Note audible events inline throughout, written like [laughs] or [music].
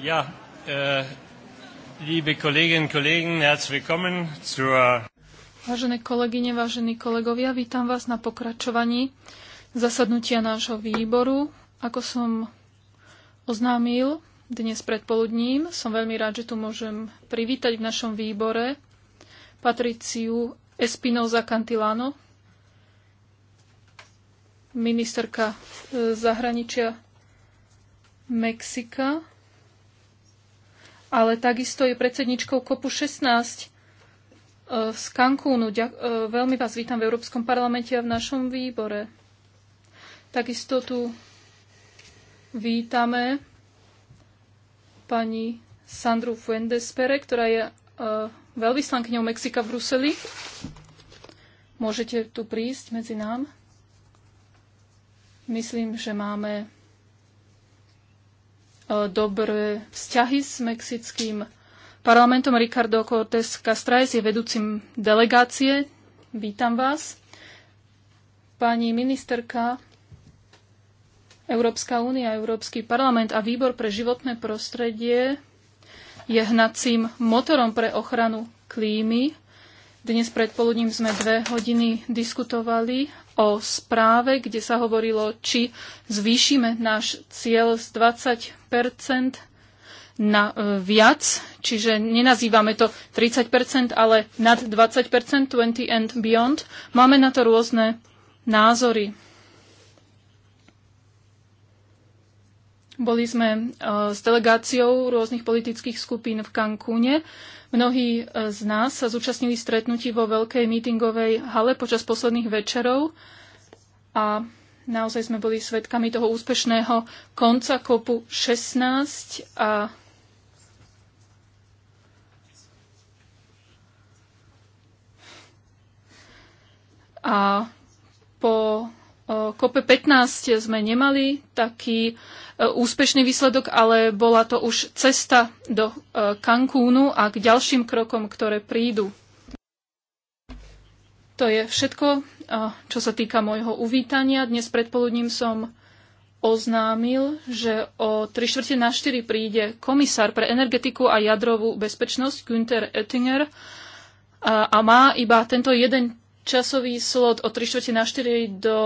Ja, äh, liebe Kolleginnen und Kollegen, herzlich willkommen zur... Vážené kolegyne, vážení kolegovia, vítam vás na pokračovaní zasadnutia nášho výboru. Ako som oznámil dnes predpoludním, som veľmi rád, že tu môžem privítať v našom výbore Patriciu Espinoza Cantilano, ministerka e, zahraničia Mexika, ale takisto je predsedničkou kopu 16 e, z Cancúnu. E, veľmi vás vítam v Európskom parlamente a v našom výbore. Takisto tu vítame pani Sandru Fuendespere, ktorá je e, veľvyslankyňou Mexika v Bruseli. Môžete tu prísť medzi nám. Myslím, že máme E, dobré vzťahy s mexickým parlamentom. Ricardo Cortés Castraes je vedúcim delegácie. Vítam vás. Pani ministerka, Európska únia, Európsky parlament a Výbor pre životné prostredie je hnacím motorom pre ochranu klímy dnes predpoludním sme dve hodiny diskutovali o správe, kde sa hovorilo, či zvýšime náš cieľ z 20 na e, viac, čiže nenazývame to 30 ale nad 20 20 and beyond. Máme na to rôzne názory. Boli sme e, s delegáciou rôznych politických skupín v Cancúne. Mnohí e, z nás sa zúčastnili stretnutí vo veľkej mítingovej hale počas posledných večerov a naozaj sme boli svedkami toho úspešného konca kopu 16 a a po COP15 sme nemali taký e, úspešný výsledok, ale bola to už cesta do e, Cancúnu a k ďalším krokom, ktoré prídu. To je všetko, e, čo sa týka môjho uvítania. Dnes predpoludním som oznámil, že o 3 čtvrte na 4 príde komisár pre energetiku a jadrovú bezpečnosť Günther Oettinger a má iba tento jeden časový slot od 3 na 4 do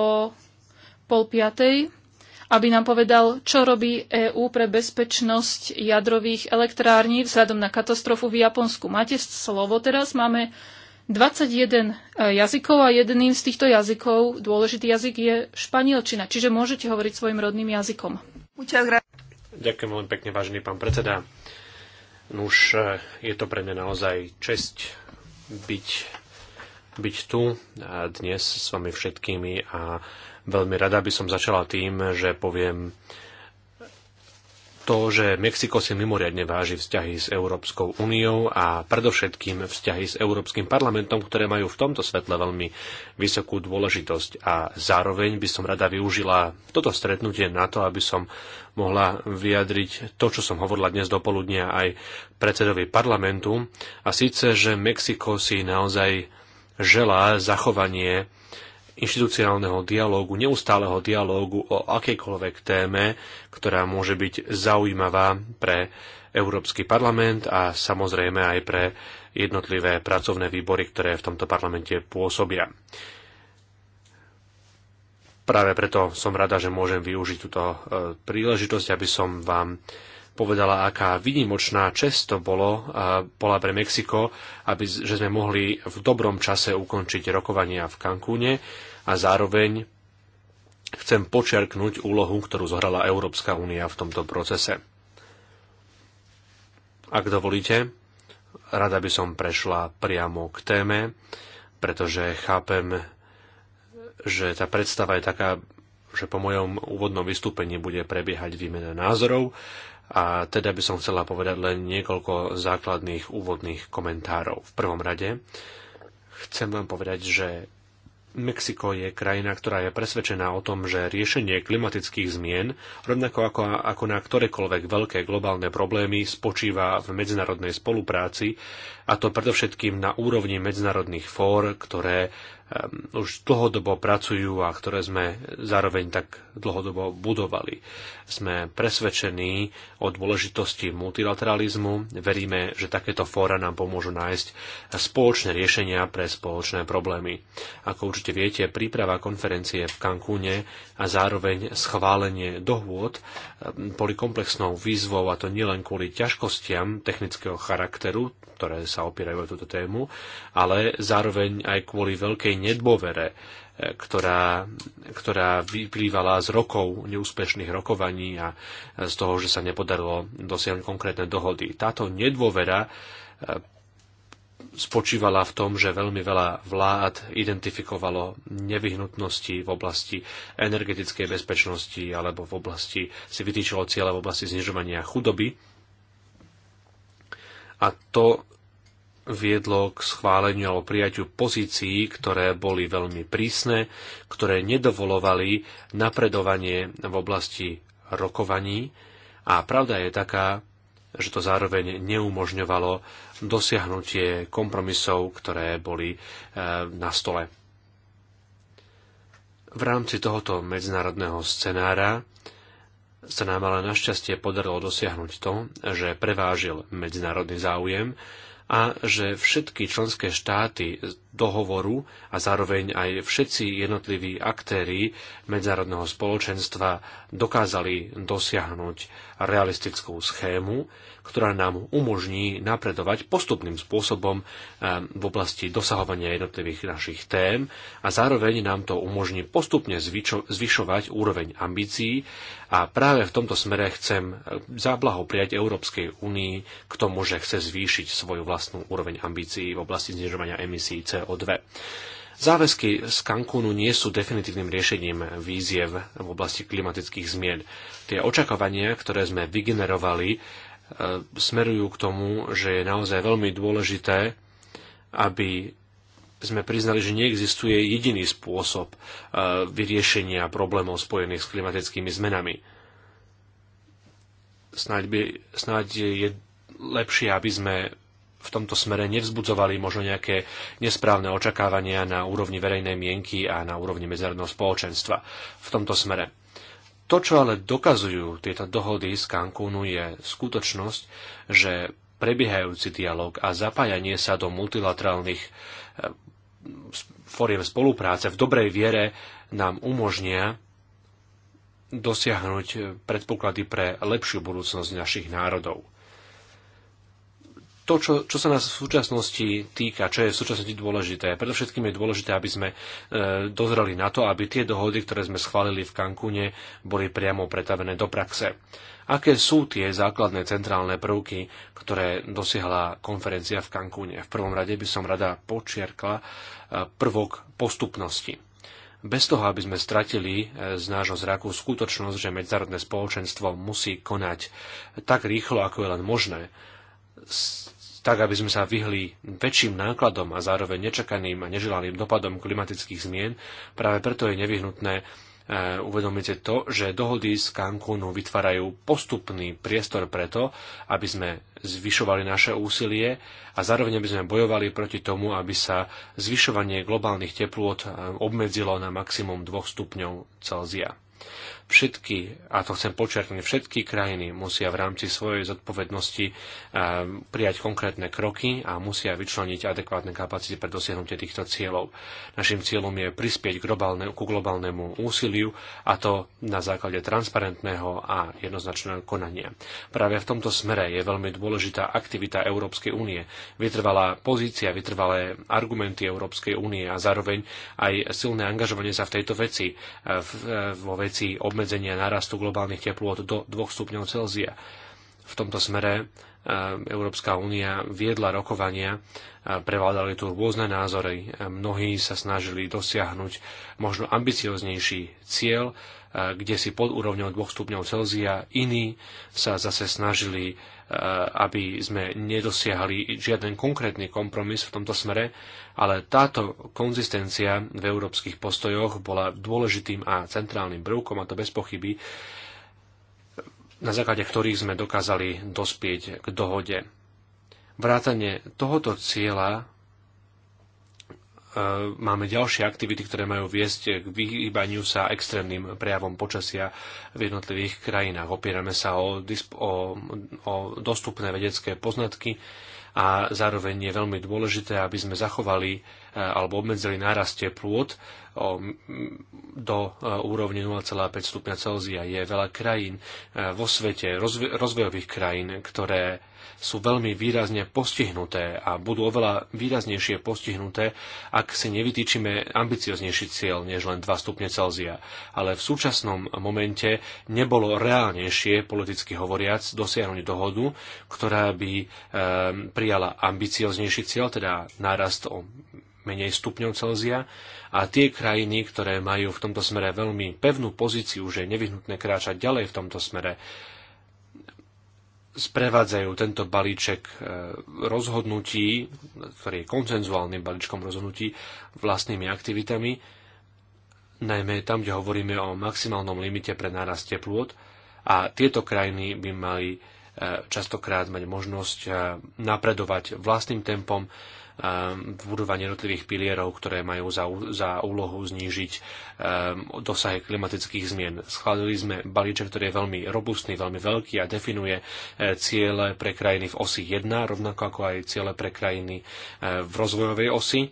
pol piatej, aby nám povedal, čo robí EÚ pre bezpečnosť jadrových elektrární vzhľadom na katastrofu v Japonsku. Máte slovo teraz, máme 21 e, jazykov a jedným z týchto jazykov, dôležitý jazyk je španielčina, čiže môžete hovoriť svojim rodným jazykom. Ďakujem veľmi pekne, vážený pán predseda. Nuž, e, je to pre mňa naozaj česť byť byť tu dnes s vami všetkými a veľmi rada by som začala tým, že poviem to, že Mexiko si mimoriadne váži vzťahy s Európskou úniou a predovšetkým vzťahy s Európskym parlamentom, ktoré majú v tomto svetle veľmi vysokú dôležitosť. A zároveň by som rada využila toto stretnutie na to, aby som mohla vyjadriť to, čo som hovorila dnes dopoludnia aj predsedovi parlamentu. A síce, že Mexiko si naozaj želá zachovanie inštitucionálneho dialógu, neustáleho dialógu o akejkoľvek téme, ktorá môže byť zaujímavá pre Európsky parlament a samozrejme aj pre jednotlivé pracovné výbory, ktoré v tomto parlamente pôsobia. Práve preto som rada, že môžem využiť túto e, príležitosť, aby som vám povedala, aká výnimočná čest to bolo, bola pre Mexiko, aby, že sme mohli v dobrom čase ukončiť rokovania v Cancúne a zároveň chcem počerknúť úlohu, ktorú zohrala Európska únia v tomto procese. Ak dovolíte, rada by som prešla priamo k téme, pretože chápem, že tá predstava je taká že po mojom úvodnom vystúpení bude prebiehať výmena názorov a teda by som chcela povedať len niekoľko základných úvodných komentárov. V prvom rade chcem vám povedať, že Mexiko je krajina, ktorá je presvedčená o tom, že riešenie klimatických zmien, rovnako ako, ako na ktorékoľvek veľké globálne problémy, spočíva v medzinárodnej spolupráci, a to predovšetkým na úrovni medzinárodných fór, ktoré Ehm, už dlhodobo pracujú a ktoré sme zároveň tak dlhodobo budovali. Sme presvedčení o dôležitosti multilateralizmu, veríme, že takéto fóra nám pomôžu nájsť spoločné riešenia pre spoločné problémy. Ako určite viete, príprava konferencie v Cancúne a zároveň schválenie dohôd ehm, boli komplexnou výzvou a to nielen kvôli ťažkostiam technického charakteru, ktoré sa opierajú o túto tému, ale zároveň aj kvôli veľkej nedôvere e, ktorá, ktorá vyplývala z rokov neúspešných rokovaní a z toho, že sa nepodarilo dosiahnuť konkrétne dohody. Táto nedôvera e, spočívala v tom, že veľmi veľa vlád identifikovalo nevyhnutnosti v oblasti energetickej bezpečnosti alebo v oblasti, si vytýčilo cieľa v oblasti znižovania chudoby. A to viedlo k schváleniu alebo prijaťu pozícií, ktoré boli veľmi prísne, ktoré nedovolovali napredovanie v oblasti rokovaní. A pravda je taká, že to zároveň neumožňovalo dosiahnutie kompromisov, ktoré boli e, na stole. V rámci tohoto medzinárodného scenára sa nám ale našťastie podarilo dosiahnuť to, že prevážil medzinárodný záujem a že všetky členské štáty dohovoru a zároveň aj všetci jednotliví aktéry medzárodného spoločenstva dokázali dosiahnuť realistickú schému, ktorá nám umožní napredovať postupným spôsobom ehm, v oblasti dosahovania jednotlivých našich tém a zároveň nám to umožní postupne zvyšovať úroveň ambícií a práve v tomto smere chcem ehm, zablahopriať Európskej únii k tomu, že chce zvýšiť svoju vlastnú úroveň ambícií v oblasti znižovania emisí CO2 o dve. Záväzky z Cancúnu nie sú definitívnym riešením víziev v oblasti klimatických zmien. Tie očakávania, ktoré sme vygenerovali, e, smerujú k tomu, že je naozaj veľmi dôležité, aby sme priznali, že neexistuje jediný spôsob e, vyriešenia problémov spojených s klimatickými zmenami. Snáď, by, snáď je lepšie, aby sme v tomto smere nevzbudzovali možno nejaké nesprávne očakávania na úrovni verejnej mienky a na úrovni medzinárodného spoločenstva v tomto smere. To, čo ale dokazujú tieto dohody z Cancúnu, je skutočnosť, že prebiehajúci dialog a zapájanie sa do multilaterálnych eh, fóriem spolupráce v dobrej viere nám umožnia dosiahnuť eh, predpoklady pre lepšiu budúcnosť našich národov to, čo, čo sa nás v súčasnosti týka, čo je v súčasnosti dôležité. Predovšetkým je dôležité, aby sme e, dozreli na to, aby tie dohody, ktoré sme schválili v Kankune, boli priamo pretavené do praxe. Aké sú tie základné centrálne prvky, ktoré dosiahla konferencia v Kankúne? V prvom rade by som rada počiarkla e, prvok postupnosti bez toho, aby sme stratili e, z nášho zraku skutočnosť, že medzinárodné spoločenstvo musí konať tak rýchlo, ako je len možné, tak aby sme sa vyhli väčším nákladom a zároveň nečakaným a neželaným dopadom klimatických zmien. Práve preto je nevyhnutné e, uvedomíte to, že dohody z Cancúnu vytvárajú postupný priestor preto, aby sme zvyšovali naše úsilie a zároveň aby sme bojovali proti tomu, aby sa zvyšovanie globálnych teplôt e, obmedzilo na maximum 2 stupňov Celzia všetky, a to chcem počerknúť, všetky krajiny musia v rámci svojej zodpovednosti eh, prijať konkrétne kroky a musia vyčleniť adekvátne kapacity pre dosiahnutie týchto cieľov. Našim cieľom je prispieť globálne, ku globálnemu úsiliu a to na základe transparentného a jednoznačného konania. Práve v tomto smere je veľmi dôležitá aktivita Európskej únie, vytrvalá pozícia, vytrvalé argumenty Európskej únie a zároveň aj silné angažovanie sa v tejto veci, eh, eh, vo veci obmedzenia obmedzenia narastu globálnych teplôt do 2 stupňov Celzia. V tomto smere e, Európska únia viedla rokovania, e, prevládali tu rôzne názory. E, mnohí sa snažili dosiahnuť možno ambicioznejší cieľ, kde si pod úrovňou 2 stupňov Celzia, iní sa zase snažili Eh, aby sme nedosiahli žiaden konkrétny kompromis v tomto smere, ale táto konzistencia v európskych postojoch bola dôležitým a centrálnym prvkom, a to bez pochyby, na základe ktorých sme dokázali dospieť k dohode. Vrátanie tohoto cieľa E, máme ďalšie aktivity, ktoré majú viesť k vyhýbaniu sa extrémnym prejavom počasia v jednotlivých krajinách. Opierame sa o, o, o dostupné vedecké poznatky a zároveň je veľmi dôležité, aby sme zachovali alebo obmedzili nárast teplôt do e, úrovne 0,5 stupňa Celzia. Je veľa krajín e, vo svete, rozvojových krajín, ktoré sú veľmi výrazne postihnuté a budú oveľa výraznejšie postihnuté, ak si nevytýčime ambicioznejší cieľ než len 2 stupne Celzia. Ale v súčasnom momente nebolo reálnejšie, politicky hovoriac, dosiahnuť dohodu, ktorá by e, prijala ambicioznejší cieľ, teda nárast o menej stupňov Celzia a tie krajiny, ktoré majú v tomto smere veľmi pevnú pozíciu, že je nevyhnutné kráčať ďalej v tomto smere, sprevádzajú tento balíček e, rozhodnutí, ktorý je koncenzuálnym balíčkom rozhodnutí, vlastnými aktivitami, najmä tam, kde hovoríme o maximálnom limite pre nárast teplôt a tieto krajiny by mali e, častokrát mať možnosť e, napredovať vlastným tempom Eh, budovanie jednotlivých pilierov, ktoré majú za, za úlohu znížiť eh, dosahy klimatických zmien. Schválili sme balíček, ktorý je veľmi robustný, veľmi veľký a definuje eh, ciele pre krajiny v osi 1, rovnako ako aj ciele pre krajiny v rozvojovej osi.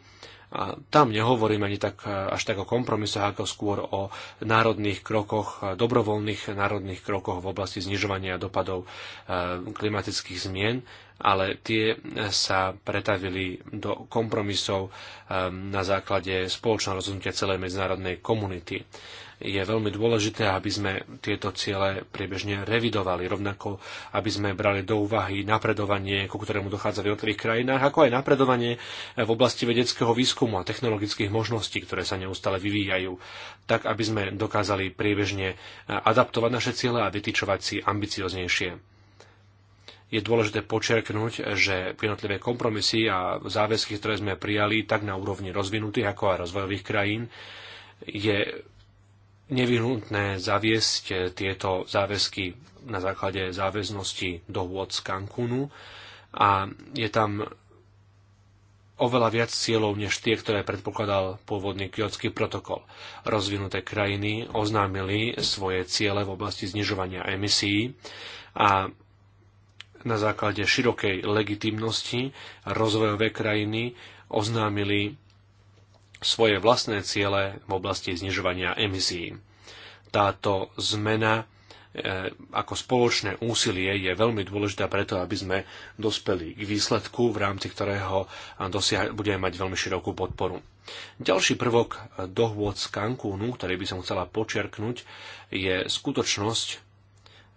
A tam nehovorím ani tak, až tak o kompromisoch, ako skôr o národných krokoch, dobrovoľných národných krokoch v oblasti znižovania dopadov klimatických zmien ale tie sa pretavili do kompromisov um, na základe spoločného rozhodnutia celej medzinárodnej komunity. Je veľmi dôležité, aby sme tieto ciele priebežne revidovali, rovnako aby sme brali do úvahy napredovanie, ku ktorému dochádza v jednotlivých krajinách, ako aj napredovanie v oblasti vedeckého výskumu a technologických možností, ktoré sa neustále vyvíjajú, tak aby sme dokázali priebežne eh, adaptovať naše ciele a vytýčovať si ambicioznejšie je dôležité počerknúť, že jednotlivé kompromisy a záväzky, ktoré sme prijali tak na úrovni rozvinutých ako aj rozvojových krajín, je nevyhnutné zaviesť tieto záväzky na základe záväznosti dohôd z Cancúnu a je tam oveľa viac cieľov než tie, ktoré predpokladal pôvodný kiotský protokol. Rozvinuté krajiny oznámili svoje ciele v oblasti znižovania emisí a na základe širokej legitimnosti rozvojové krajiny oznámili svoje vlastné ciele v oblasti znižovania emisí. Táto zmena e, ako spoločné úsilie je veľmi dôležitá preto, aby sme dospeli k výsledku, v rámci ktorého dosiah- budeme mať veľmi širokú podporu. Ďalší prvok dohôd z Cancúnu, ktorý by som chcela počerknúť, je skutočnosť,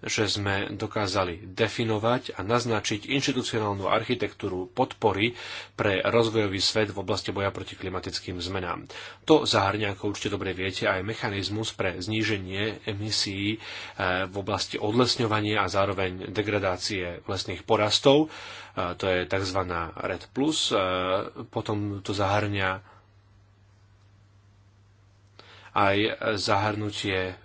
že sme dokázali definovať a naznačiť inštitucionálnu architektúru podpory pre rozvojový svet v oblasti boja proti klimatickým zmenám. To zahrňa, ako určite dobre viete, aj mechanizmus pre zníženie emisí eh, v oblasti odlesňovania a zároveň degradácie lesných porastov. Eh, to je tzv. RED+. Eh, potom to zahrňa aj zahrnutie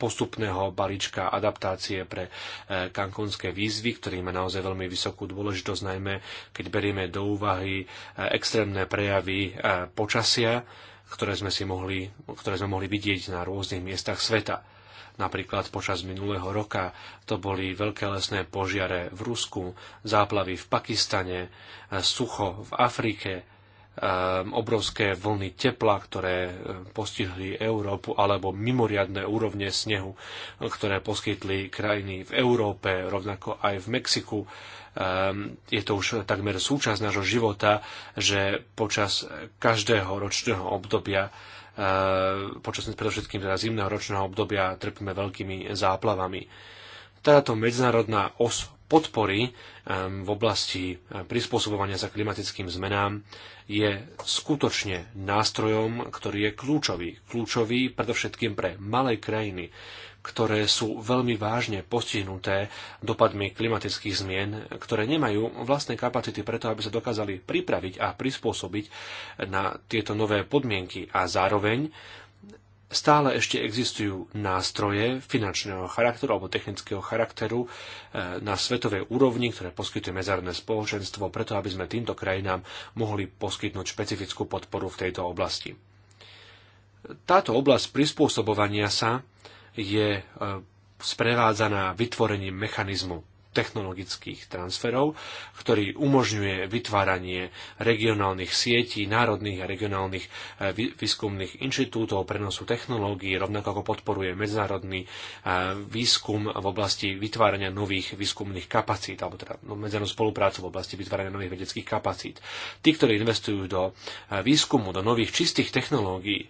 postupného balíčka adaptácie pre e, kankonské výzvy, ktorý má naozaj veľmi vysokú dôležitosť, najmä keď berieme do úvahy e, extrémne prejavy e, počasia, ktoré sme, si mohli, ktoré sme mohli vidieť na rôznych miestach sveta. Napríklad počas minulého roka to boli veľké lesné požiare v Rusku, záplavy v Pakistane, sucho v Afrike, Ehm, obrovské vlny tepla, ktoré ehm, postihli Európu, alebo mimoriadne úrovne snehu, ehm, ktoré poskytli krajiny v Európe, rovnako aj v Mexiku. Je to už takmer súčasť nášho života, že počas každého ročného obdobia počas predovšetkým teda zimného ročného obdobia trpíme veľkými záplavami. Táto medzinárodná os podpory v oblasti prispôsobovania sa klimatickým zmenám je skutočne nástrojom, ktorý je kľúčový. Kľúčový predovšetkým pre malé krajiny, ktoré sú veľmi vážne postihnuté dopadmi klimatických zmien, ktoré nemajú vlastné kapacity preto, aby sa dokázali pripraviť a prispôsobiť na tieto nové podmienky a zároveň stále ešte existujú nástroje finančného charakteru alebo technického charakteru e, na svetovej úrovni, ktoré poskytuje medzárodné spoločenstvo, preto aby sme týmto krajinám mohli poskytnúť špecifickú podporu v tejto oblasti. Táto oblasť prispôsobovania sa je e, sprevádzaná vytvorením mechanizmu technologických transferov, ktorý umožňuje vytváranie regionálnych sietí, národných a regionálnych eh, výskumných inštitútov, prenosu technológií, rovnako ako podporuje medzinárodný eh, výskum v oblasti vytvárania nových výskumných kapacít, alebo teda no, medzinárodnú spoluprácu v oblasti vytvárania nových vedeckých kapacít. Tí, ktorí investujú do eh, výskumu, do nových čistých technológií,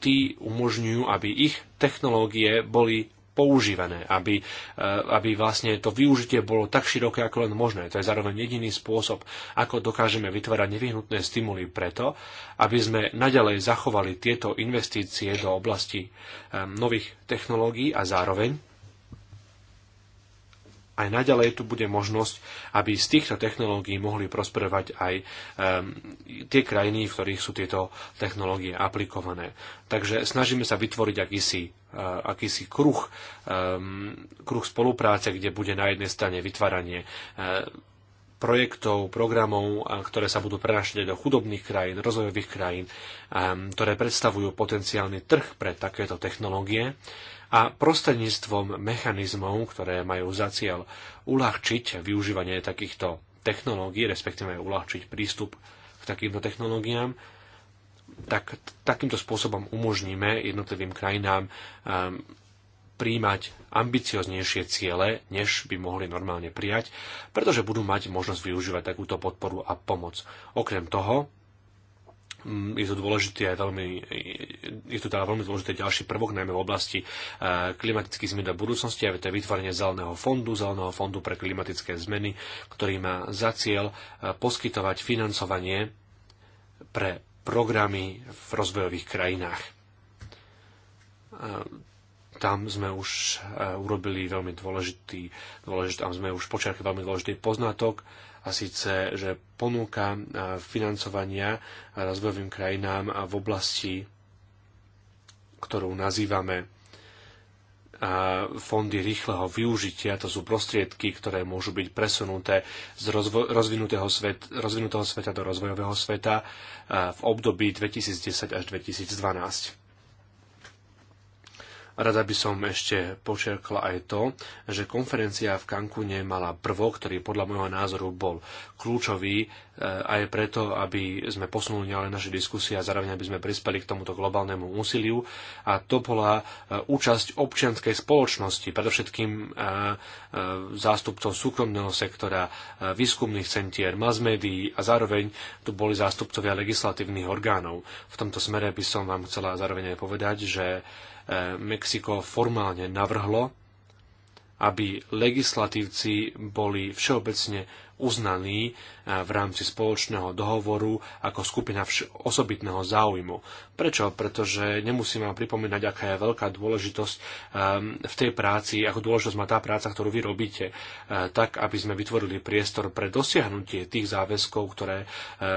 tí umožňujú, aby ich technológie boli používané, aby, eh, aby vlastne to využitie bolo tak široké, ako len možné. To je zároveň jediný spôsob, ako dokážeme vytvárať nevyhnutné stimuly preto, aby sme naďalej zachovali tieto investície do oblasti eh, nových technológií a zároveň aj naďalej tu bude možnosť, aby z týchto technológií mohli prosperovať aj um, tie krajiny, v ktorých sú tieto technológie aplikované. Takže snažíme sa vytvoriť akýsi, uh, akýsi kruh, um, kruh spolupráce, kde bude na jednej strane vytváranie uh, projektov, programov, ktoré sa budú prenašať do chudobných krajín, rozvojových krajín, ktoré predstavujú potenciálny trh pre takéto technológie a prostredníctvom mechanizmov, ktoré majú za cieľ uľahčiť využívanie takýchto technológií, respektíve uľahčiť prístup k takýmto technológiám, tak takýmto spôsobom umožníme jednotlivým krajinám príjmať ambicioznejšie ciele, než by mohli normálne prijať, pretože budú mať možnosť využívať takúto podporu a pomoc. Okrem toho, mm, je tu dôležité aj veľmi, je tu teda veľmi dôležité ďalší prvok, najmä v oblasti e, klimatických zmien do budúcnosti, a to je vytvorenie zeleného fondu, zeleného fondu pre klimatické zmeny, ktorý má za cieľ e, poskytovať financovanie pre programy v rozvojových krajinách e, tam sme už e, urobili veľmi dôležitý, dôležitý tam sme už počiarkli veľmi dôležitý poznatok, a síce, že ponúka e, financovania rozvojovým krajinám v oblasti, ktorú nazývame fondy rýchleho využitia, to sú prostriedky, ktoré môžu byť presunuté z rozvo- rozvinutého, svet- rozvinutého sveta do rozvojového sveta e, v období 2010 až 2012 Rada by som ešte počerkla aj to, že konferencia v Cancúne mala prvok, ktorý podľa môjho názoru bol kľúčový e, aj preto, aby sme posunuli ale naše diskusie a zároveň aby sme prispeli k tomuto globálnemu úsiliu. A to bola e, účasť občianskej spoločnosti, predovšetkým e, zástupcov súkromného sektora, výskumných centier, mass médií a zároveň tu boli zástupcovia legislatívnych orgánov. V tomto smere by som vám chcela zároveň aj povedať, že Mexiko formálne navrhlo, aby legislatívci boli všeobecne uznaní e, v rámci spoločného dohovoru ako skupina osobitného záujmu. Prečo? Pretože nemusím vám pripomínať, aká je veľká dôležitosť ehm, v tej práci, ako dôležitosť má tá práca, ktorú vy robíte, e, tak, aby sme vytvorili priestor pre dosiahnutie tých záväzkov, ktoré e,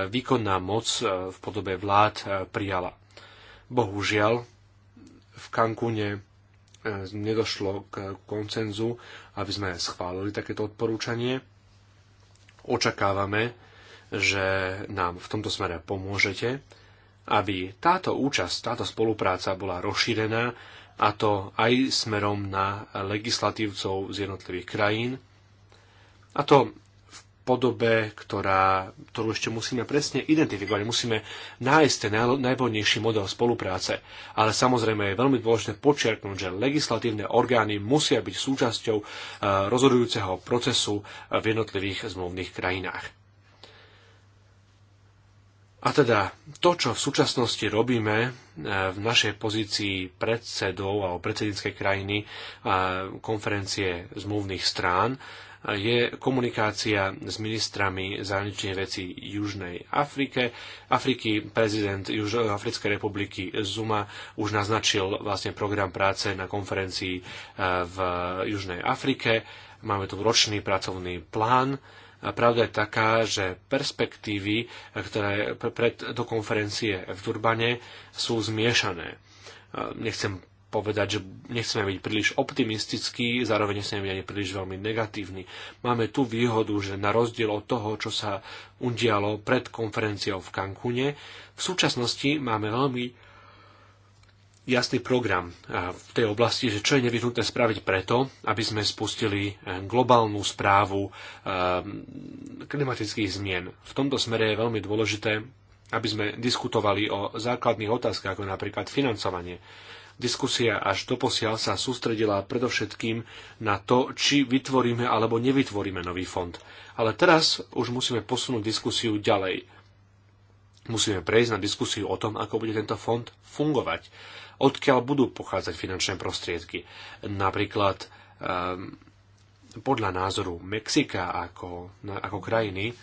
výkonná moc v podobe vlád prijala. Bohužiaľ, v Cancúne e, nedošlo k koncenzu, aby sme schválili takéto odporúčanie. Očakávame, že nám v tomto smere pomôžete, aby táto účasť, táto spolupráca bola rozšírená a to aj smerom na legislatívcov z jednotlivých krajín, a to podobe, ktorá, ktorú ešte musíme presne identifikovať. Musíme nájsť ten najvhodnejší model spolupráce. Ale samozrejme je veľmi dôležité počiarknúť, že legislatívne orgány musia byť súčasťou eh, rozhodujúceho procesu v jednotlivých zmluvných krajinách. A teda to, čo v súčasnosti robíme eh, v našej pozícii predsedov alebo predsedníckej krajiny eh, konferencie zmluvných strán, je komunikácia s ministrami zahraničných vecí Južnej Afrike. Afriky prezident Južnoafrickej republiky Zuma už naznačil vlastne program práce na konferencii e, v Južnej Afrike. Máme tu ročný pracovný plán. A pravda je taká, že perspektívy, ktoré pred do konferencie v Durbane sú zmiešané. E, nechcem povedať, že nechceme byť príliš optimistickí, zároveň nechceme byť ani príliš veľmi negatívni. Máme tu výhodu, že na rozdiel od toho, čo sa udialo pred konferenciou v Cancune, v súčasnosti máme veľmi jasný program eh, v tej oblasti, že čo je nevyhnutné spraviť preto, aby sme spustili eh, globálnu správu eh, klimatických zmien. V tomto smere je veľmi dôležité, aby sme diskutovali o základných otázkach, ako napríklad financovanie Diskusia až doposiaľ sa sústredila predovšetkým na to, či vytvoríme alebo nevytvoríme nový fond. Ale teraz už musíme posunúť diskusiu ďalej. Musíme prejsť na diskusiu o tom, ako bude tento fond fungovať. Odkiaľ budú pochádzať finančné prostriedky. Napríklad um, podľa názoru Mexika ako, ako krajiny e,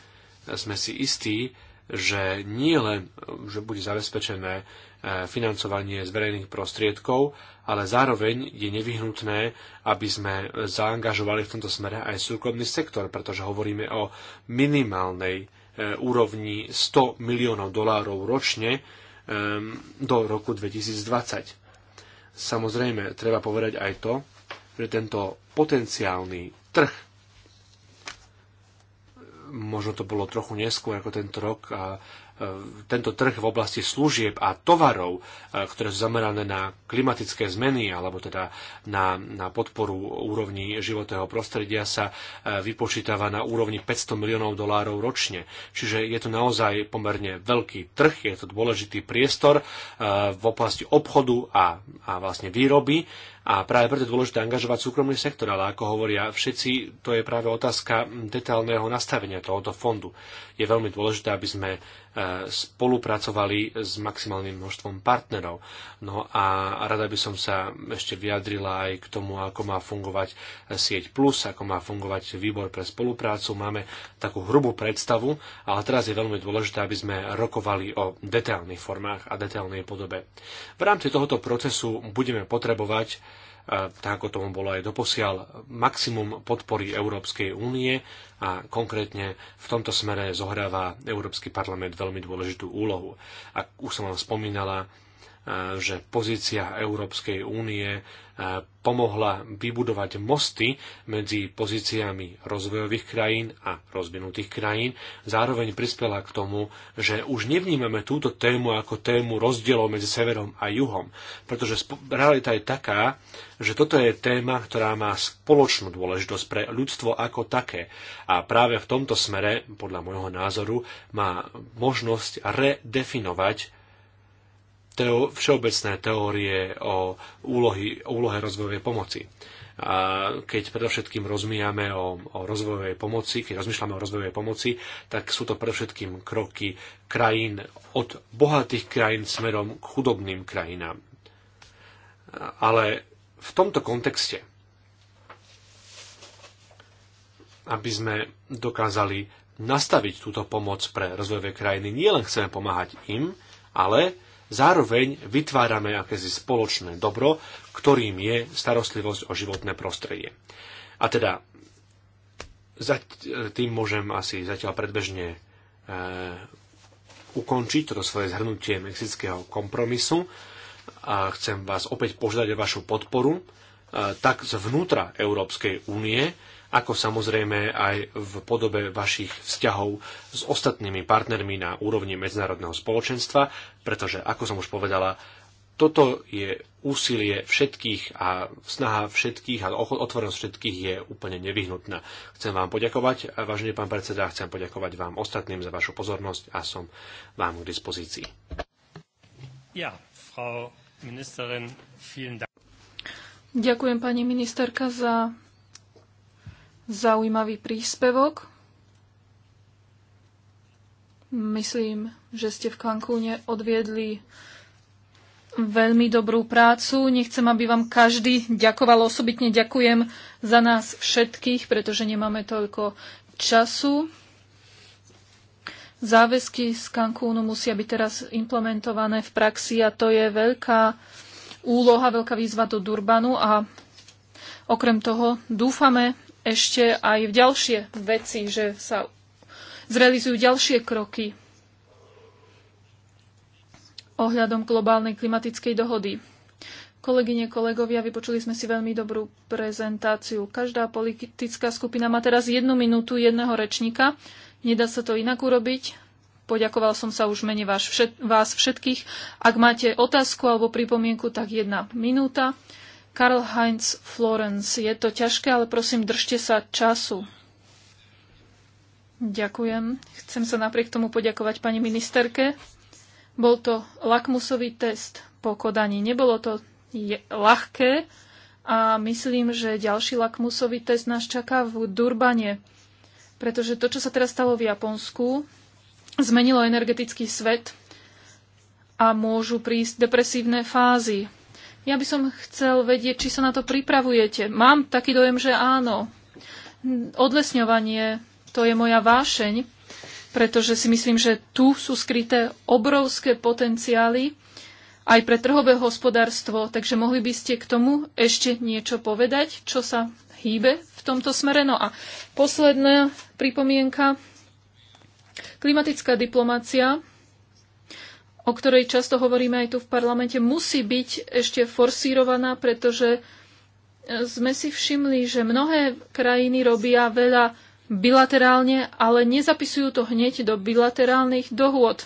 sme si istí, že nie len, e, že bude zabezpečené E, financovanie z verejných prostriedkov, ale zároveň je nevyhnutné, aby sme zaangažovali v tomto smere aj súkromný sektor, pretože hovoríme o minimálnej e, úrovni 100 miliónov dolárov ročne e, do roku 2020. Samozrejme, treba povedať aj to, že tento potenciálny trh, možno to bolo trochu neskôr ako tento rok, a E, tento trh v oblasti služieb a tovarov, e, ktoré sú zamerané na klimatické zmeny alebo teda na, na podporu úrovni životného prostredia sa e, vypočítava na úrovni 500 miliónov dolárov ročne. Čiže je to naozaj pomerne veľký trh, je to dôležitý priestor v oblasti obchodu a, a vlastne výroby. A práve preto je dôležité angažovať súkromný sektor, ale ako hovoria všetci, to je práve otázka detailného nastavenia tohoto fondu. Je veľmi dôležité, aby sme spolupracovali s maximálnym množstvom partnerov. No a rada by som sa ešte vyjadrila aj k tomu, ako má fungovať sieť plus, ako má fungovať výbor pre spoluprácu. Máme takú hrubú predstavu, ale teraz je veľmi dôležité, aby sme rokovali o detailných formách a detailnej podobe. V rámci tohoto procesu budeme potrebovať tak ako tomu bolo aj doposiaľ, maximum podpory Európskej únie a konkrétne v tomto smere zohráva Európsky parlament veľmi dôležitú úlohu. Ak už som vám spomínala že pozícia Európskej únie e, pomohla vybudovať mosty medzi pozíciami rozvojových krajín a rozvinutých krajín. Zároveň prispela k tomu, že už nevnímame túto tému ako tému rozdielov medzi severom a juhom, pretože realita je taká, že toto je téma, ktorá má spoločnú dôležitosť pre ľudstvo ako také. A práve v tomto smere, podľa môjho názoru, má možnosť redefinovať teo- všeobecné teórie o, úlohy, o úlohe rozvojovej pomoci. A keď predovšetkým rozmýjame o, o rozvojovej pomoci, keď rozmýšľame o rozvojovej pomoci, tak sú to predovšetkým kroky krajín od bohatých krajín smerom k chudobným krajinám. Ale v tomto kontexte, aby sme dokázali nastaviť túto pomoc pre rozvojové krajiny, nielen chceme pomáhať im, ale zároveň vytvárame akési spoločné dobro, ktorým je starostlivosť o životné prostredie. A teda tým môžem asi zatiaľ predbežne e, ukončiť toto svoje zhrnutie mexického kompromisu a chcem vás opäť požiadať o vašu podporu e, tak zvnútra Európskej únie, ako samozrejme aj v podobe vašich vzťahov s ostatnými partnermi na úrovni medzinárodného spoločenstva, pretože, ako som už povedala, toto je úsilie všetkých a snaha všetkých a otvorenosť všetkých je úplne nevyhnutná. Chcem vám poďakovať, vážený pán predseda, chcem poďakovať vám ostatným za vašu pozornosť a som vám k dispozícii. Ja, Frau ministerin, vielen Dank. Ďakujem pani ministerka za zaujímavý príspevok. Myslím, že ste v Cancúne odviedli veľmi dobrú prácu. Nechcem, aby vám každý ďakoval. Osobitne ďakujem za nás všetkých, pretože nemáme toľko času. Záväzky z Cancúnu musia byť teraz implementované v praxi a to je veľká úloha, veľká výzva do Durbanu a okrem toho dúfame, ešte aj v ďalšie veci, že sa zrealizujú ďalšie kroky ohľadom globálnej klimatickej dohody. Kolegyne, kolegovia, vypočuli sme si veľmi dobrú prezentáciu. Každá politická skupina má teraz jednu minútu jedného rečníka. Nedá sa to inak urobiť. Poďakoval som sa už mene vás, vás všetkých. Ak máte otázku alebo pripomienku, tak jedna minúta. Karl Heinz Florence. Je to ťažké, ale prosím, držte sa času. Ďakujem. Chcem sa napriek tomu poďakovať pani ministerke. Bol to lakmusový test po kodaní. Nebolo to ľahké a myslím, že ďalší lakmusový test nás čaká v Durbane. Pretože to, čo sa teraz stalo v Japonsku, zmenilo energetický svet a môžu prísť depresívne fázy. Ja by som chcel vedieť, či sa na to pripravujete. Mám taký dojem, že áno. Odlesňovanie, to je moja vášeň, pretože si myslím, že tu sú skryté obrovské potenciály aj pre trhové hospodárstvo. Takže mohli by ste k tomu ešte niečo povedať, čo sa hýbe v tomto smere. No a posledná pripomienka. Klimatická diplomácia o ktorej často hovoríme aj tu v parlamente, musí byť ešte forsírovaná, pretože e, sme si všimli, že mnohé krajiny robia veľa bilaterálne, ale nezapisujú to hneď do bilaterálnych dohôd.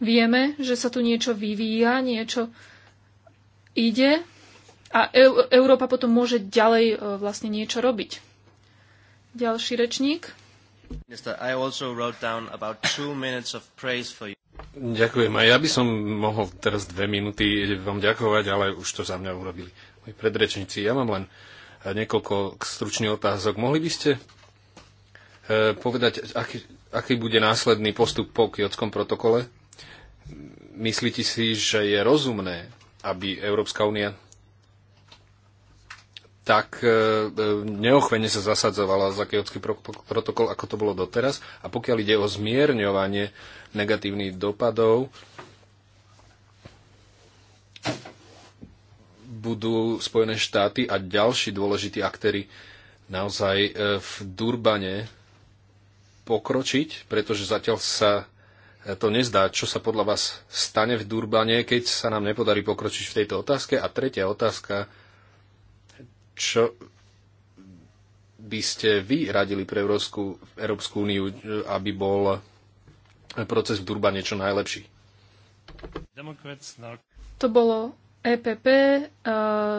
Vieme, že sa tu niečo vyvíja, niečo ide a Európa potom môže ďalej e, vlastne niečo robiť. Ďalší rečník. Ďakujem. A ja by som mohol teraz dve minúty vám ďakovať, ale už to za mňa urobili moji predrečníci. Ja mám len eh, niekoľko stručných otázok. Mohli by ste eh, povedať, aký, aký bude následný postup po kiotskom protokole? Myslíte si, že je rozumné, aby Európska únia tak e, e, neochvene sa zasadzovala za kiotský protokol, ako to bolo doteraz. A pokiaľ ide o zmierňovanie negatívnych dopadov, budú Spojené štáty a ďalší dôležití aktéry naozaj e, v Durbane pokročiť, pretože zatiaľ sa to nezdá, čo sa podľa vás stane v Durbane, keď sa nám nepodarí pokročiť v tejto otázke. A tretia otázka, čo by ste vy radili pre Európsku, Európsku úniu, aby bol proces v Durba niečo najlepší? To bolo EPP, uh, e,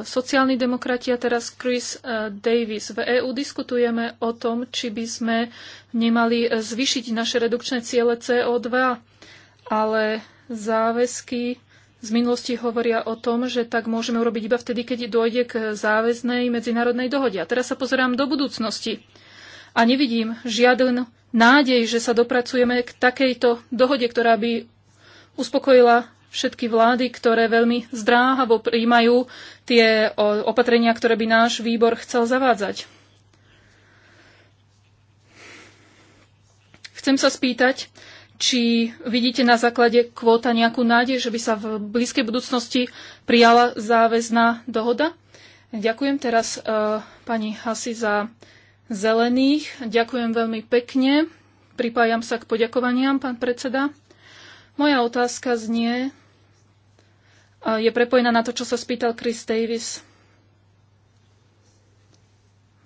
sociálni demokrati a teraz Chris uh, Davis. V EÚ diskutujeme o tom, či by sme nemali zvyšiť naše redukčné ciele CO2, ale záväzky z minulosti hovoria o tom, že tak môžeme urobiť iba vtedy, keď dojde k záväznej medzinárodnej dohode. A teraz sa pozerám do budúcnosti a nevidím žiaden nádej, že sa dopracujeme k takejto dohode, ktorá by uspokojila všetky vlády, ktoré veľmi zdráhavo prijímajú tie opatrenia, ktoré by náš výbor chcel zavádzať. Chcem sa spýtať, či vidíte na základe kvóta nejakú nádej, že by sa v blízkej budúcnosti prijala záväzná dohoda? Ďakujem teraz e, pani Hasi za zelených. Ďakujem veľmi pekne. Pripájam sa k poďakovaniam, pán predseda. Moja otázka znie, je prepojená na to, čo sa spýtal Chris Davis.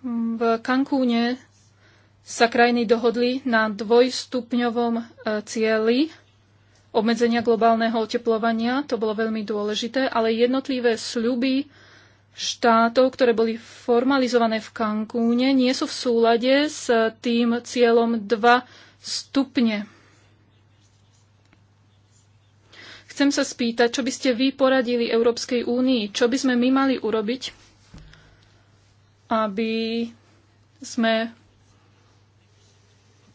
V Cancúne sa krajiny dohodli na dvojstupňovom e, cieli obmedzenia globálneho oteplovania. To bolo veľmi dôležité, ale jednotlivé sľuby štátov, ktoré boli formalizované v Cancúne, nie sú v súlade s e, tým cieľom 2 stupne. Chcem sa spýtať, čo by ste vy poradili Európskej únii, čo by sme my mali urobiť, aby sme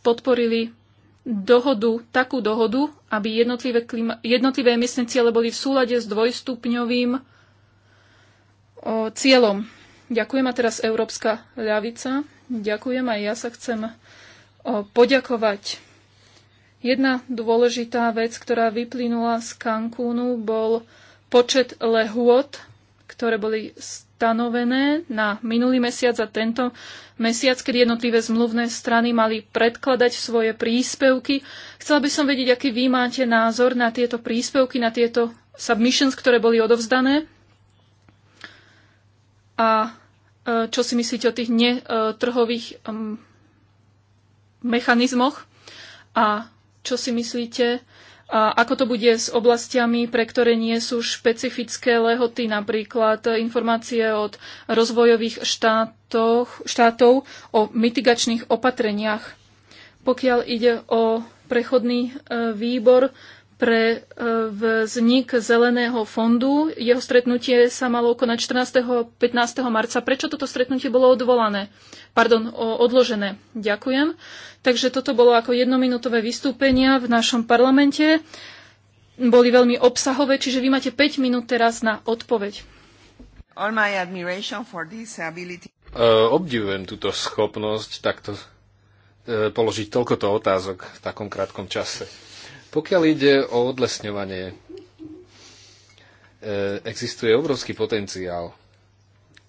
podporili dohodu, takú dohodu, aby jednotlivé, klima, jednotlivé emisné ciele boli v súlade s dvojstupňovým o, cieľom. Ďakujem a teraz Európska ľavica. Ďakujem a ja sa chcem o, poďakovať. Jedna dôležitá vec, ktorá vyplynula z Cancúnu, bol počet lehôd, ktoré boli stanovené na minulý mesiac a tento mesiac, kedy jednotlivé zmluvné strany mali predkladať svoje príspevky. Chcela by som vedieť, aký vy máte názor na tieto príspevky, na tieto submissions, ktoré boli odovzdané. A e, čo si myslíte o tých netrhových e, mechanizmoch a čo si myslíte a ako to bude s oblastiami, pre ktoré nie sú špecifické lehoty, napríklad informácie od rozvojových štátoch, štátov o mitigačných opatreniach. Pokiaľ ide o prechodný e, výbor, pre e, vznik Zeleného fondu. Jeho stretnutie sa malo konať 14. 15. marca. Prečo toto stretnutie bolo odvolané? Pardon, odložené. Ďakujem. Takže toto bolo ako jednominútové vystúpenia v našom parlamente. Boli veľmi obsahové, čiže vy máte 5 minút teraz na odpoveď. All my admiration for this ability. Uh, obdivujem túto schopnosť takto uh, položiť toľkoto otázok v takom krátkom čase. Pokiaľ ide o odlesňovanie, e, existuje obrovský potenciál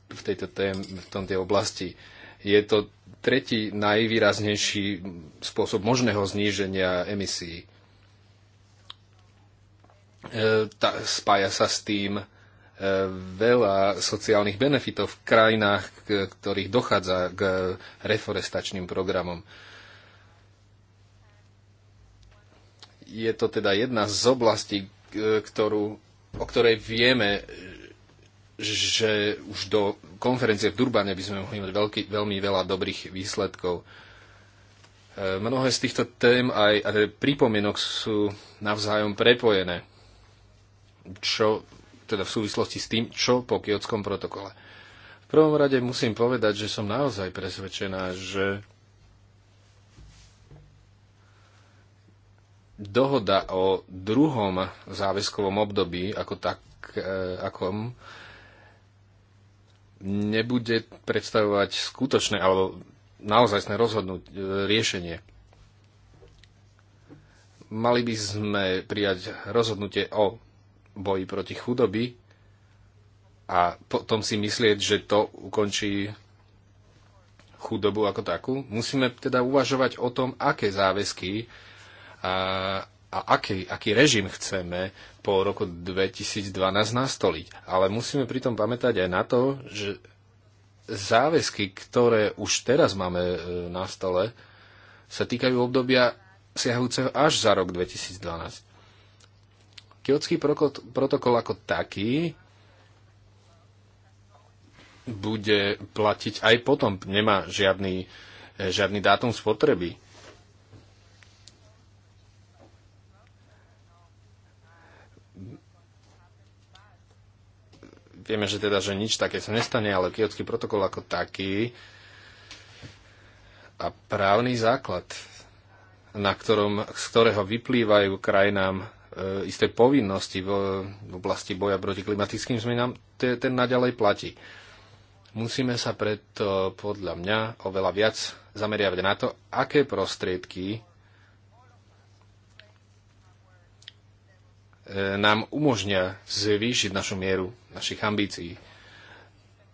v tejto tém, v tomto oblasti. Je to tretí najvýraznejší spôsob možného zníženia emisí. E, tá, spája sa s tým e, veľa sociálnych benefitov v krajinách, ktorých dochádza k reforestačným programom. je to teda jedna z oblastí, e, ktorú, o ktorej vieme, že už do konferencie v Durbane by sme mohli mať veľký, veľmi veľa dobrých výsledkov. E, mnohé z týchto tém aj, aj pripomienok sú navzájom prepojené, čo teda v súvislosti s tým, čo po kiotskom protokole. V prvom rade musím povedať, že som naozaj presvedčená, že dohoda o druhom záväzkovom období ako tak, e, akom nebude predstavovať skutočné alebo naozajstné rozhodnúť e, riešenie. Mali by sme prijať rozhodnutie o boji proti chudoby a potom si myslieť, že to ukončí chudobu ako takú. Musíme teda uvažovať o tom, aké záväzky a aký, aký režim chceme po roku 2012 nastoliť. Ale musíme pritom pamätať aj na to, že záväzky, ktoré už teraz máme e, na stole, sa týkajú obdobia siahajúceho až za rok 2012. Kyotský protokol ako taký bude platiť aj potom. Nemá žiadny, e, žiadny dátum spotreby. Vieme, že teda, že nič také sa nestane, ale kiotský protokol ako taký a právny základ, na ktorom, z ktorého vyplývajú krajinám e, isté povinnosti v, oblasti boja proti klimatickým zmenám, ten naďalej platí. Musíme sa preto podľa mňa oveľa viac zameriavať na to, aké prostriedky e, nám umožňa zvýšiť našu mieru našich ambícií.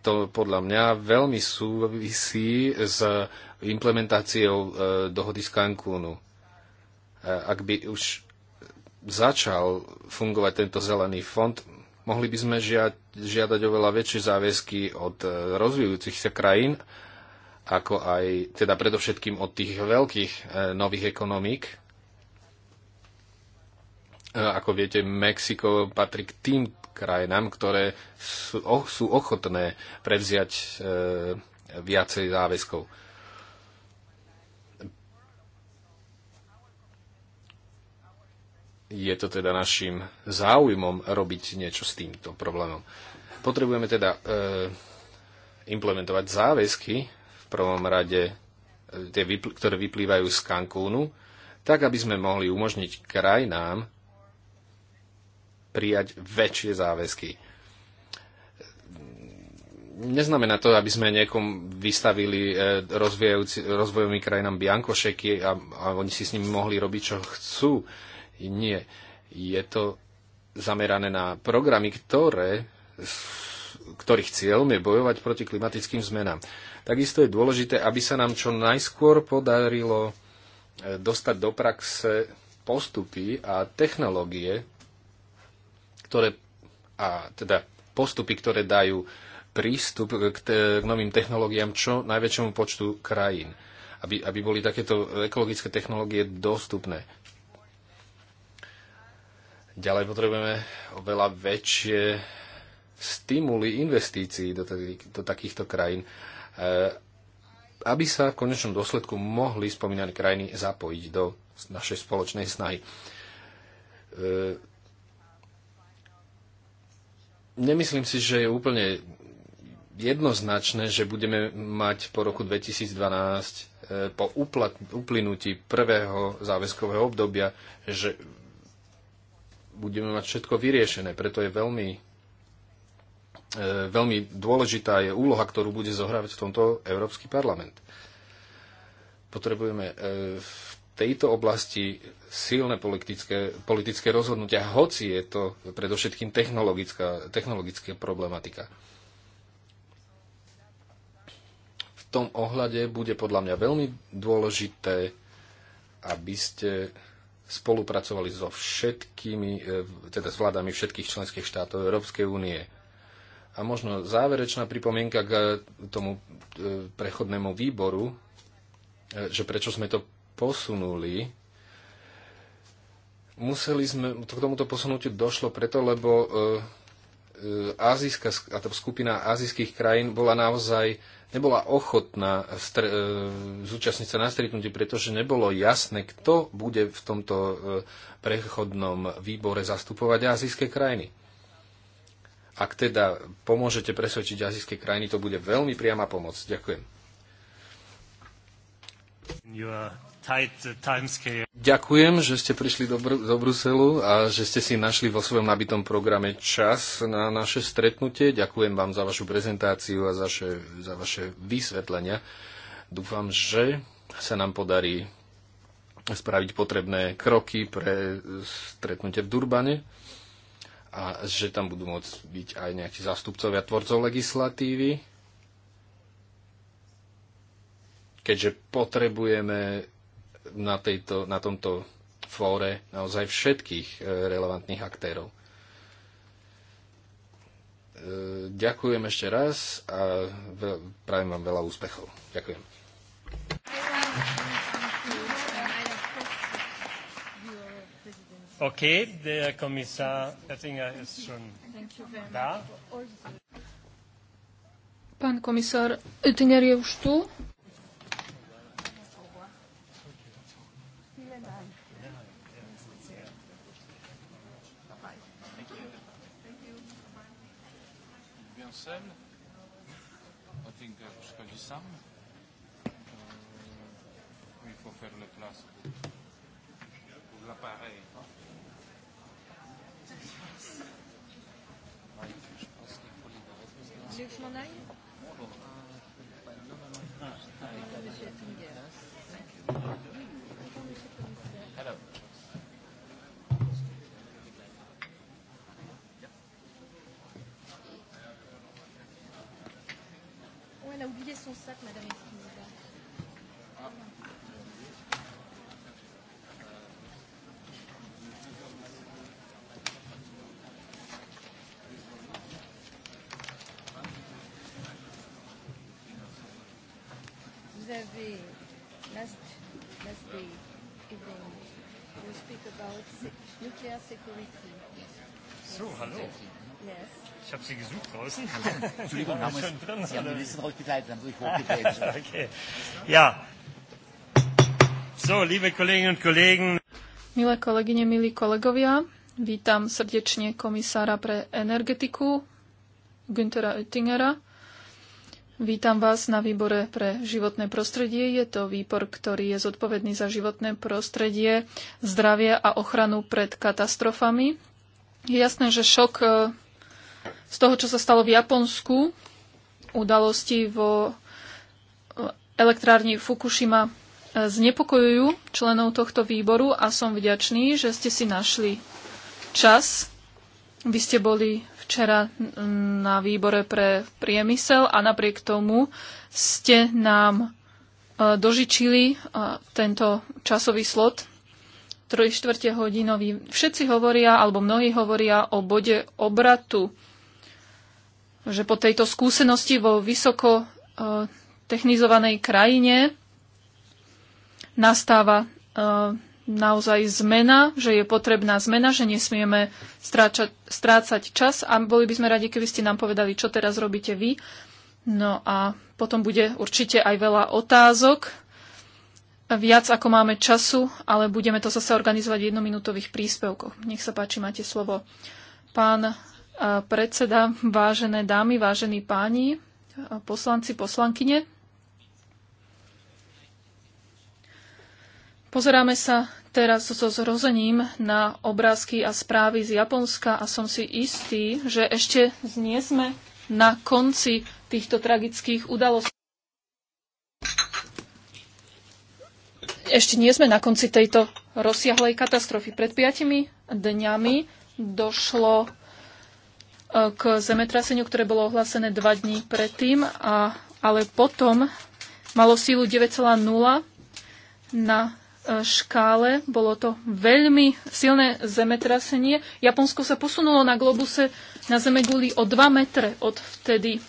To podľa mňa veľmi súvisí s implementáciou e, dohody z Cancúnu. E, ak by už začal fungovať tento zelený fond, mohli by sme žiadať oveľa väčšie záväzky od e, rozvíjúcich sa krajín, ako aj teda predovšetkým od tých veľkých nových ekonomík. Ako viete, Mexiko patrí k tým krajinám, ktoré sú, sú ochotné prevziať e, viacej záväzkov. Je to teda našim záujmom robiť niečo s týmto problémom. Potrebujeme teda e, implementovať záväzky v prvom rade, e, tie, ktoré vyplývajú z Cancúnu, tak aby sme mohli umožniť krajinám prijať väčšie záväzky. Neznamená to, aby sme niekom vystavili e, rozvojovým krajinám biankošeky a, a oni si s nimi mohli robiť, čo chcú. Nie. Je to zamerané na programy, ktoré, ktorých cieľom je bojovať proti klimatickým zmenám. Takisto je dôležité, aby sa nám čo najskôr podarilo e, dostať do praxe postupy a technológie, ktoré, a teda postupy, ktoré dajú prístup k, k novým technológiám čo najväčšemu počtu krajín, aby, aby boli takéto ekologické technológie dostupné. Ďalej potrebujeme oveľa väčšie stimuly investícií do, do takýchto krajín, eh, aby sa v konečnom dôsledku mohli spomínané krajiny zapojiť do našej spoločnej snahy eh, Nemyslím si, že je úplne jednoznačné, že budeme mať po roku 2012 e, po uplynutí prvého záväzkového obdobia, že budeme mať všetko vyriešené. Preto je veľmi, e, veľmi dôležitá je úloha, ktorú bude zohrávať v tomto Európsky parlament. Potrebujeme e, v tejto oblasti silné politické, politické rozhodnutia, hoci je to predovšetkým technologická, technologická problematika. V tom ohľade bude podľa mňa veľmi dôležité, aby ste spolupracovali so všetkými, e, teda s vládami všetkých členských štátov Európskej únie. A možno záverečná pripomienka k tomu e, prechodnému výboru, e, že prečo sme to posunuli, museli sme, k tomuto posunutiu došlo preto, lebo e, e, azijská, a tá skupina azijských krajín bola naozaj nebola ochotná str- e, zúčastniť sa na stretnutí, pretože nebolo jasné, kto bude v tomto prechodnom výbore zastupovať azijské krajiny. Ak teda pomôžete presvedčiť azijské krajiny, to bude veľmi priama pomoc. Ďakujem. Uh, Ďakujem, že ste prišli do, Br- do Bruselu a že ste si našli vo svojom nabitom programe čas na naše stretnutie. Ďakujem vám za vašu prezentáciu a za, vaše, za vaše vysvetlenia. Dúfam, že sa nám podarí spraviť potrebné kroky pre stretnutie v Durbane a že tam budú môcť byť aj nejakí zástupcovia tvorcov legislatívy keďže potrebujeme na, tejto, na tomto fóre naozaj všetkých e, relevantných aktérov. E, ďakujem ešte raz a prajem vám veľa úspechov. Ďakujem. OK, der Kommissar Oettinger ist schon da. Pán komisár Oettinger je už tu. seul. Oettinger choisit Sam. Euh, il faut faire le place pour l'appareil. Je pense qu'il faut les Je m'en aille son Madame Espinosa. Vous avez last last day event. You speak about nuclear security. So, hello. Yes. Ich habe Sie gesucht draußen. [laughs] Entschuldigung, haben schon drin, Sie haben ein bisschen rausgekleidet, haben Sie sich hochgekleidet. [laughs] okay. Ja. So, liebe Kolleginnen und Kollegen. Milé kolegyne, milí kolegovia, vítam srdečne komisára pre energetiku Günthera Oettingera. Vítam vás na výbore pre životné prostredie. Je to výbor, ktorý je zodpovedný za životné prostredie, zdravie a ochranu pred katastrofami. Je jasné, že šok eh, z toho, čo sa stalo v Japonsku, udalosti vo elektrárni Fukushima e, znepokojujú členov tohto výboru a som vďačný, že ste si našli čas. Vy ste boli včera na výbore pre priemysel a napriek tomu ste nám e, dožičili e, tento časový slot 3 štvrte hodinový. Všetci hovoria, alebo mnohí hovoria o bode obratu že po tejto skúsenosti vo vysoko e, technizovanej krajine nastáva e, naozaj zmena, že je potrebná zmena, že nesmieme stráčať, strácať čas a boli by sme radi, keby ste nám povedali, čo teraz robíte vy. No a potom bude určite aj veľa otázok, viac ako máme času, ale budeme to zase organizovať v jednominútových príspevkoch. Nech sa páči, máte slovo. Pán predseda, vážené dámy, vážení páni, poslanci, poslankyne. Pozeráme sa teraz so zrozením na obrázky a správy z Japonska a som si istý, že ešte nie sme na konci týchto tragických udalostí. Ešte nie sme na konci tejto rozsiahlej katastrofy. Pred piatimi dňami došlo k zemetraseniu, ktoré bolo ohlásené dva dní predtým, a, ale potom malo sílu 9,0 na e, škále. Bolo to veľmi silné zemetrasenie. Japonsko sa posunulo na globuse na guli o 2 metre od vtedy.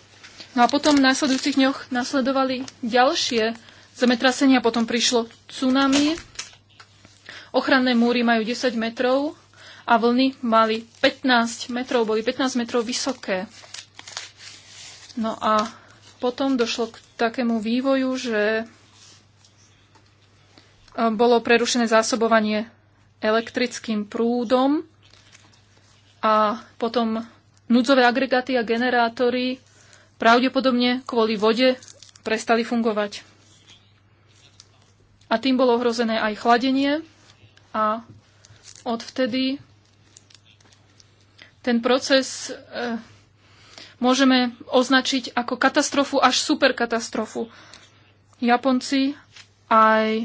No a potom v následujúcich dňoch nasledovali ďalšie zemetrasenia, potom prišlo tsunami. Ochranné múry majú 10 metrov a vlny mali 15 metrov, boli 15 metrov vysoké. No a potom došlo k takému vývoju, že e, bolo prerušené zásobovanie elektrickým prúdom a potom núdzové agregáty a generátory pravdepodobne kvôli vode prestali fungovať. A tým bolo ohrozené aj chladenie a odvtedy ten proces e, môžeme označiť ako katastrofu až superkatastrofu. Japonci aj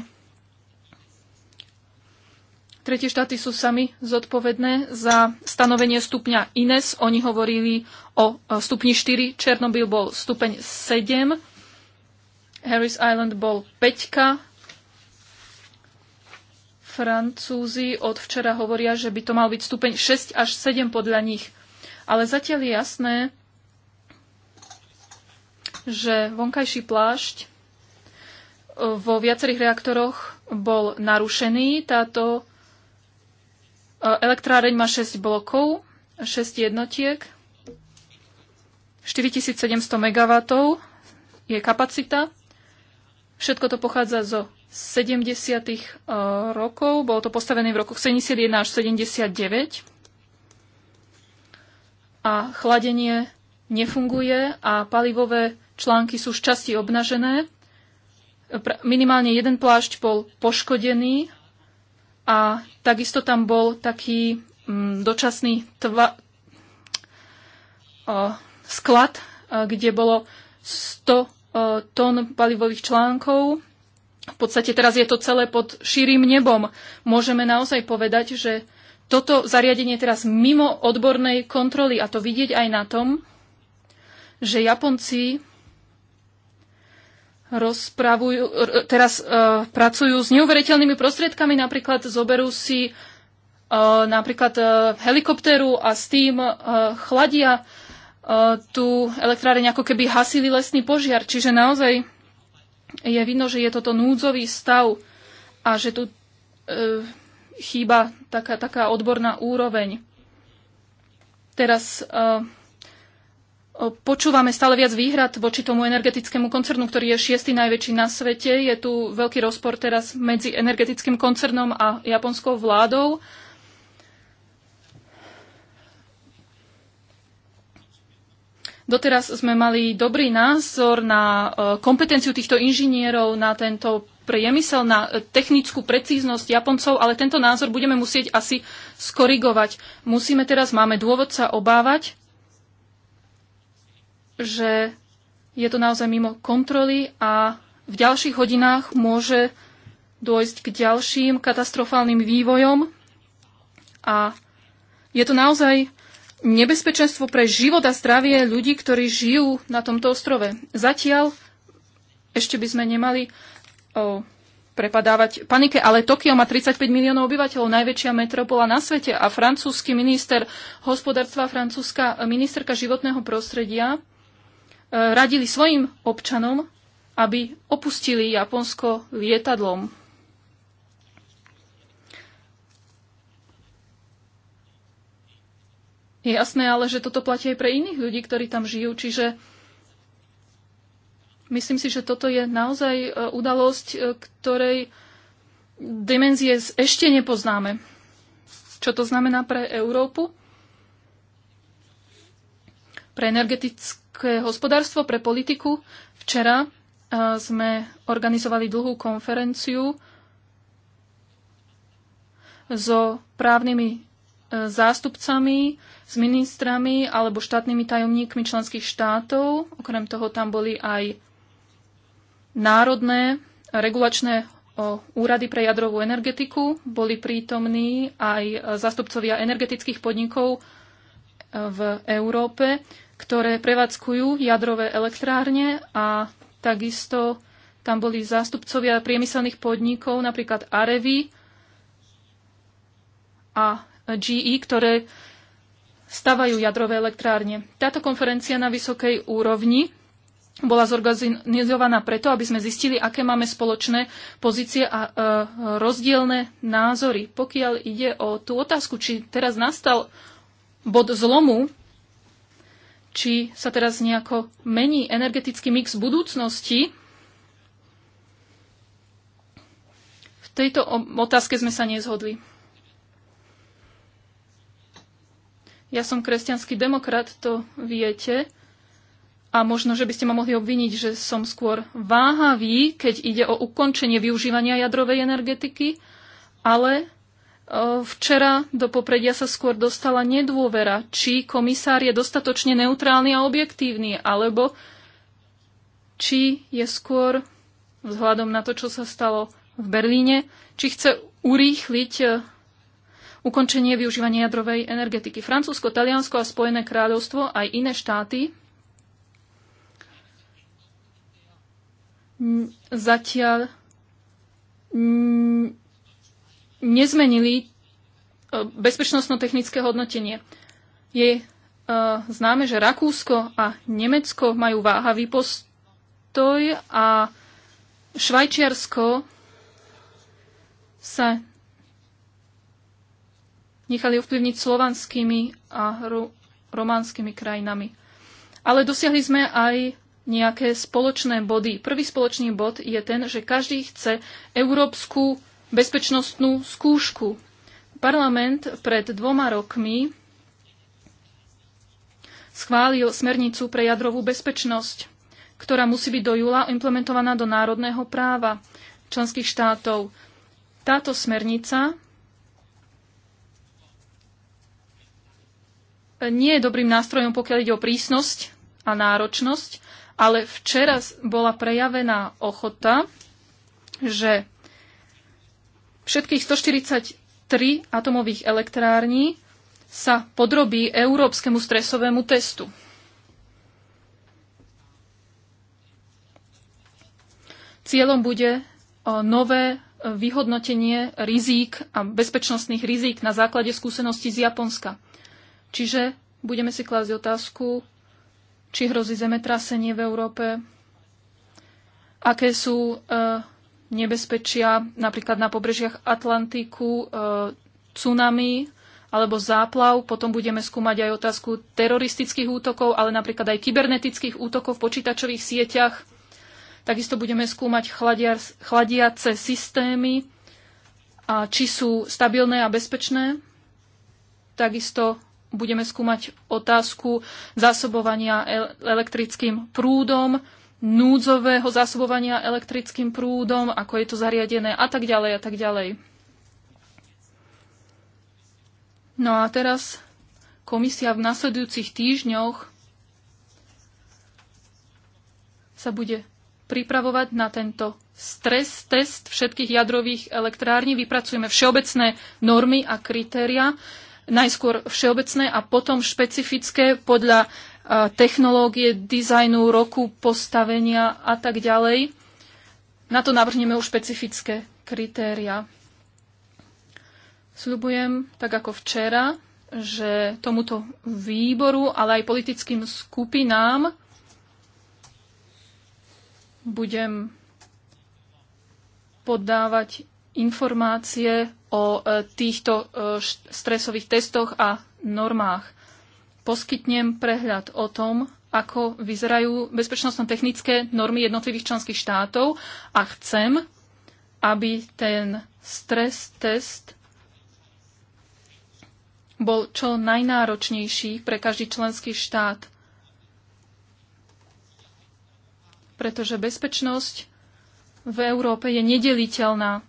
tretie štáty sú sami zodpovedné za stanovenie stupňa INES. Oni hovorili o e, stupni 4, Černobyl bol stupeň 7, Harris Island bol 5 Francúzi od včera hovoria, že by to mal byť stupeň 6 až 7 podľa nich. Ale zatiaľ je jasné, že vonkajší plášť e, vo viacerých reaktoroch bol narušený. Táto e, elektráreň má 6 blokov, 6 jednotiek, 4700 MW je kapacita. Všetko to pochádza zo 70. Eh, rokov. Bolo to postavené v rokoch 71 až 79. A chladenie nefunguje a palivové články sú z časti obnažené. Minimálne jeden plášť bol poškodený a takisto tam bol taký mm, dočasný tva, eh, sklad, eh, kde bolo 100 tón palivových článkov v podstate teraz je to celé pod širým nebom. Môžeme naozaj povedať, že toto zariadenie je teraz mimo odbornej kontroly a to vidieť aj na tom, že Japonci rozpravujú, teraz uh, pracujú s neuveriteľnými prostriedkami, napríklad zoberú si uh, napríklad uh, helikoptéru a s tým uh, chladia uh, tú elektráreň, ako keby hasili lesný požiar. Čiže naozaj je vidno, že je toto núdzový stav a že tu e, chýba taká, taká odborná úroveň. Teraz e, počúvame stále viac výhrad voči tomu energetickému koncernu, ktorý je šiestý najväčší na svete. Je tu veľký rozpor teraz medzi energetickým koncernom a japonskou vládou. E, Doteraz sme mali dobrý názor na e, kompetenciu týchto inžinierov, na tento priemysel, na e, technickú precíznosť Japoncov, ale tento názor budeme musieť asi skorigovať. Musíme teraz, máme dôvod sa obávať, že je to naozaj mimo kontroly a v ďalších hodinách môže dôjsť k ďalším katastrofálnym vývojom a je to naozaj nebezpečenstvo pre život a zdravie ľudí, ktorí žijú na tomto ostrove. Zatiaľ ešte by sme nemali o, prepadávať panike, ale Tokio má 35 miliónov obyvateľov, najväčšia metropola na svete a francúzsky minister hospodárstva, francúzska e, ministerka životného prostredia e, radili svojim občanom, aby opustili Japonsko lietadlom. Je jasné ale, že toto platí aj pre iných ľudí, ktorí tam žijú, čiže myslím si, že toto je naozaj e, udalosť, e, ktorej dimenzie ešte nepoznáme. Čo to znamená pre Európu? Pre energetické hospodárstvo, pre politiku. Včera e, sme organizovali dlhú konferenciu so právnymi zástupcami s ministrami alebo štátnymi tajomníkmi členských štátov. Okrem toho tam boli aj národné regulačné úrady pre jadrovú energetiku, boli prítomní aj zastupcovia energetických podnikov e, v Európe, ktoré prevádzkujú jadrové elektrárne a takisto tam boli zástupcovia priemyselných podnikov, napríklad Arevi a GE, ktoré stavajú jadrové elektrárne. Táto konferencia na vysokej úrovni bola zorganizovaná preto, aby sme zistili, aké máme spoločné pozície a e, rozdielne názory. Pokiaľ ide o tú otázku, či teraz nastal bod zlomu, či sa teraz nejako mení energetický mix budúcnosti, v tejto otázke sme sa nezhodli. Ja som kresťanský demokrat, to viete. A možno, že by ste ma mohli obviniť, že som skôr váhavý, keď ide o ukončenie využívania jadrovej energetiky, ale e, včera do popredia sa skôr dostala nedôvera, či komisár je dostatočne neutrálny a objektívny, alebo či je skôr, vzhľadom na to, čo sa stalo v Berlíne, či chce urýchliť e, ukončenie využívania jadrovej energetiky. Francúzsko, Taliansko a Spojené kráľovstvo aj iné štáty zatiaľ nezmenili e, bezpečnostno-technické hodnotenie. Je e, známe, že Rakúsko a Nemecko majú váhavý postoj a Švajčiarsko sa nechali ovplyvniť slovanskými a ro- románskymi krajinami. Ale dosiahli sme aj nejaké spoločné body. Prvý spoločný bod je ten, že každý chce európsku bezpečnostnú skúšku. Parlament pred dvoma rokmi schválil smernicu pre jadrovú bezpečnosť, ktorá musí byť do júla implementovaná do národného práva členských štátov. Táto smernica nie je dobrým nástrojom, pokiaľ ide o prísnosť a náročnosť, ale včera bola prejavená ochota, že všetkých 143 atomových elektrární sa podrobí európskemu stresovému testu. Cieľom bude nové e, vyhodnotenie rizík a bezpečnostných rizík na základe skúseností z Japonska. Čiže budeme si klásť otázku, či hrozí zemetrasenie v Európe, aké sú e, nebezpečia napríklad na pobrežiach Atlantiku, e, tsunami alebo záplav. Potom budeme skúmať aj otázku teroristických útokov, ale napríklad aj kybernetických útokov v počítačových sieťach. Takisto budeme skúmať chladiar, chladiace systémy, a či sú stabilné a bezpečné. Takisto budeme skúmať otázku zásobovania elektrickým prúdom, núdzového zásobovania elektrickým prúdom, ako je to zariadené a tak ďalej a tak ďalej. No a teraz komisia v nasledujúcich týždňoch sa bude pripravovať na tento stres test všetkých jadrových elektrární. Vypracujeme všeobecné normy a kritéria, najskôr všeobecné a potom špecifické podľa technológie, dizajnu, roku, postavenia a tak ďalej. Na to navrhneme už špecifické kritéria. Sľubujem, tak ako včera, že tomuto výboru, ale aj politickým skupinám budem podávať informácie o e, týchto e, stresových testoch a normách. Poskytnem prehľad o tom, ako vyzerajú bezpečnostno-technické normy jednotlivých členských štátov a chcem, aby ten stres test bol čo najnáročnejší pre každý členský štát. Pretože bezpečnosť v Európe je nedeliteľná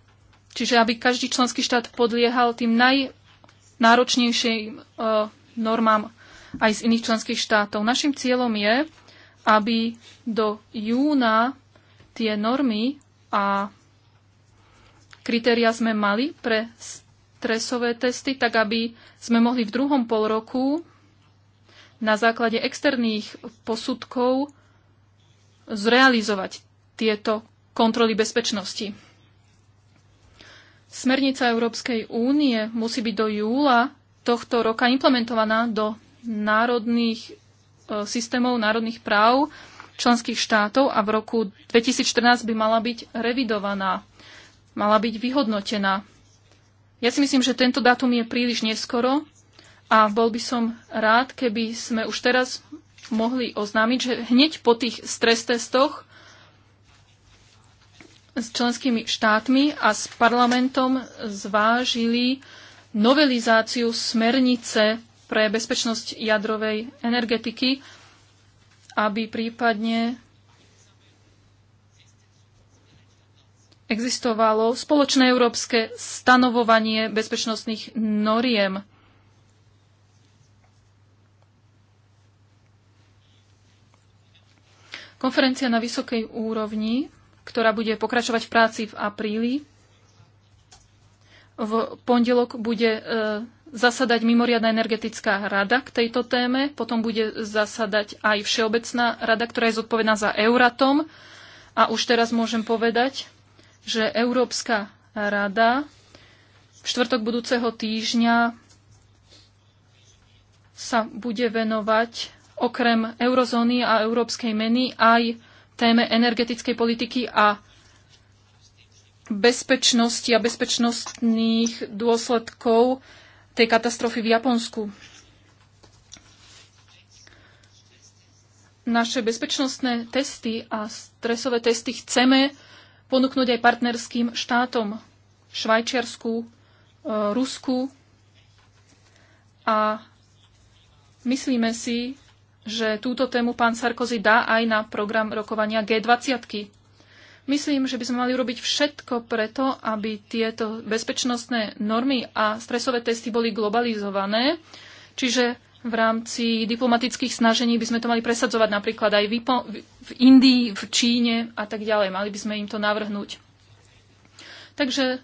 Čiže aby každý členský štát podliehal tým najnáročnejším e, normám aj z iných členských štátov. Našim cieľom je, aby do júna tie normy a kritéria sme mali pre stresové testy, tak aby sme mohli v druhom pol roku na základe externých posudkov zrealizovať tieto kontroly bezpečnosti. Smernica Európskej únie musí byť do júla tohto roka implementovaná do národných e, systémov národných práv členských štátov a v roku 2014 by mala byť revidovaná, mala byť vyhodnotená. Ja si myslím, že tento dátum je príliš neskoro a bol by som rád, keby sme už teraz mohli oznámiť, že hneď po tých stres testoch s členskými štátmi a s parlamentom zvážili novelizáciu smernice pre bezpečnosť jadrovej energetiky, aby prípadne existovalo spoločné európske stanovovanie bezpečnostných noriem. Konferencia na vysokej úrovni ktorá bude pokračovať v práci v apríli. V pondelok bude e, zasadať mimoriadna energetická rada k tejto téme, potom bude zasadať aj Všeobecná rada, ktorá je zodpovedná za Euratom. A už teraz môžem povedať, že Európska rada v štvrtok budúceho týždňa sa bude venovať okrem eurozóny a európskej meny aj téme energetickej politiky a bezpečnosti a bezpečnostných dôsledkov tej katastrofy v Japonsku. Naše bezpečnostné testy a stresové testy chceme ponúknuť aj partnerským štátom, Švajčiarsku, e, Rusku a myslíme si, že túto tému pán Sarkozy dá aj na program rokovania G20. Myslím, že by sme mali robiť všetko preto, aby tieto bezpečnostné normy a stresové testy boli globalizované, čiže v rámci diplomatických snažení by sme to mali presadzovať napríklad aj v Indii, v Číne a tak ďalej. Mali by sme im to navrhnúť. Takže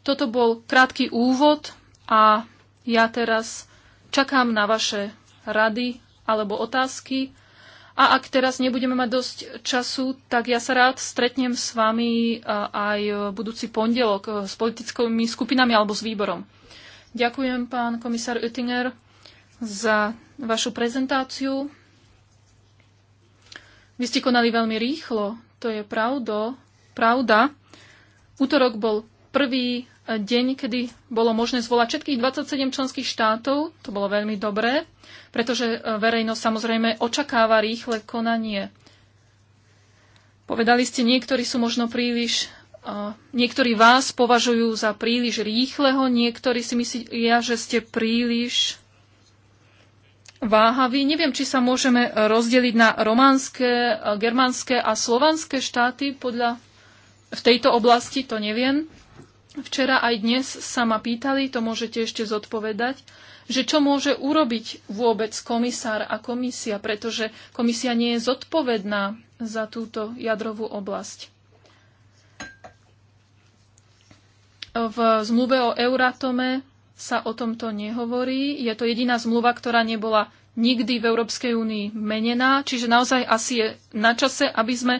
toto bol krátky úvod a ja teraz čakám na vaše rady alebo otázky. A ak teraz nebudeme mať dosť času, tak ja sa rád stretnem s vami aj budúci pondelok e, s politickými skupinami alebo s výborom. Ďakujem, pán komisár Oettinger, za vašu prezentáciu. Vy ste konali veľmi rýchlo, to je pravdo, pravda. Útorok bol prvý deň, kedy bolo možné zvolať všetkých 27 členských štátov. To bolo veľmi dobré, pretože e, verejnosť samozrejme očakáva rýchle konanie. Povedali ste, niektorí sú možno príliš, e, niektorí vás považujú za príliš rýchleho, niektorí si myslia, že ste príliš váhaví. Neviem, či sa môžeme rozdeliť na románske, e, germánske a slovanské štáty podľa v tejto oblasti, to neviem. Včera aj dnes sa ma pýtali, to môžete ešte zodpovedať, že čo môže urobiť vôbec komisár a komisia, pretože komisia nie je zodpovedná za túto jadrovú oblasť. V zmluve o Euratome sa o tomto nehovorí. Je to jediná zmluva, ktorá nebola nikdy v Európskej únii menená, čiže naozaj asi je na čase, aby sme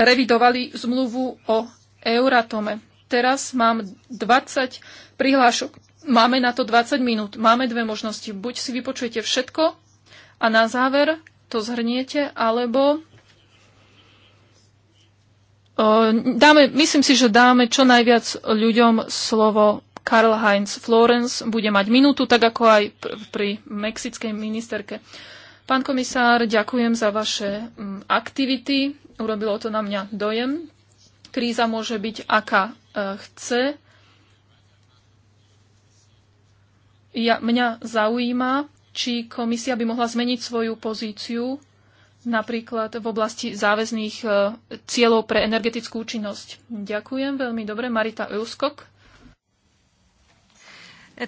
revidovali zmluvu o Euratome teraz mám 20 prihlášok. Máme na to 20 minút. Máme dve možnosti. Buď si vypočujete všetko a na záver to zhrniete, alebo dáme, myslím si, že dáme čo najviac ľuďom slovo. Karl Heinz Florence bude mať minútu, tak ako aj pri mexickej ministerke. Pán komisár, ďakujem za vaše mm, aktivity. Urobilo to na mňa dojem. Kríza môže byť aká chce. Ja, mňa zaujíma, či komisia by mohla zmeniť svoju pozíciu napríklad v oblasti záväzných e, cieľov pre energetickú účinnosť. Ďakujem veľmi dobre. Marita Euskok. E,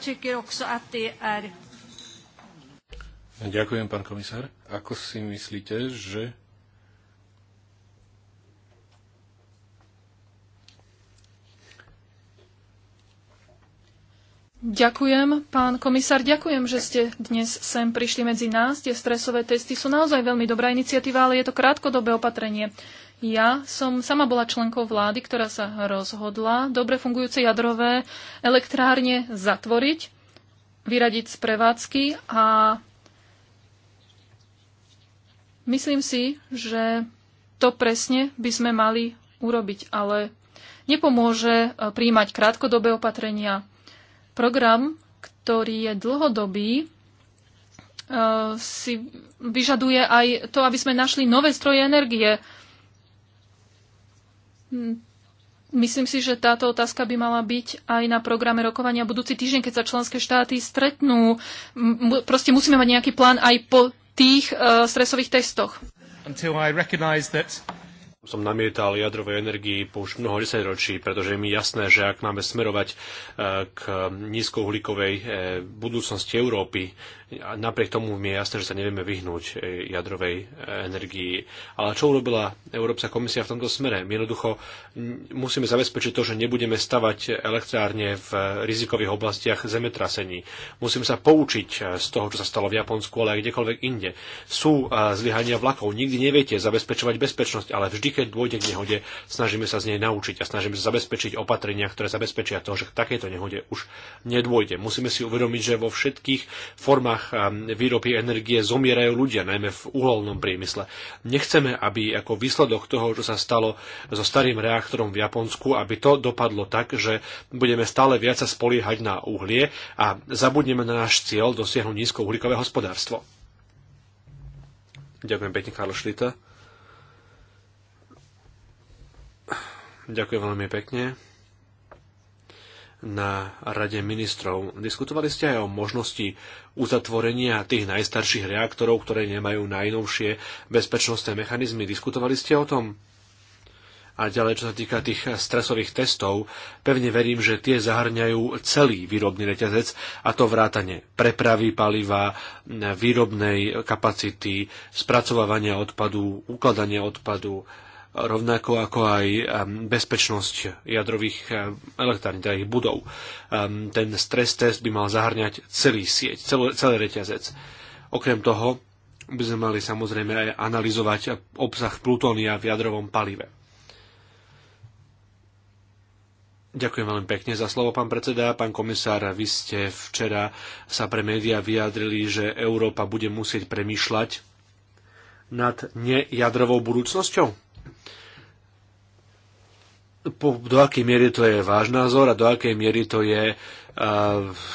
tycker också att det är... Ďakujem, pán komisár. Ako si myslíte, že Ďakujem, pán komisár, ďakujem, že ste dnes sem prišli medzi nás. Tie stresové testy sú naozaj veľmi dobrá iniciatíva, ale je to krátkodobé opatrenie. Ja som sama bola členkou vlády, ktorá sa rozhodla dobre fungujúce jadrové elektrárne zatvoriť, vyradiť z prevádzky a myslím si, že to presne by sme mali urobiť, ale nepomôže eh, príjmať krátkodobé opatrenia Program, ktorý je dlhodobý, e, si vyžaduje aj to, aby sme našli nové stroje energie. Hm, myslím si, že táto otázka by mala byť aj na programe rokovania budúci týždeň, keď sa členské štáty stretnú. Proste musíme mať nejaký plán aj po tých e, stresových testoch. Until I recognize that som namietal jadrovej energii po už mnoho desaťročí, pretože je mi jasné, že ak máme smerovať eh, k nízkouhlíkovej eh, budúcnosti Európy, napriek tomu mi je jasné, že sa nevieme vyhnúť e, jadrovej e, energii. Ale čo urobila Európska komisia v tomto smere? jednoducho musíme zabezpečiť to, že nebudeme stavať elektrárne v e, rizikových oblastiach zemetrasení. Musíme sa poučiť z toho, čo sa stalo v Japonsku, ale aj kdekoľvek inde. Sú zlyhania vlakov. Nikdy neviete zabezpečovať bezpečnosť, ale vždy, keď dôjde k nehode, snažíme sa z nej naučiť a snažíme sa zabezpečiť opatrenia, ktoré zabezpečia to, že k takéto nehode už nedôjde. Musíme si uvedomiť, že vo všetkých formách sektorách výroby energie zomierajú ľudia, najmä v uholnom priemysle. Nechceme, aby ako výsledok toho, čo sa stalo so starým reaktorom v Japonsku, aby to dopadlo tak, že budeme stále viac sa spoliehať na uhlie a zabudneme na náš cieľ dosiahnuť nízkouhlíkové hospodárstvo. Ďakujem pekne, Karl Šlita. Ďakujem veľmi pekne na Rade ministrov. Diskutovali ste aj o možnosti uzatvorenia tých najstarších reaktorov, ktoré nemajú najnovšie bezpečnostné mechanizmy. Diskutovali ste o tom? A ďalej, čo sa týka tých stresových testov, pevne verím, že tie zahrňajú celý výrobný reťazec, a to vrátane prepravy paliva, výrobnej kapacity, spracovávania odpadu, ukladania odpadu, rovnako ako aj bezpečnosť jadrových elektrární, teda ich budov. Ten stres test by mal zahrňať celý sieť, celý, celý reťazec. Okrem toho by sme mali samozrejme aj analyzovať obsah plutónia v jadrovom palive. Ďakujem veľmi pekne za slovo, pán predseda. Pán komisár, vy ste včera sa pre médiá vyjadrili, že Európa bude musieť premýšľať nad nejadrovou budúcnosťou? po, do akej miery to je váš názor a do akej miery to je uh,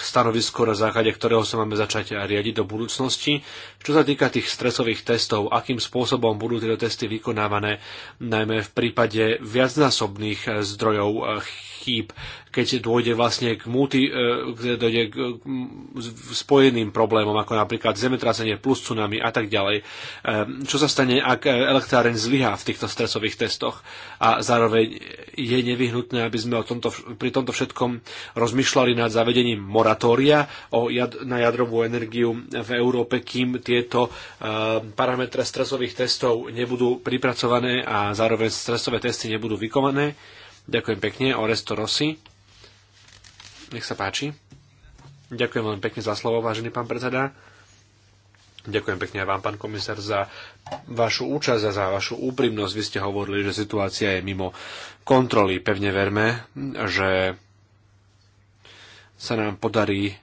stanovisko, na základe ktorého sa máme začať riadiť do budúcnosti. Čo sa týka tých stresových testov, akým spôsobom budú tieto testy vykonávané, najmä v prípade viacnásobných e, zdrojov e, chýb, keď dôjde vlastne k, multi, e, kde dôjde k e, spojeným problémom, ako napríklad zemetrasenie plus tsunami a tak ďalej. E, čo sa stane, ak elektráreň zlyhá v týchto stresových testoch a zároveň je nevyhnutné, aby sme o tomto, pri tomto všetkom rozmýšľali nad zavedením moratória o jad, na jadrovú energiu v Európe, kým tieto parametre stresových testov nebudú pripracované a zároveň stresové testy nebudú vykonané Ďakujem pekne, Oresto Rossi. Nech sa páči. Ďakujem veľmi pekne za slovo, vážený pán predseda. Ďakujem pekne aj vám, pán komisár, za vašu účasť a za vašu úprimnosť. Vy ste hovorili, že situácia je mimo kontroly. Pevne verme, že sa nám podarí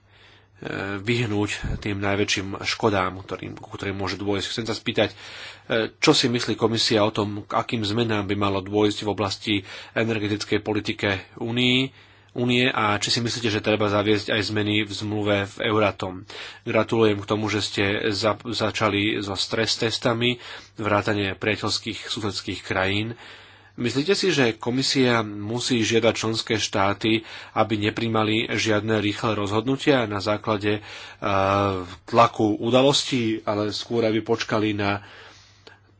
vyhnúť tým najväčším škodám, ktorým, ktorým môže dôjsť. Chcem sa spýtať, e, čo si myslí komisia o tom, k akým zmenám by malo dôjsť v oblasti energetickej politike Únii, únie a či si myslíte, že treba zaviesť aj zmeny v zmluve v Euratom. Gratulujem k tomu, že ste za, začali so stres testami, vrátane priateľských susedských krajín Myslíte si, že komisia musí žiadať členské štáty, aby neprimali žiadne rýchle rozhodnutia na základe e, tlaku udalostí, ale skôr aby počkali na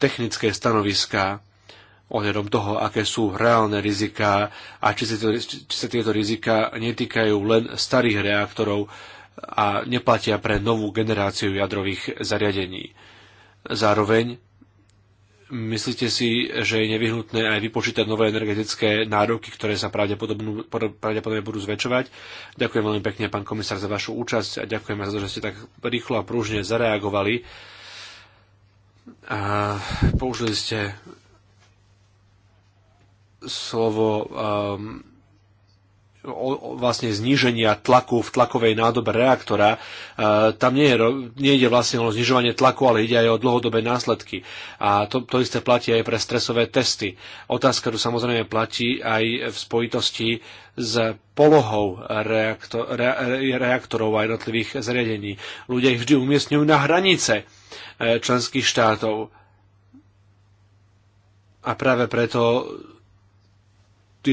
technické stanoviská ohľadom toho, aké sú reálne riziká a či sa, či sa tieto rizika netýkajú len starých reaktorov a neplatia pre novú generáciu jadrových zariadení. Zároveň Myslíte si, že je nevyhnutné aj vypočítať nové energetické nároky, ktoré sa pravdepodobne, budú zväčšovať? Ďakujem veľmi pekne, pán komisár, za vašu účasť a ďakujem za to, že ste tak rýchlo a prúžne zareagovali. A použili ste slovo um, vlastne zníženia tlaku v tlakovej nádobe reaktora. E, tam nie, je, nie ide vlastne o znižovanie tlaku, ale ide aj o dlhodobé následky. A to, to isté platí aj pre stresové testy. Otázka tu samozrejme platí aj v spojitosti s polohou reaktor, re, reaktorov a jednotlivých zariadení. Ľudia ich vždy umiestňujú na hranice e, členských štátov. A práve preto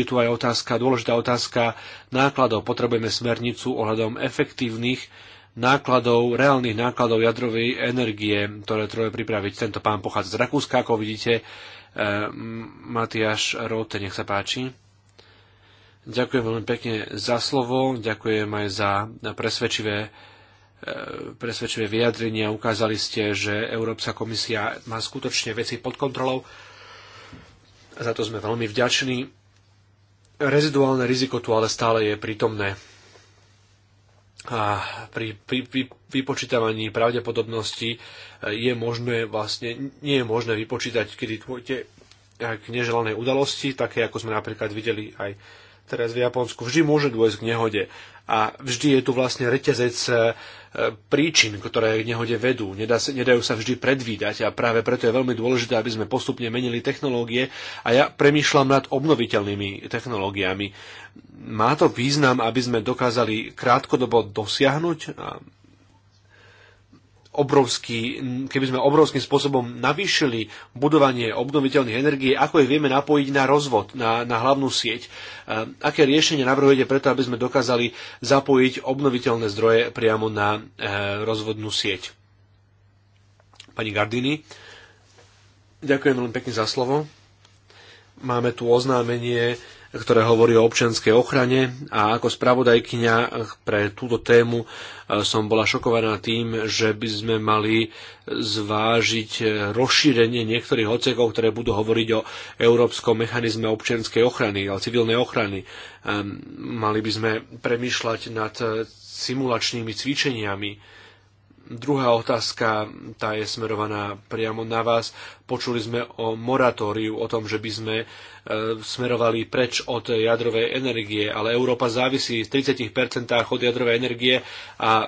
je tu aj otázka, dôležitá otázka nákladov. Potrebujeme smernicu ohľadom efektívnych nákladov, reálnych nákladov jadrovej energie, ktoré treba pripraviť. Tento pán pochádza z Rakúska, ako vidíte. E, Matiáš Rote, nech sa páči. Ďakujem veľmi pekne za slovo, ďakujem aj za presvedčivé e, presvedčivé vyjadrenia. Ukázali ste, že Európska komisia má skutočne veci pod kontrolou. Za to sme veľmi vďační reziduálne riziko tu ale stále je prítomné. A pri, pri, pri vypočítavaní pravdepodobnosti e, je možné vlastne, nie je možné vypočítať, kedy dôjde k e, neželanej udalosti, také ako sme napríklad videli aj teraz v Japonsku. Vždy môže dôjsť k nehode a vždy je tu vlastne reťazec e, príčin, ktoré k nehode vedú. Nedá, nedajú sa vždy predvídať a práve preto je veľmi dôležité, aby sme postupne menili technológie a ja premýšľam nad obnoviteľnými technológiami. Má to význam, aby sme dokázali krátkodobo dosiahnuť obrovský, keby sme obrovským spôsobom navýšili budovanie obnoviteľných energií, ako ich vieme napojiť na rozvod, na, na hlavnú sieť. Eh, aké riešenie navrhujete preto, aby sme dokázali zapojiť obnoviteľné zdroje priamo na eh, rozvodnú sieť? Pani Gardini, ďakujem veľmi pekne za slovo. Máme tu oznámenie ktoré hovorí o občianskej ochrane a ako spravodajkyňa pre túto tému e, som bola šokovaná tým, že by sme mali zvážiť rozšírenie niektorých odsekov, ktoré budú hovoriť o európskom mechanizme občianskej ochrany, a civilnej ochrany. E, mali by sme premýšľať nad simulačnými cvičeniami, Druhá otázka, tá je smerovaná priamo na vás. Počuli sme o moratóriu, o tom, že by sme e, smerovali preč od jadrovej energie, ale Európa závisí v 30% od jadrovej energie a e,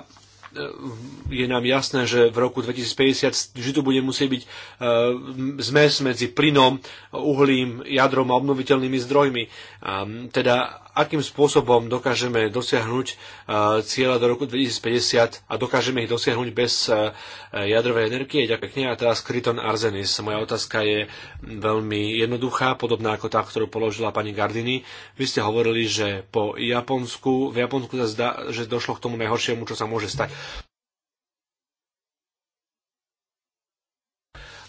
je nám jasné, že v roku 2050 vždy tu bude musieť byť e, zmes medzi plynom, uhlím, jadrom a obnoviteľnými zdrojmi. Teda akým spôsobom dokážeme dosiahnuť e, cieľa do roku 2050 a dokážeme ich dosiahnuť bez e, jadrovej energie. Ďakujem pekne. A teraz Kryton Arzenis. Moja otázka je veľmi jednoduchá, podobná ako tá, ktorú položila pani Gardini. Vy ste hovorili, že po Japonsku, v Japonsku sa zdá, že došlo k tomu najhoršiemu, čo sa môže stať.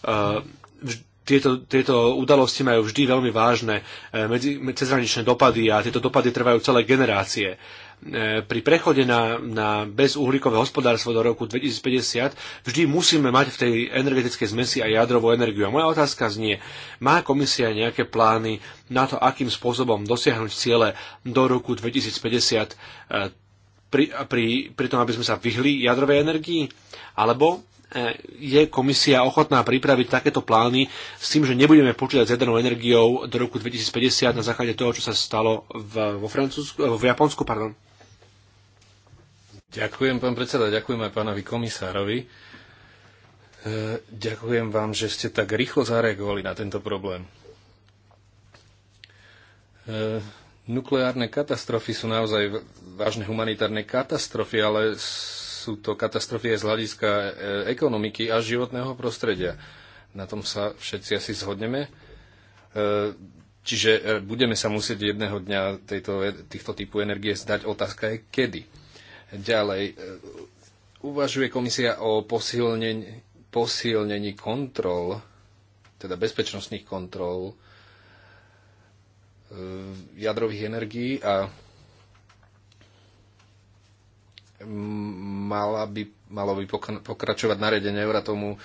Uh, tieto, tieto udalosti majú vždy veľmi vážne e, medzi, cezhraničné dopady a tieto dopady trvajú celé generácie. E, pri prechode na, na bezuhlíkové hospodárstvo do roku 2050 vždy musíme mať v tej energetickej zmesi aj jadrovú energiu. A moja otázka znie, má komisia nejaké plány na to, akým spôsobom dosiahnuť ciele do roku 2050 e, pri, pri, pri tom, aby sme sa vyhli jadrovej energii? Alebo E, je komisia ochotná pripraviť takéto plány s tým, že nebudeme počítať s jadernou energiou do roku 2050 na základe toho, čo sa stalo v, vo, Francúzsku, e, v Japonsku? Pardon. Ďakujem, pán predseda, ďakujem aj pánovi komisárovi. E, ďakujem vám, že ste tak rýchlo zareagovali na tento problém. Nukleárne katastrofy sú naozaj vážne humanitárne katastrofy, ale sú to katastrofy aj z hľadiska e, ekonomiky a životného prostredia. Na tom sa všetci asi zhodneme. E, čiže e, budeme sa musieť jedného dňa tejto, týchto typu energie zdať. Otázka je kedy. Ďalej, uvažuje komisia o posilnení, posilnení kontrol, teda bezpečnostných kontrol jadrových energií a mala by, malo by pokračovať naredenie Euratomu e,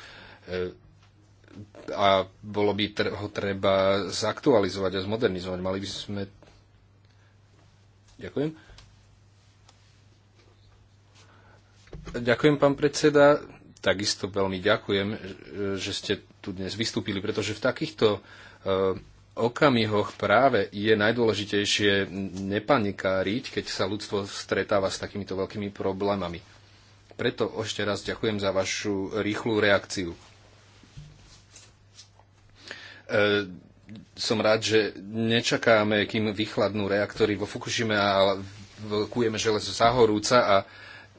a bolo by ho treba zaktualizovať a zmodernizovať. Mali by sme... Ďakujem. Ďakujem, pán predseda. Takisto veľmi ďakujem, e, že ste tu dnes vystúpili, pretože v takýchto e, okamihoch práve je najdôležitejšie nepanikáriť, keď sa ľudstvo stretáva s takýmito veľkými problémami. Preto ešte raz ďakujem za vašu rýchlu reakciu. E, som rád, že nečakáme, kým vychladnú reaktory vo Fukushime a vlkujeme železo zahorúca a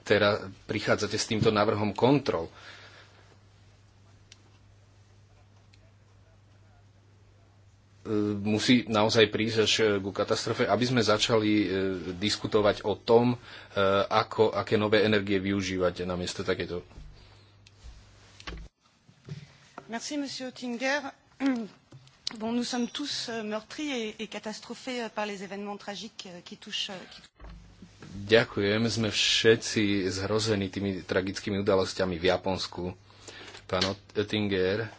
teraz prichádzate s týmto návrhom kontrol. E, E, musí naozaj prísť až e, ku katastrofe, aby sme začali e, diskutovať o tom, ako, aké nové energie využívať na miesto takéto. Merci, monsieur Oettinger. [clears throat] Bon, nous sommes tous euh, meurtris et, et catastrophés euh, par les événements tragiques euh, qui touchent. Qui... Ďakujem, sme všetci zhrození tými tragickými udalosťami v Japonsku. Pán Oettinger,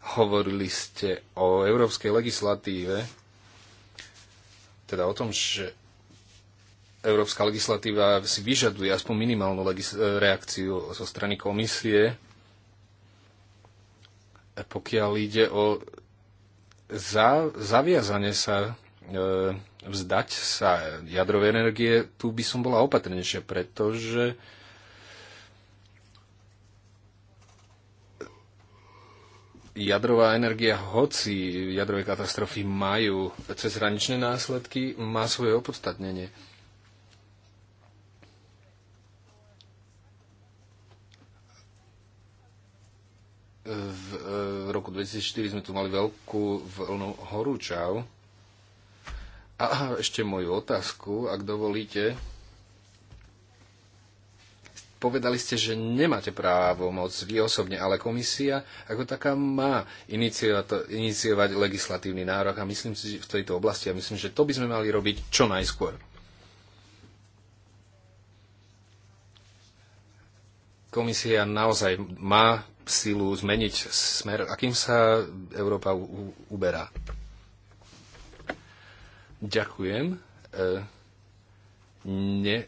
Hovorili ste o európskej legislatíve, teda o tom, že európska legislatíva si vyžaduje aspoň minimálnu e, reakciu zo strany komisie, pokiaľ ide o za- zaviazanie sa e, vzdať sa jadrovej energie, tu by som bola opatrnejšia, pretože jadrová energia, hoci jadrové katastrofy majú cezhraničné následky, má svoje opodstatnenie. V eh, roku 2004 sme tu mali veľkú vlnu horúčav. A ešte moju otázku, ak dovolíte povedali ste, že nemáte právo moc vy osobne, ale komisia ako taká má iniciovať, iniciovať legislatívny nárok a myslím si že v tejto oblasti a myslím, že to by sme mali robiť čo najskôr. Komisia naozaj má silu zmeniť smer, akým sa Európa uberá. Ďakujem. E, ne,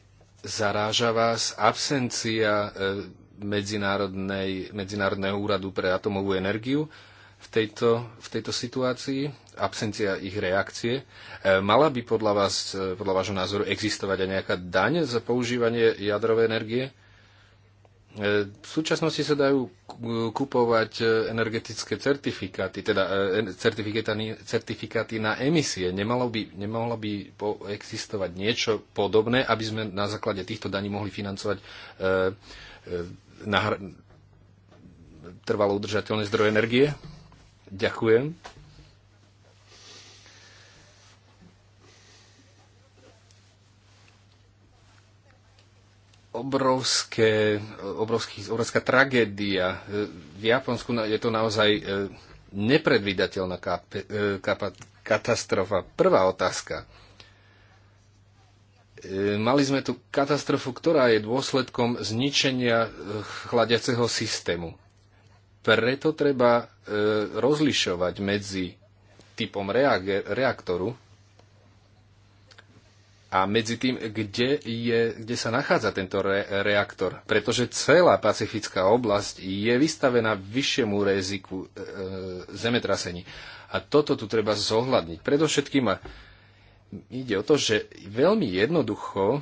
zaráža vás absencia e, Medzinárodného úradu pre atomovú energiu v tejto, v tejto situácii, absencia ich reakcie. E, mala by podľa, vás, e, podľa vášho názoru existovať aj nejaká daň za používanie jadrovej energie? E, v súčasnosti sa dajú kupovať e, energetické certifikáty, teda e, certifikáty na emisie. Nemalo by, nemalo by existovať niečo podobné, aby sme na základe týchto daní mohli financovať trvalo udržateľné zdroje energie? Ďakujem. obrovské, obrovský, obrovská tragédia. V Japonsku je to naozaj e, nepredvídateľná e, katastrofa. Prvá otázka. E, mali sme tu katastrofu, ktorá je dôsledkom zničenia chladiaceho systému. Preto treba rozlišovať medzi typom reaktoru, a medzi tým, kde, je, kde sa nachádza tento re- reaktor. Pretože celá pacifická oblasť je vystavená vyššiemu riziku e, e zemetrasení. A toto tu treba zohľadniť. Predovšetkým ide o to, že veľmi jednoducho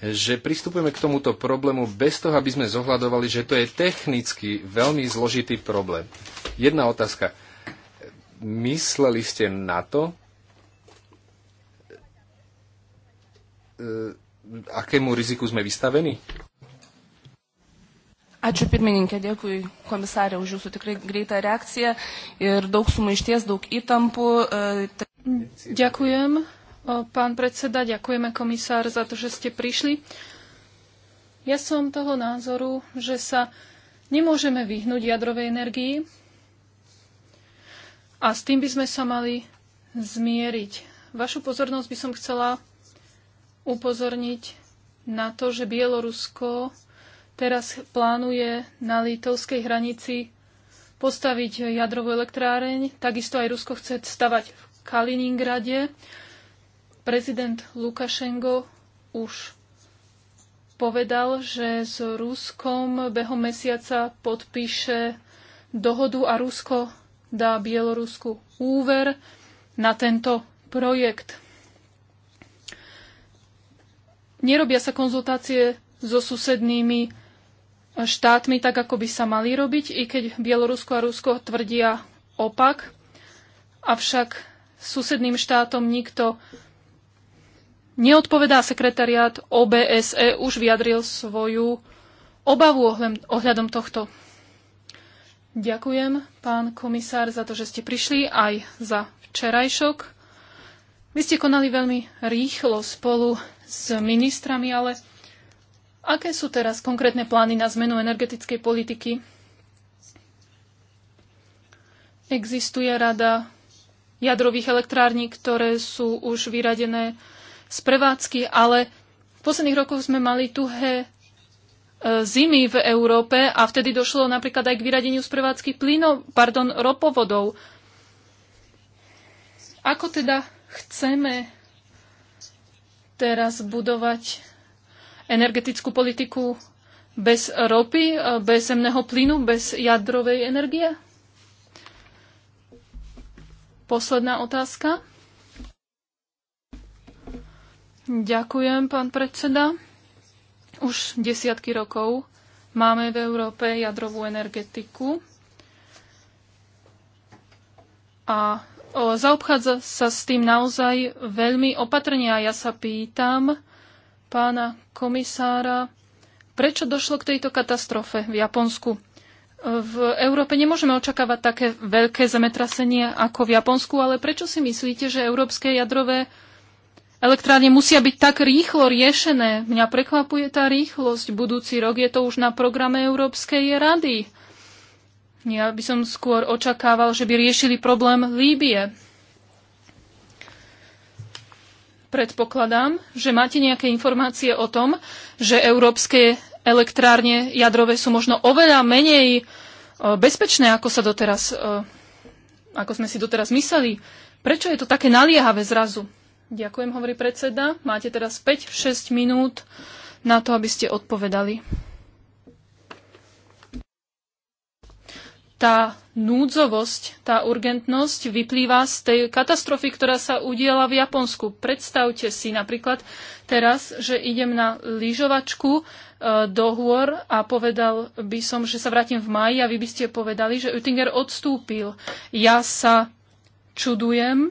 že pristupujeme k tomuto problému bez toho, aby sme zohľadovali, že to je technicky veľmi zložitý problém. Jedna otázka mysleli ste na to, e, akému riziku sme vystavení? Ačiū pirmininkė, dėkui komisarė už jūsų tikrai greitą reakciją ir daug sumaišties, daug įtampų. E, Ďakujem, pán predseda, ďakujeme komisár za to, že ste prišli. Ja som toho názoru, že sa nemôžeme vyhnúť jadrovej energii, a s tým by sme sa mali zmieriť. Vašu pozornosť by som chcela upozorniť na to, že Bielorusko teraz plánuje na litovskej hranici postaviť jadrovú elektráreň. Takisto aj Rusko chce stavať v Kaliningrade. Prezident Lukašenko už povedal, že s Ruskom behom mesiaca podpíše dohodu a Rusko dá Bielorusku úver na tento projekt. Nerobia sa konzultácie so susednými štátmi tak, ako by sa mali robiť, i keď Bielorusko a Rusko tvrdia opak. Avšak susedným štátom nikto neodpovedá. Sekretariát OBSE už vyjadril svoju obavu ohľadom tohto Ďakujem, pán komisár, za to, že ste prišli aj za včerajšok. Vy ste konali veľmi rýchlo spolu s ministrami, ale aké sú teraz konkrétne plány na zmenu energetickej politiky? Existuje rada jadrových elektrární, ktoré sú už vyradené z prevádzky, ale v posledných rokoch sme mali tuhé E, zimy v Európe a vtedy došlo napríklad aj k vyradeniu z prevádzky plynov, pardon, ropovodov. Ako teda chceme teraz budovať energetickú politiku bez ropy, e, bez zemného plynu, bez jadrovej energie? Posledná otázka. Ďakujem, pán predseda. Už desiatky rokov máme v Európe jadrovú energetiku a zaobchádza sa s tým naozaj veľmi opatrne a ja sa pýtam pána komisára, prečo došlo k tejto katastrofe v Japonsku. V Európe nemôžeme očakávať také veľké zemetrasenie ako v Japonsku, ale prečo si myslíte, že európske jadrové elektrárne musia byť tak rýchlo riešené. Mňa prekvapuje tá rýchlosť. Budúci rok je to už na programe Európskej rady. Ja by som skôr očakával, že by riešili problém Líbie. Predpokladám, že máte nejaké informácie o tom, že európske elektrárne jadrové sú možno oveľa menej e, bezpečné, ako, sa doteraz, e, ako sme si doteraz mysleli. Prečo je to také naliehavé zrazu? Ďakujem, hovorí predseda. Máte teraz 5-6 minút na to, aby ste odpovedali. Tá núdzovosť, tá urgentnosť vyplýva z tej katastrofy, ktorá sa udiela v Japonsku. Predstavte si napríklad teraz, že idem na lyžovačku e, do hôr a povedal by som, že sa vrátim v maji a vy by ste povedali, že Oettinger odstúpil. Ja sa čudujem,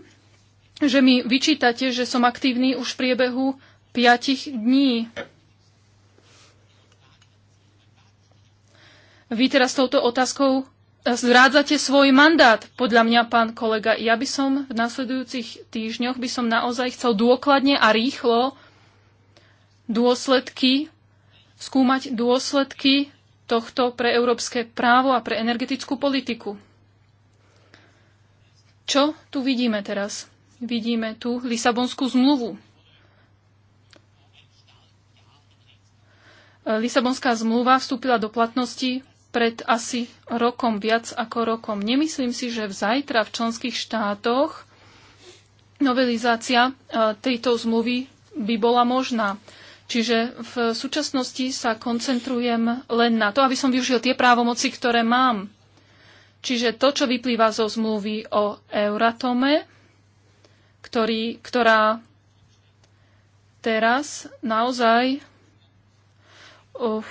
že mi vyčítate, že som aktívny už v priebehu 5 dní. Vy teraz touto otázkou eh, zrádzate svoj mandát, podľa mňa, pán kolega. Ja by som v nasledujúcich týždňoch by som naozaj chcel dôkladne a rýchlo dôsledky, skúmať dôsledky tohto pre európske právo a pre energetickú politiku. Čo tu vidíme teraz? Vidíme tu Lisabonskú zmluvu. E, Lisabonská zmluva vstúpila do platnosti pred asi rokom, viac ako rokom. Nemyslím si, že v zajtra v členských štátoch novelizácia e, tejto zmluvy by bola možná. Čiže v súčasnosti sa koncentrujem len na to, aby som využil tie právomoci, ktoré mám. Čiže to, čo vyplýva zo zmluvy o Euratome, ktorý, ktorá teraz naozaj uh,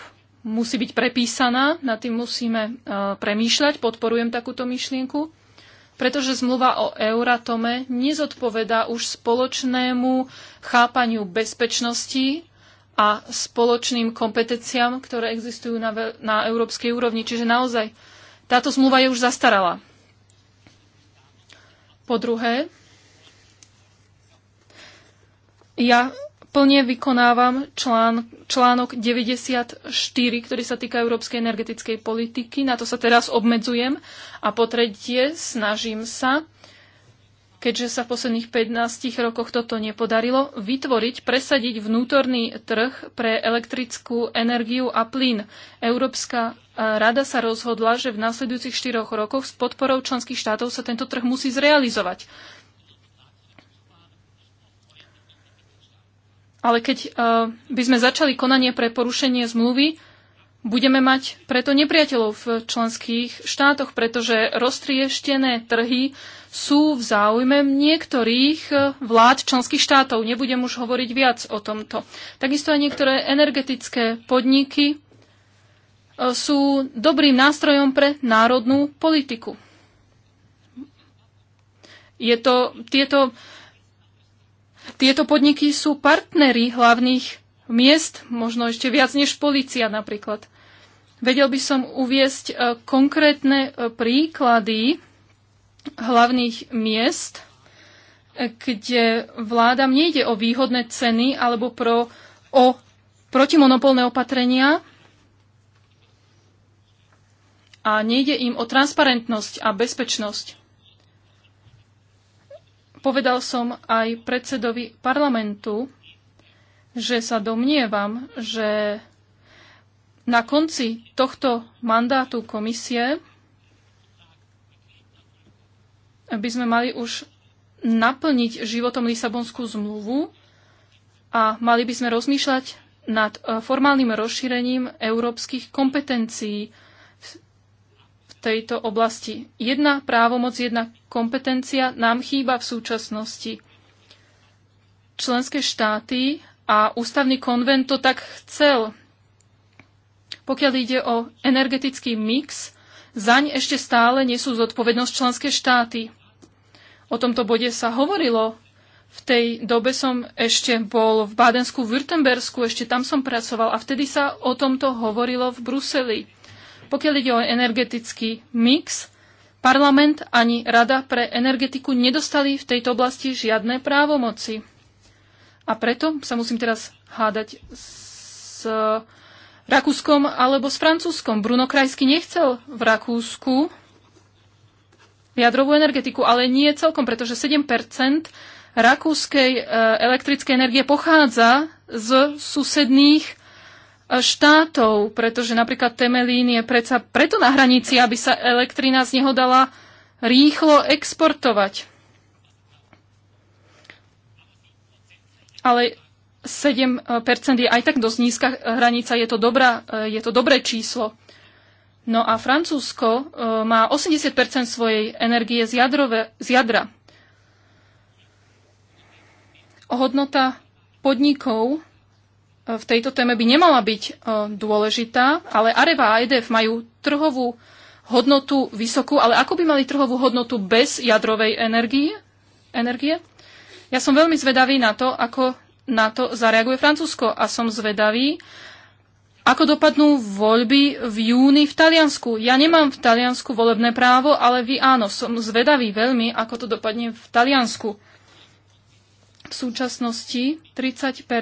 musí byť prepísaná, nad tým musíme uh, premýšľať, podporujem takúto myšlienku, pretože zmluva o Euratome nezodpovedá už spoločnému chápaniu bezpečnosti a spoločným kompetenciám, ktoré existujú na, na európskej úrovni. Čiže naozaj táto zmluva je už zastarala. Po druhé, ja plne vykonávam člán, článok 94, ktorý sa týka európskej energetickej politiky. Na to sa teraz obmedzujem. A po tretie, snažím sa, keďže sa v posledných 15 rokoch toto nepodarilo, vytvoriť, presadiť vnútorný trh pre elektrickú energiu a plyn. Európska e, rada sa rozhodla, že v následujúcich 4 rokoch s podporou členských štátov sa tento trh musí zrealizovať. Ale keď e, by sme začali konanie pre porušenie zmluvy, budeme mať preto nepriateľov v členských štátoch, pretože roztrieštené trhy sú v záujme niektorých e, vlád členských štátov. Nebudem už hovoriť viac o tomto. Takisto aj niektoré energetické podniky e, sú dobrým nástrojom pre národnú politiku. Je to, tieto tieto podniky sú partnery hlavných miest, možno ešte viac než policia napríklad. Vedel by som uviesť e, konkrétne e, príklady hlavných miest, e, kde vládam nejde o výhodné ceny alebo pro, o protimonopolné opatrenia a nejde im o transparentnosť a bezpečnosť. Povedal som aj predsedovi parlamentu, že sa domnievam, že na konci tohto mandátu komisie by sme mali už naplniť životom Lisabonskú zmluvu a mali by sme rozmýšľať nad eh, formálnym rozšírením európskych kompetencií tejto oblasti. Jedna právomoc, jedna kompetencia nám chýba v súčasnosti. Členské štáty a ústavný konvent to tak chcel. Pokiaľ ide o energetický mix, zaň ešte stále nesú zodpovednosť členské štáty. O tomto bode sa hovorilo. V tej dobe som ešte bol v Bádensku, v Württembersku, ešte tam som pracoval a vtedy sa o tomto hovorilo v Bruseli. Pokiaľ ide o energetický mix, parlament ani Rada pre energetiku nedostali v tejto oblasti žiadne právomoci. A preto sa musím teraz hádať s Rakúskom alebo s Francúzskom. Bruno Krajsky nechcel v Rakúsku jadrovú energetiku, ale nie celkom, pretože 7 rakúskej e, elektrickej energie pochádza z susedných štátov, pretože napríklad Temelín je predsa preto na hranici, aby sa elektrina z neho dala rýchlo exportovať. Ale 7% e, je aj tak dosť nízka hranica, je to, dobrá, e, je to dobré číslo. No a Francúzsko e, má 80% svojej energie z, jadrove, z jadra. Hodnota podnikov v tejto téme by nemala byť e, dôležitá, ale Areva a EDF majú trhovú hodnotu vysokú, ale ako by mali trhovú hodnotu bez jadrovej energie? energie? Ja som veľmi zvedavý na to, ako na to zareaguje Francúzsko a som zvedavý, ako dopadnú voľby v júni v Taliansku. Ja nemám v Taliansku volebné právo, ale vy áno, som zvedavý veľmi, ako to dopadne v Taliansku v súčasnosti 30 e,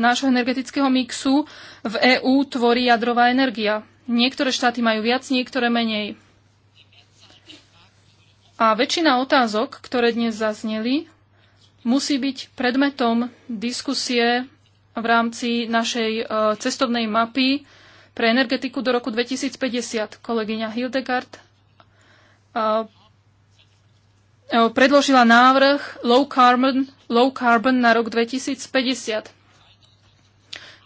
nášho energetického mixu v EÚ tvorí jadrová energia. Niektoré štáty majú viac, niektoré menej. A väčšina otázok, ktoré dnes zazneli, musí byť predmetom diskusie v rámci našej e, cestovnej mapy pre energetiku do roku 2050. Kolegyňa Hildegard e, E, predložila návrh Low Carbon, low carbon na rok 2050.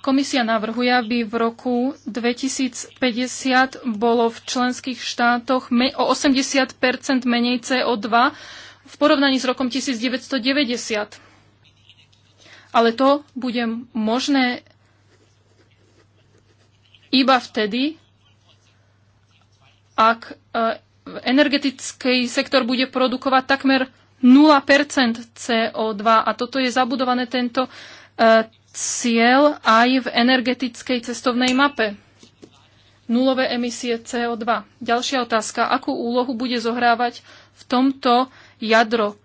Komisia navrhuje, aby v roku 2050 bolo v členských štátoch o 80 menej CO2 v porovnaní s rokom 1990. Ale to bude možné iba vtedy, ak e, energetický sektor bude produkovať takmer 0% CO2 a toto je zabudované tento e, cieľ aj v energetickej cestovnej mape. Nulové emisie CO2. Ďalšia otázka. Akú úlohu bude zohrávať v tomto jadro?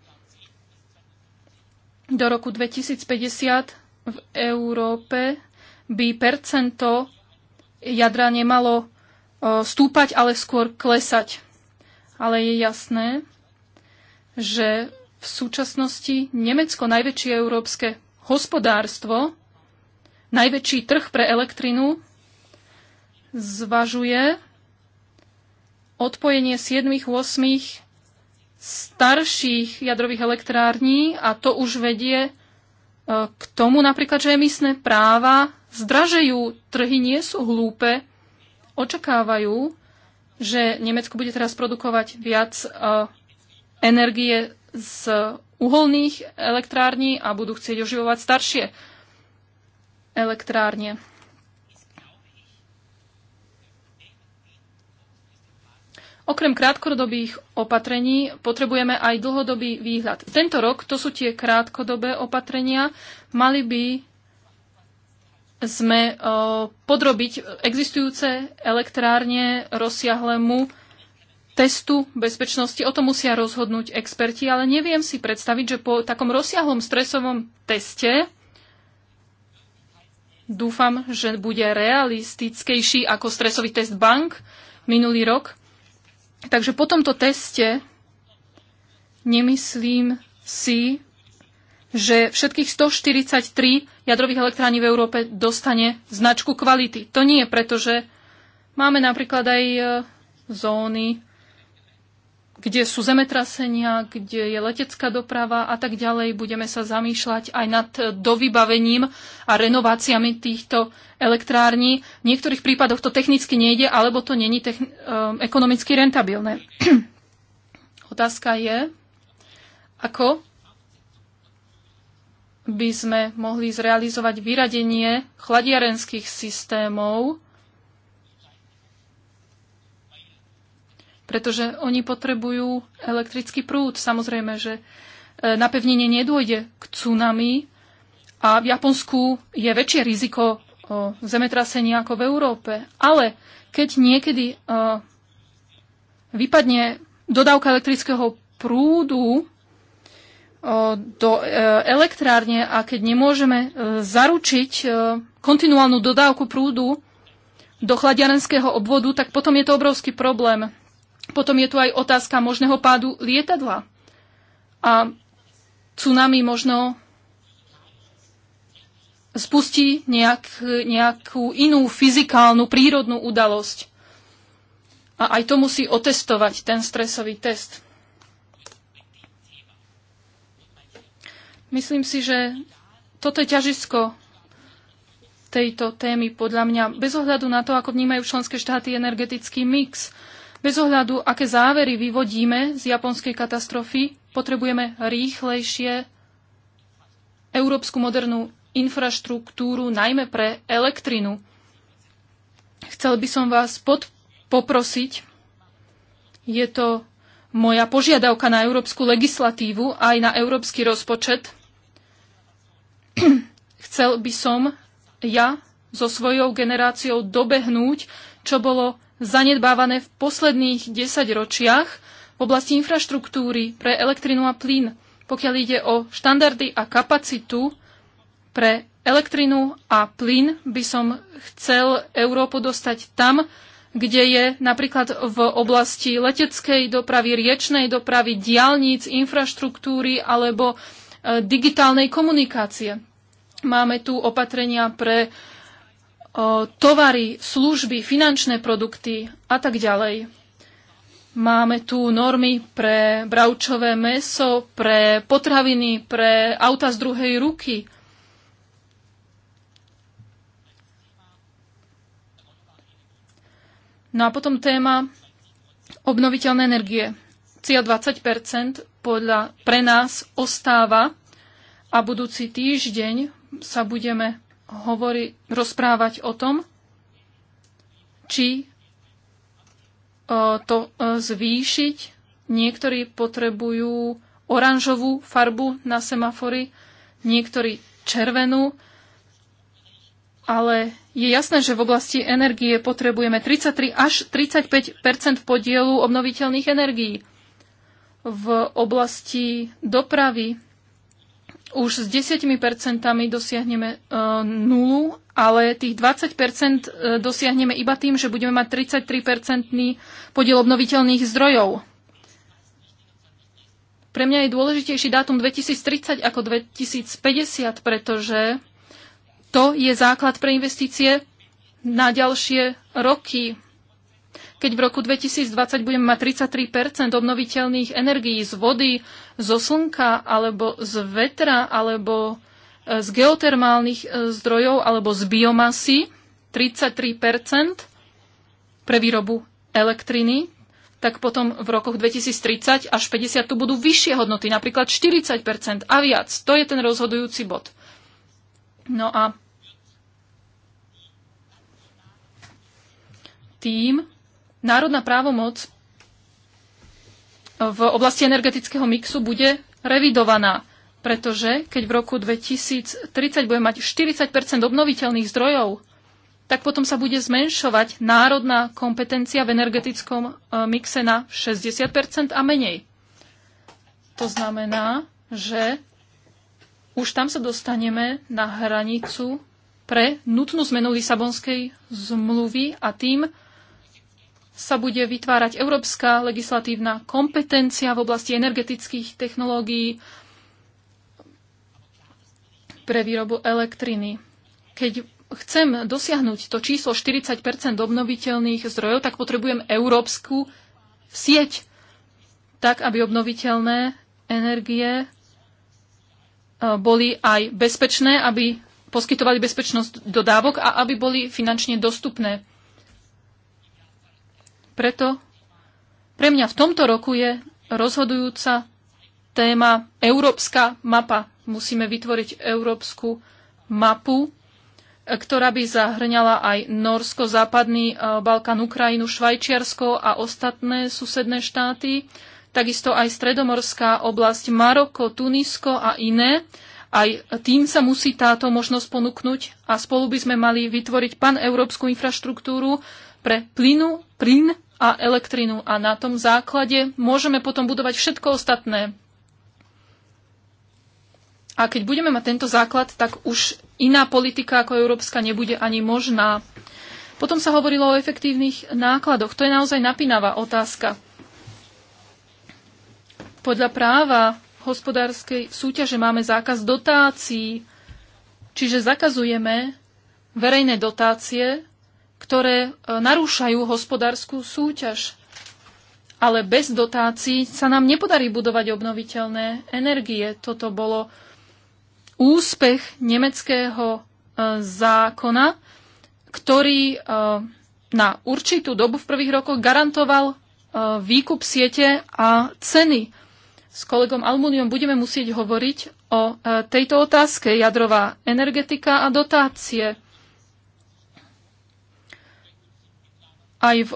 Do roku 2050 v Európe by percento jadra nemalo e, stúpať, ale skôr klesať ale je jasné, že v súčasnosti Nemecko, najväčšie európske hospodárstvo, najväčší trh pre elektrinu, zvažuje odpojenie 7-8 starších jadrových elektrární a to už vedie e, k tomu napríklad, že emisné práva zdražejú, trhy nie sú hlúpe, očakávajú, že Nemecko bude teraz produkovať viac e, energie z uholných elektrární a budú chcieť oživovať staršie elektrárne. Okrem krátkodobých opatrení potrebujeme aj dlhodobý výhľad. Tento rok, to sú tie krátkodobé opatrenia, mali by sme e, podrobiť existujúce elektrárne rozsiahlemu testu bezpečnosti. O tom musia rozhodnúť experti, ale neviem si predstaviť, že po takom rozsiahlom stresovom teste dúfam, že bude realistickejší ako stresový test bank minulý rok. Takže po tomto teste nemyslím si, že všetkých 143 jadrových elektrární v Európe dostane značku kvality. To nie, pretože máme napríklad aj e, zóny, kde sú zemetrasenia, kde je letecká doprava a tak ďalej. Budeme sa zamýšľať aj nad e, dovybavením a renováciami týchto elektrární. V niektorých prípadoch to technicky nejde, alebo to není techn- e, ekonomicky rentabilné. [clears throat] Otázka je, ako by sme mohli zrealizovať vyradenie chladiarenských systémov, pretože oni potrebujú elektrický prúd. Samozrejme, že e, napevnenie nedôjde k tsunami a v Japonsku je väčšie riziko e, zemetrasenia ako v Európe. Ale keď niekedy e, vypadne dodávka elektrického prúdu, do e, elektrárne a keď nemôžeme e, zaručiť e, kontinuálnu dodávku prúdu do chladiarenského obvodu, tak potom je to obrovský problém. Potom je tu aj otázka možného pádu lietadla a tsunami možno spustí nejak, nejakú inú fyzikálnu, prírodnú udalosť. A aj to musí otestovať ten stresový test. Myslím si, že toto je ťažisko tejto témy podľa mňa, bez ohľadu na to, ako vnímajú členské štáty energetický mix, bez ohľadu, aké závery vyvodíme z japonskej katastrofy, potrebujeme rýchlejšie európsku modernú infraštruktúru, najmä pre elektrinu. Chcel by som vás pod poprosiť, je to moja požiadavka na európsku legislatívu aj na európsky rozpočet, [clears throat] Chcel by som ja so svojou generáciou dobehnúť, čo bolo zanedbávané v posledných desaťročiach v oblasti infraštruktúry pre elektrinu a plyn, pokiaľ ide o štandardy a kapacitu pre elektrinu a plyn by som chcel Európu dostať tam, kde je napríklad v oblasti leteckej dopravy, riečnej dopravy, diálnic, infraštruktúry alebo Eh, digitálnej komunikácie. Máme tu opatrenia pre eh, tovary, služby, finančné produkty a tak ďalej. Máme tu normy pre bravčové meso, pre potraviny, pre auta z druhej ruky. No a potom téma obnoviteľné energie. Cieľ 20 podľa, pre nás ostáva a budúci týždeň sa budeme hovori, rozprávať o tom, či e, to e, zvýšiť. Niektorí potrebujú oranžovú farbu na semafory, niektorí červenú, ale je jasné, že v oblasti energie potrebujeme 33 až 35 podielu obnoviteľných energií v oblasti dopravy. Už s 10% dosiahneme e, nulu, ale tých 20% e, dosiahneme iba tým, že budeme mať 33% podiel obnoviteľných zdrojov. Pre mňa je dôležitejší dátum 2030 ako 2050, pretože to je základ pre investície na ďalšie roky keď v roku 2020 budeme mať 33 obnoviteľných energií z vody, zo slnka, alebo z vetra, alebo e, z geotermálnych e, zdrojov, alebo z biomasy, 33 pre výrobu elektriny, tak potom v rokoch 2030 až 50 tu budú vyššie hodnoty, napríklad 40 a viac. To je ten rozhodujúci bod. No a tým národná právomoc v oblasti energetického mixu bude revidovaná, pretože keď v roku 2030 bude mať 40 obnoviteľných zdrojov, tak potom sa bude zmenšovať národná kompetencia v energetickom e, mixe na 60 a menej. To znamená, že už tam sa dostaneme na hranicu pre nutnú zmenu Lisabonskej zmluvy a tým sa bude vytvárať európska legislatívna kompetencia v oblasti energetických technológií pre výrobu elektriny. Keď chcem dosiahnuť to číslo 40 obnoviteľných zdrojov, tak potrebujem európsku sieť, tak aby obnoviteľné energie e, boli aj bezpečné, aby poskytovali bezpečnosť dodávok a aby boli finančne dostupné. Preto pre mňa v tomto roku je rozhodujúca téma európska mapa. Musíme vytvoriť európsku mapu, e, ktorá by zahrňala aj Norsko, Západný e, Balkán, Ukrajinu, Švajčiarsko a ostatné susedné štáty, takisto aj Stredomorská oblasť, Maroko, Tunisko a iné. Aj tým sa musí táto možnosť ponúknuť a spolu by sme mali vytvoriť paneurópsku infraštruktúru, pre plynu, plyn a elektrinu a na tom základe môžeme potom budovať všetko ostatné. A keď budeme mať tento základ, tak už iná politika ako európska nebude ani možná. Potom sa hovorilo o efektívnych nákladoch. To je naozaj napínavá otázka. Podľa práva hospodárskej súťaže máme zákaz dotácií, čiže zakazujeme verejné dotácie ktoré e, narúšajú hospodárskú súťaž. Ale bez dotácií sa nám nepodarí budovať obnoviteľné energie. Toto bolo úspech nemeckého e, zákona, ktorý e, na určitú dobu v prvých rokoch garantoval výkup siete a ceny. S kolegom Almuniom budeme musieť hovoriť o tejto otázke jadrová energetika a dotácie. aj v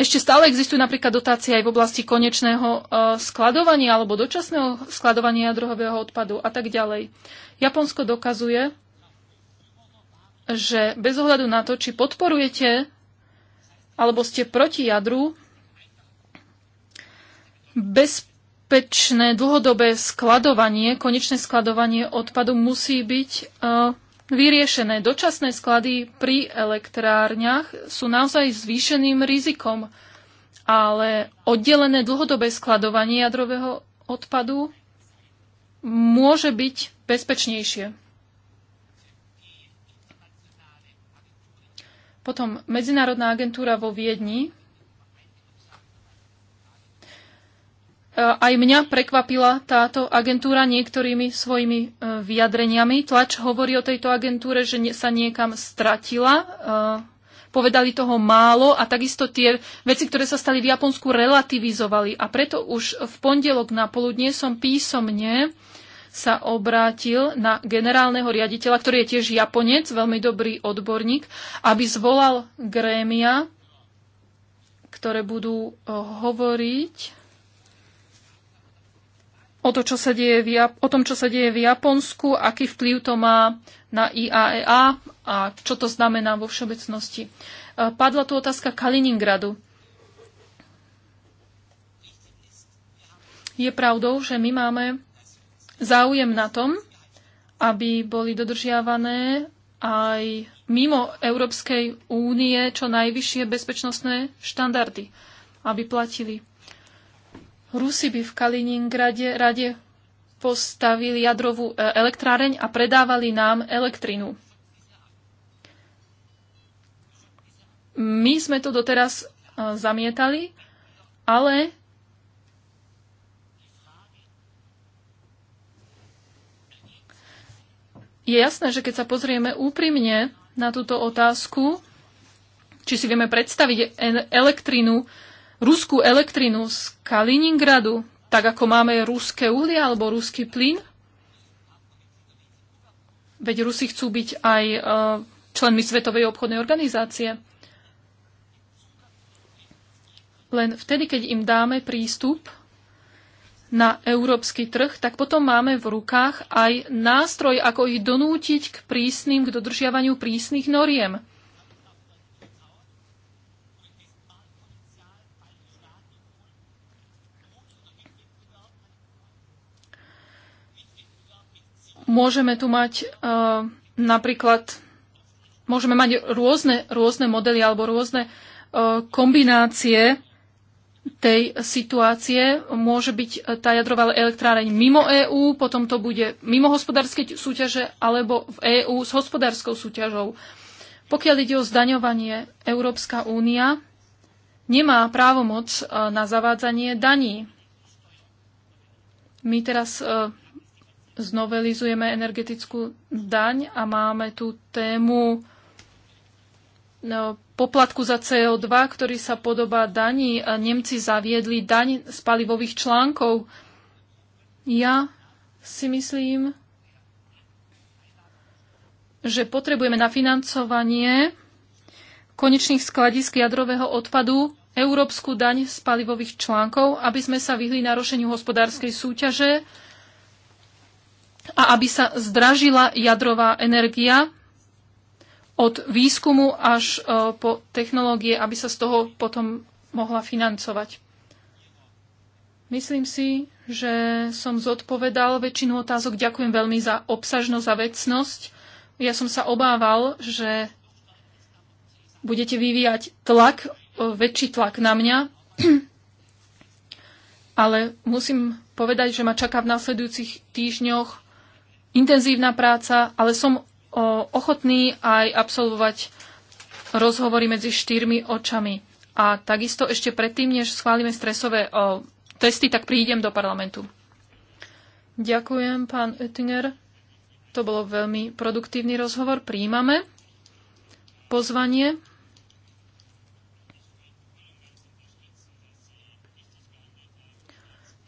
ešte stále existujú napríklad dotácie aj v oblasti konečného e, skladovania alebo dočasného skladovania jadrového odpadu a tak ďalej. Japonsko dokazuje, že bez ohľadu na to, či podporujete alebo ste proti jadru, bezpečné dlhodobé skladovanie, konečné skladovanie odpadu musí byť e, vyriešené. Dočasné sklady pri elektrárniach sú naozaj zvýšeným rizikom, ale oddelené dlhodobé skladovanie jadrového odpadu môže byť bezpečnejšie. Potom Medzinárodná agentúra vo Viedni E, aj mňa prekvapila táto agentúra niektorými svojimi e, vyjadreniami. Tlač hovorí o tejto agentúre, že sa niekam stratila. E, povedali toho málo a takisto tie veci, ktoré sa stali v Japonsku, relativizovali. A preto už v pondelok na poludne som písomne sa obrátil na generálneho riaditeľa, ktorý je tiež Japonec, veľmi dobrý odborník, aby zvolal grémia, ktoré budú hovoriť o, to, čo sa deje v Jap- o tom, čo sa deje v Japonsku, aký vplyv to má na IAEA e a čo to znamená vo všeobecnosti. E, padla tu otázka Kaliningradu. Je pravdou, že my máme záujem na tom, aby boli dodržiavané aj mimo Európskej únie čo najvyššie bezpečnostné štandardy, aby platili Rusi by v Kaliningrade rade postavili jadrovú e, elektráreň a predávali nám elektrinu. My sme to doteraz e, zamietali, ale je jasné, že keď sa pozrieme úprimne na túto otázku, či si vieme predstaviť e, elektrinu ruskú elektrinu z Kaliningradu, tak ako máme ruské uhlie alebo ruský plyn? Veď Rusi chcú byť aj e, členmi Svetovej obchodnej organizácie. Len vtedy, keď im dáme prístup na európsky trh, tak potom máme v rukách aj nástroj, ako ich donútiť k prísnym, k dodržiavaniu prísnych noriem. Môžeme tu mať uh, napríklad, môžeme mať rôzne, rôzne modely alebo rôzne uh, kombinácie tej situácie. Môže byť e, tá jadrová elektráreň mimo EÚ, potom to bude mimo hospodárskej súťaže alebo v EÚ s hospodárskou súťažou. Pokiaľ ide o zdaňovanie, Európska únia nemá právomoc na zavádzanie daní. My teraz znovelizujeme energetickú daň a máme tú tému no, poplatku za CO2, ktorý sa podobá daní. Nemci zaviedli daň z palivových článkov. Ja si myslím, že potrebujeme na financovanie konečných skladisk jadrového odpadu európsku daň z palivových článkov, aby sme sa vyhli narušeniu hospodárskej súťaže a aby sa zdražila jadrová energia od výskumu až e, po technológie, aby sa z toho potom mohla financovať. Myslím si, že som zodpovedal väčšinu otázok. Ďakujem veľmi za obsažnosť a vecnosť. Ja som sa obával, že budete vyvíjať tlak, e, väčší tlak na mňa, [clears throat] ale musím povedať, že ma čaká v následujúcich týždňoch intenzívna práca, ale som ochotný aj absolvovať rozhovory medzi štyrmi očami. A takisto ešte predtým, než schválime stresové testy, tak prídem do parlamentu. Ďakujem, pán Oettinger. To bolo veľmi produktívny rozhovor. Príjmame pozvanie.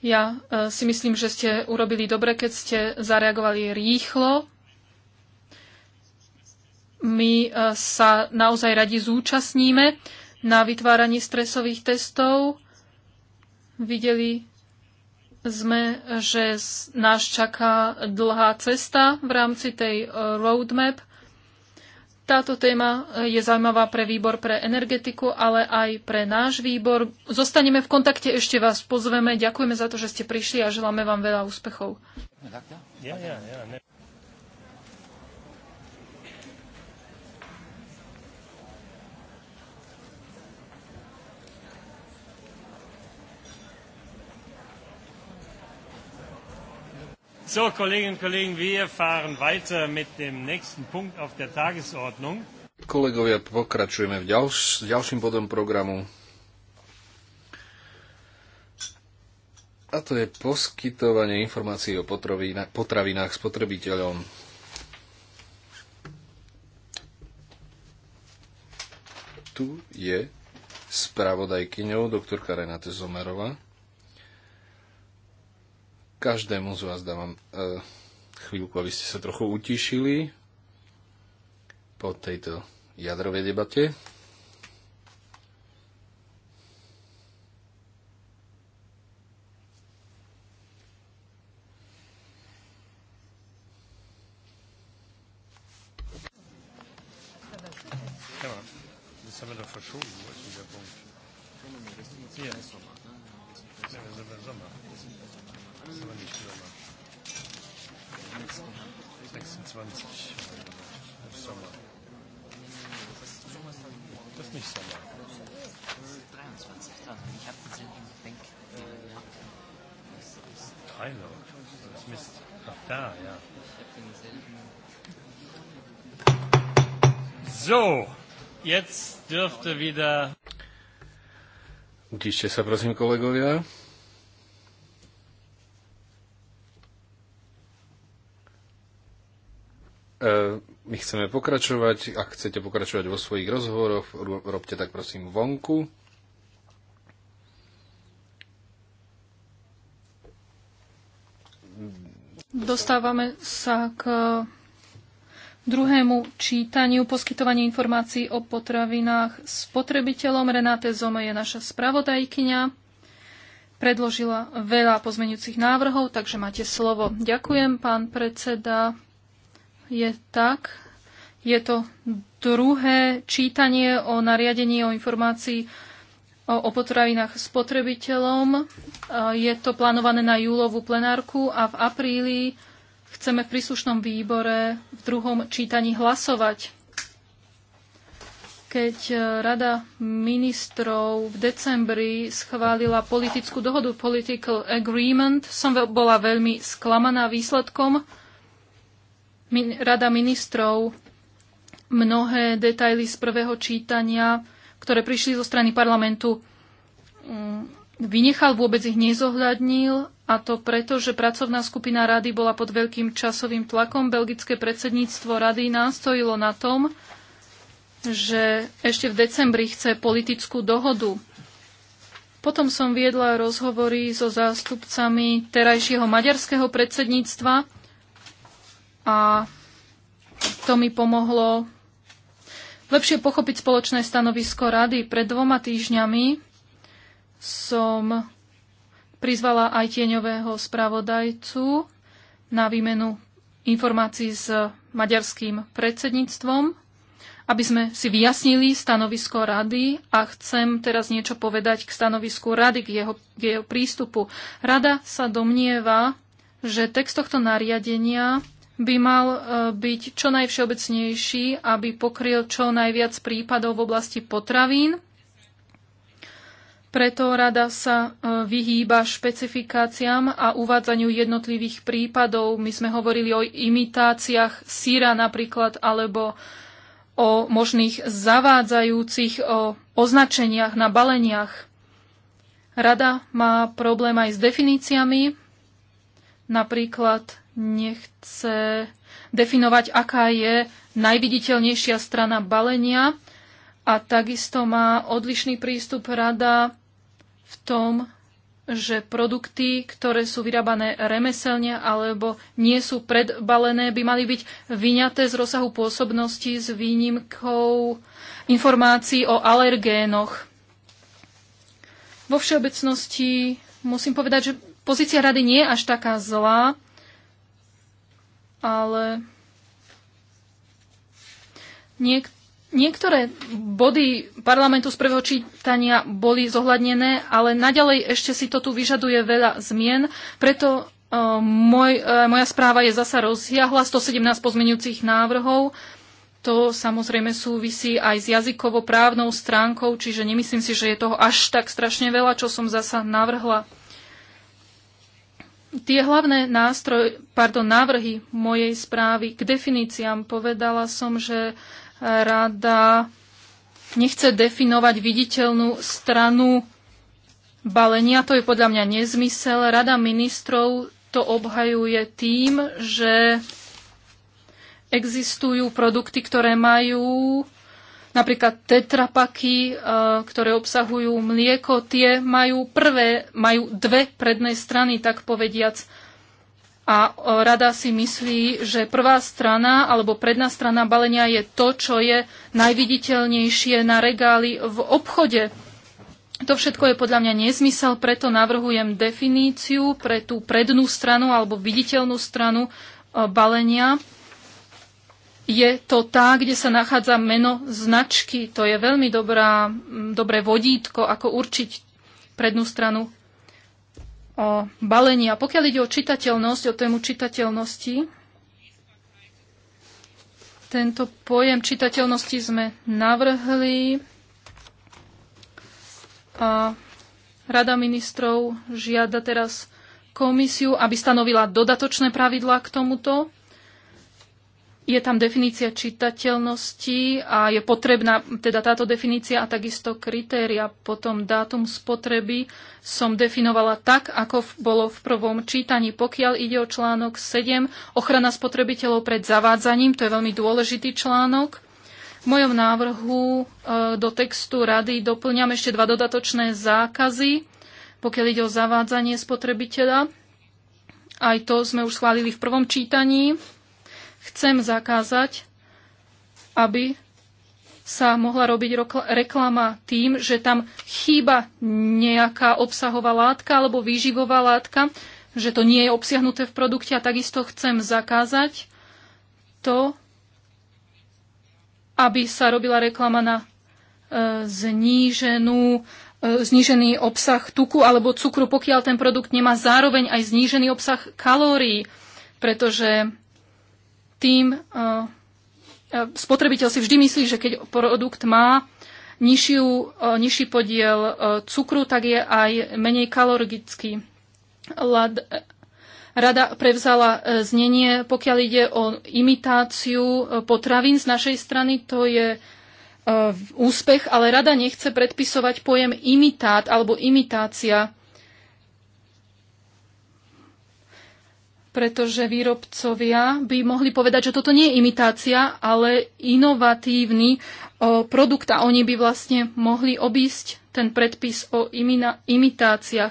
Ja e, si myslím, že ste urobili dobre, keď ste zareagovali rýchlo. My e, sa naozaj radi zúčastníme na vytváraní stresových testov. Videli sme, že nás čaká dlhá cesta v rámci tej e, roadmap – táto téma eh, je zaujímavá pre výbor pre energetiku, ale aj pre náš výbor. Zostaneme v kontakte, ešte vás pozveme. Ďakujeme za to, že ste prišli a želáme vám veľa úspechov. So, Kolleginnen und Kollegen, wir fahren weiter mit dem nächsten Punkt auf der Tagesordnung. Kolegovia, pokračujeme v ďalš- ďalším bodom programu. A to je poskytovanie informácií o potravinách spotrebiteľom. tu je spravodajkyňou doktorka Renate Zomerová. Každému z vás dávam e, chvíľku, aby ste sa trochu utišili po tejto jadrovej debate. Ja, das haben wir doch verschoben, wo ist Punkt? Er. 21. Sommer. Das ist nicht Sommer. 23. Ich habe gesehen im Bank. Treiber. Das ist Mist. Ach, da, ja. So, jetzt dürfte wieder... Utište sa, prosím, kolegovia. Eh, my chceme pokračovať. Ak chcete pokračovať vo svojich rozhovoroch, robte tak prosím vonku. Dostávame sa k druhému čítaniu poskytovanie informácií o potravinách s spotrebiteľom. Renáte Zome je naša spravodajkyňa. Predložila veľa pozmenujúcich návrhov, takže máte slovo. Ďakujem, pán predseda je tak, je to druhé čítanie o nariadení o informácii o potravinách spotrebiteľom. Je to plánované na júlovú plenárku a v apríli chceme v príslušnom výbore v druhom čítaní hlasovať. Keď e, Rada ministrov v decembri schválila politickú dohodu, political agreement, som bola veľmi sklamaná výsledkom. Rada ministrov mnohé detaily z prvého čítania, ktoré prišli zo strany parlamentu, mm, vynechal, vôbec ich nezohľadnil a to preto, že pracovná skupina rady bola pod veľkým časovým tlakom. Belgické predsedníctvo rady nástojilo na tom, že ešte v decembri chce politickú dohodu. Potom som viedla rozhovory so zástupcami terajšieho maďarského predsedníctva, a to mi pomohlo lepšie pochopiť spoločné stanovisko rady. Pred dvoma týždňami som prizvala aj tieňového spravodajcu na výmenu informácií s maďarským predsedníctvom, aby sme si vyjasnili stanovisko rady a chcem teraz niečo povedať k stanovisku rady, k jeho, k jeho prístupu. Rada sa domnieva, že text tohto nariadenia by mal e, byť čo najvšeobecnejší, aby pokryl čo najviac prípadov v oblasti potravín. Preto rada sa e, vyhýba špecifikáciám a uvádzaniu jednotlivých prípadov. My sme hovorili o imitáciách síra napríklad, alebo o možných zavádzajúcich o označeniach na baleniach. Rada má problém aj s definíciami, napríklad nechce definovať, aká je najviditeľnejšia strana balenia a takisto má odlišný prístup rada v tom, že produkty, ktoré sú vyrábané remeselne alebo nie sú predbalené, by mali byť vyňaté z rozsahu pôsobnosti s výnimkou informácií o alergénoch. Vo všeobecnosti musím povedať, že pozícia rady nie je až taká zlá ale niek- niektoré body parlamentu z prvého čítania boli zohľadnené, ale naďalej ešte si to tu vyžaduje veľa zmien, preto e, môj, e, moja správa je zasa rozsiahla, 117 pozmenujúcich návrhov. To samozrejme súvisí aj s jazykovo-právnou stránkou, čiže nemyslím si, že je toho až tak strašne veľa, čo som zasa navrhla tie hlavné nástroje pardon, návrhy mojej správy k definíciám povedala som, že rada nechce definovať viditeľnú stranu balenia. To je podľa mňa nezmysel. Rada ministrov to obhajuje tým, že existujú produkty, ktoré majú Napríklad tetrapaky, e, ktoré obsahujú mlieko, tie majú prvé, majú dve predné strany, tak povediac. A e, rada si myslí, že prvá strana alebo predná strana balenia je to, čo je najviditeľnejšie na regáli v obchode. To všetko je podľa mňa nezmysel, preto navrhujem definíciu pre tú prednú stranu alebo viditeľnú stranu e, balenia je to tá, kde sa nachádza meno značky. To je veľmi dobrá, dobré vodítko, ako určiť prednú stranu o balenia. Pokiaľ ide o čitateľnosť, o tému čitateľnosti, tento pojem čitateľnosti sme navrhli a Rada ministrov žiada teraz komisiu, aby stanovila dodatočné pravidlá k tomuto je tam definícia čitateľnosti a je potrebná teda táto definícia a takisto kritéria. Potom dátum spotreby som definovala tak, ako bolo v prvom čítaní. Pokiaľ ide o článok 7, ochrana spotrebiteľov pred zavádzaním, to je veľmi dôležitý článok. V mojom návrhu e, do textu rady doplňam ešte dva dodatočné zákazy, pokiaľ ide o zavádzanie spotrebiteľa. Aj to sme už schválili v prvom čítaní chcem zakázať, aby sa mohla robiť reklama tým, že tam chýba nejaká obsahová látka alebo výživová látka, že to nie je obsiahnuté v produkte a takisto chcem zakázať to, aby sa robila reklama na e, zníženú, e, znížený obsah tuku alebo cukru, pokiaľ ten produkt nemá zároveň aj znížený obsah kalórií, pretože tým eh, eh, spotrebiteľ si vždy myslí, že keď produkt má nižšiu, eh, nižší podiel cukru, tak je aj menej kalorický. Rada prevzala znenie, pokiaľ ide o imitáciu potravín z našej strany, to je úspech, ale rada nechce predpisovať pojem imitát alebo imitácia pretože výrobcovia by mohli povedať, že toto nie je imitácia, ale inovatívny o, produkt a oni by vlastne mohli obísť ten predpis o imina, imitáciách.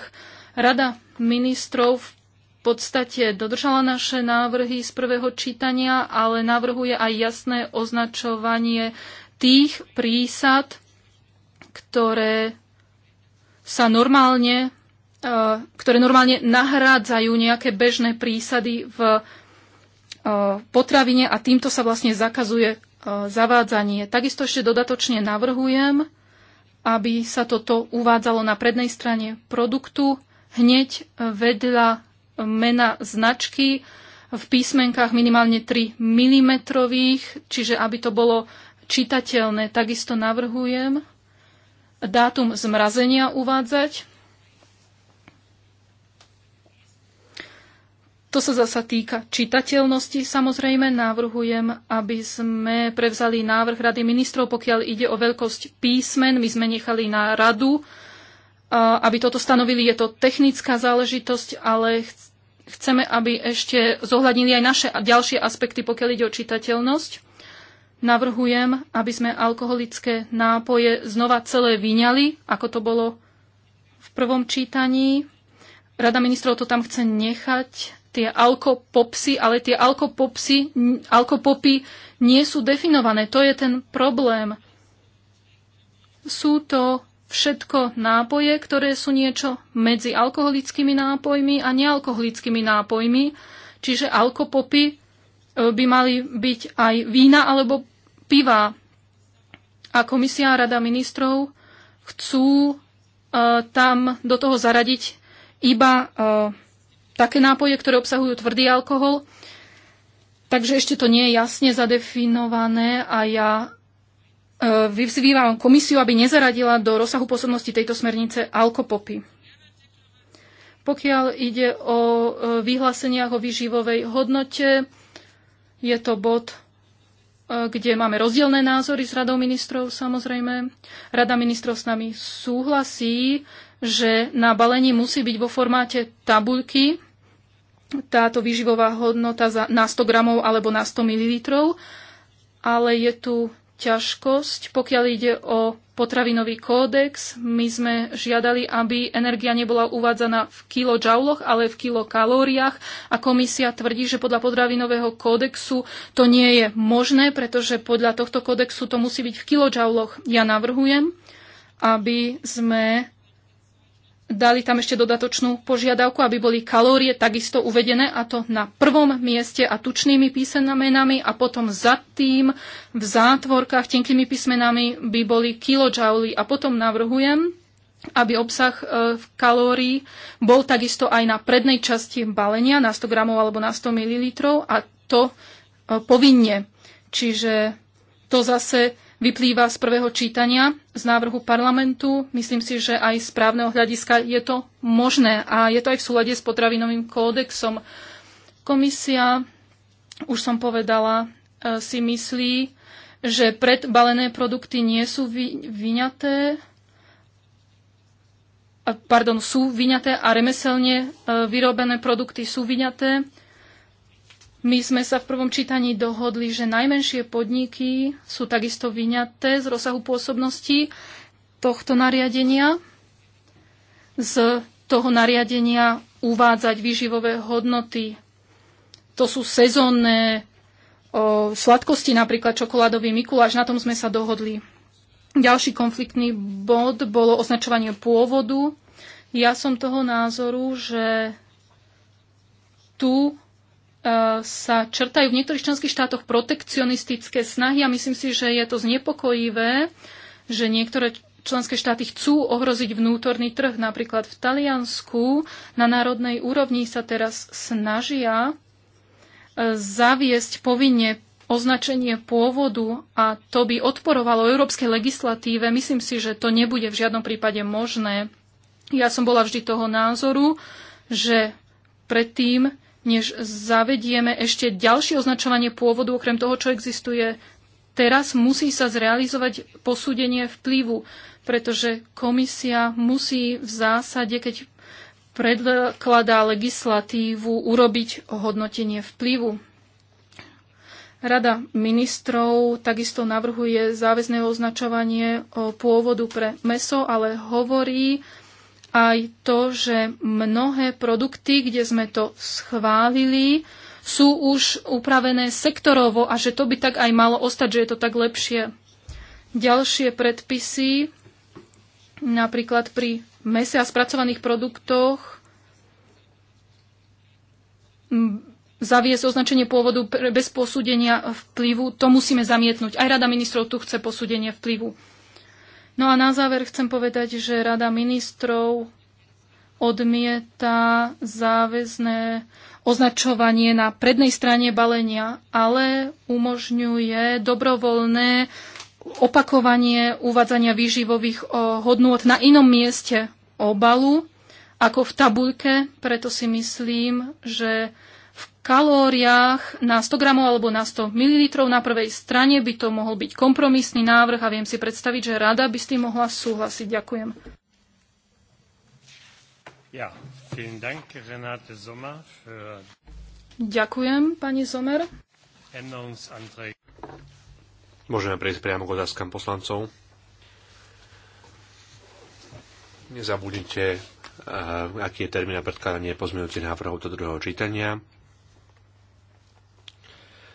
Rada ministrov v podstate dodržala naše návrhy z prvého čítania, ale navrhuje aj jasné označovanie tých prísad, ktoré sa normálne E, ktoré normálne nahrádzajú nejaké bežné prísady v e, potravine a týmto sa vlastne zakazuje e, zavádzanie. Takisto ešte dodatočne navrhujem, aby sa toto uvádzalo na prednej strane produktu hneď vedľa mena značky v písmenkách minimálne 3 mm, čiže aby to bolo čitateľné. Takisto navrhujem dátum zmrazenia uvádzať To sa zasa týka čitateľnosti. Samozrejme, navrhujem, aby sme prevzali návrh Rady ministrov, pokiaľ ide o veľkosť písmen. My sme nechali na radu, aby toto stanovili. Je to technická záležitosť, ale chceme, aby ešte zohľadnili aj naše ďalšie aspekty, pokiaľ ide o čitateľnosť. Navrhujem, aby sme alkoholické nápoje znova celé vyňali, ako to bolo v prvom čítaní. Rada ministrov to tam chce nechať tie alkopopsy, ale tie alkopopsy, alkopopy nie sú definované. To je ten problém. Sú to všetko nápoje, ktoré sú niečo medzi alkoholickými nápojmi a nealkoholickými nápojmi. Čiže alkopopy e, by mali byť aj vína alebo piva. A komisia a rada ministrov chcú uh, tam do toho zaradiť iba uh, také nápoje, ktoré obsahujú tvrdý alkohol. Takže ešte to nie je jasne zadefinované a ja e, vyzývam komisiu, aby nezaradila do rozsahu posobnosti tejto smernice alkopopy. Pokiaľ ide o e, vyhláseniach o výživovej hodnote, je to bod, e, kde máme rozdielne názory s Radou ministrov, samozrejme. Rada ministrov s nami súhlasí že na balení musí byť vo formáte tabuľky táto výživová hodnota na 100 gramov alebo na 100 ml, ale je tu ťažkosť, pokiaľ ide o potravinový kódex. My sme žiadali, aby energia nebola uvádzaná v kilojouloch, ale v kilokalóriách a komisia tvrdí, že podľa potravinového kódexu to nie je možné, pretože podľa tohto kódexu to musí byť v kilojouloch. Ja navrhujem, aby sme dali tam ešte dodatočnú požiadavku, aby boli kalórie takisto uvedené, a to na prvom mieste a tučnými písmenami a potom za tým v zátvorkách tenkými písmenami by boli kilojouly. A potom navrhujem, aby obsah e, v kalórií bol takisto aj na prednej časti balenia na 100 gramov alebo na 100 ml a to e, povinne. Čiže to zase vyplýva z prvého čítania, z návrhu parlamentu. Myslím si, že aj z právneho hľadiska je to možné a je to aj v súlade s potravinovým kódexom. Komisia, už som povedala, e, si myslí, že predbalené produkty nie sú vyňaté, pardon, sú vyňaté a remeselne e, vyrobené produkty sú vyňaté. My sme sa v prvom čítaní dohodli, že najmenšie podniky sú takisto vyňaté z rozsahu pôsobnosti tohto nariadenia. Z toho nariadenia uvádzať výživové hodnoty. To sú sezónne o, sladkosti, napríklad čokoládový Mikuláš, na tom sme sa dohodli. Ďalší konfliktný bod bolo označovanie pôvodu. Ja som toho názoru, že tu sa črtajú v niektorých členských štátoch protekcionistické snahy a myslím si, že je to znepokojivé, že niektoré členské štáty chcú ohroziť vnútorný trh. Napríklad v Taliansku na národnej úrovni sa teraz snažia e, zaviesť povinne označenie pôvodu a to by odporovalo európskej legislatíve. Myslím si, že to nebude v žiadnom prípade možné. Ja som bola vždy toho názoru, že predtým, než zavedieme ešte ďalšie označovanie pôvodu, okrem toho, čo existuje teraz, musí sa zrealizovať posúdenie vplyvu, pretože komisia musí v zásade, keď predkladá legislatívu, urobiť hodnotenie vplyvu. Rada ministrov takisto navrhuje záväzné označovanie pôvodu pre meso, ale hovorí, aj to, že mnohé produkty, kde sme to schválili, sú už upravené sektorovo a že to by tak aj malo ostať, že je to tak lepšie. Ďalšie predpisy, napríklad pri mese a spracovaných produktoch, zaviesť označenie pôvodu bez posúdenia vplyvu, to musíme zamietnúť. Aj Rada ministrov tu chce posúdenie vplyvu. No a na záver chcem povedať, že Rada ministrov odmieta záväzné označovanie na prednej strane balenia, ale umožňuje dobrovoľné opakovanie uvádzania výživových hodnôt na inom mieste obalu ako v tabuľke, preto si myslím, že kalóriách na 100 gramov alebo na 100 ml. Na prvej strane by to mohol byť kompromisný návrh a viem si predstaviť, že rada by s tým mohla súhlasiť. Ďakujem. Ja, vielen Dank, Renate Sommer, für... Ďakujem, pani Zomer. Môžeme prejsť priamo k otázkam poslancov. Nezabudnite, eh, aký je termín na predkladanie pozmeňujúcich návrhov do druhého čítania.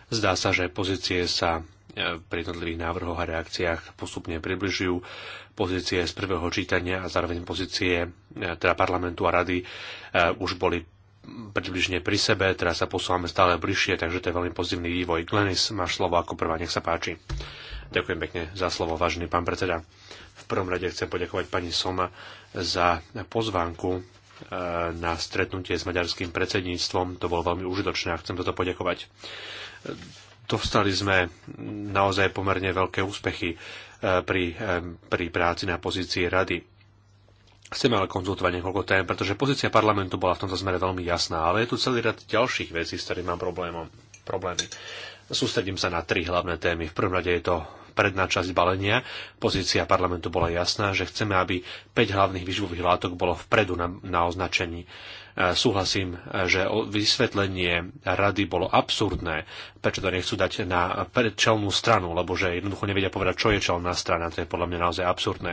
Zdá sa, že pozície sa e, pri jednotlivých návrhoch a reakciách postupne približujú pozície z prvého čítania a zároveň pozície e, teda parlamentu a rady e, už boli približne pri sebe, teraz sa posúvame stále bližšie, takže to je veľmi pozitívny vývoj. Glenis, máš slovo ako prvá, nech sa páči. Ďakujem pekne za slovo, vážený pán predseda. V prvom rade chcem poďakovať pani Soma za pozvánku na stretnutie s maďarským predsedníctvom. To bolo veľmi užitočné a chcem toto poďakovať dostali sme naozaj pomerne veľké úspechy eh, pri, eh, pri práci na pozícii rady. Chceme ale konzultovať niekoľko tém, pretože pozícia parlamentu bola v tomto smere veľmi jasná, ale je tu celý rad ďalších vecí, s ktorými mám problémom, problémy. Sústredím sa na tri hlavné témy. V prvom rade je to predná časť balenia. Pozícia parlamentu bola jasná, že chceme, aby 5 hlavných výživových látok bolo vpredu na, na označení Súhlasím, že vysvetlenie rady bolo absurdné, prečo to nechcú dať na čelnú stranu, lebo že jednoducho nevedia povedať, čo je čelná strana. To je podľa mňa naozaj absurdné.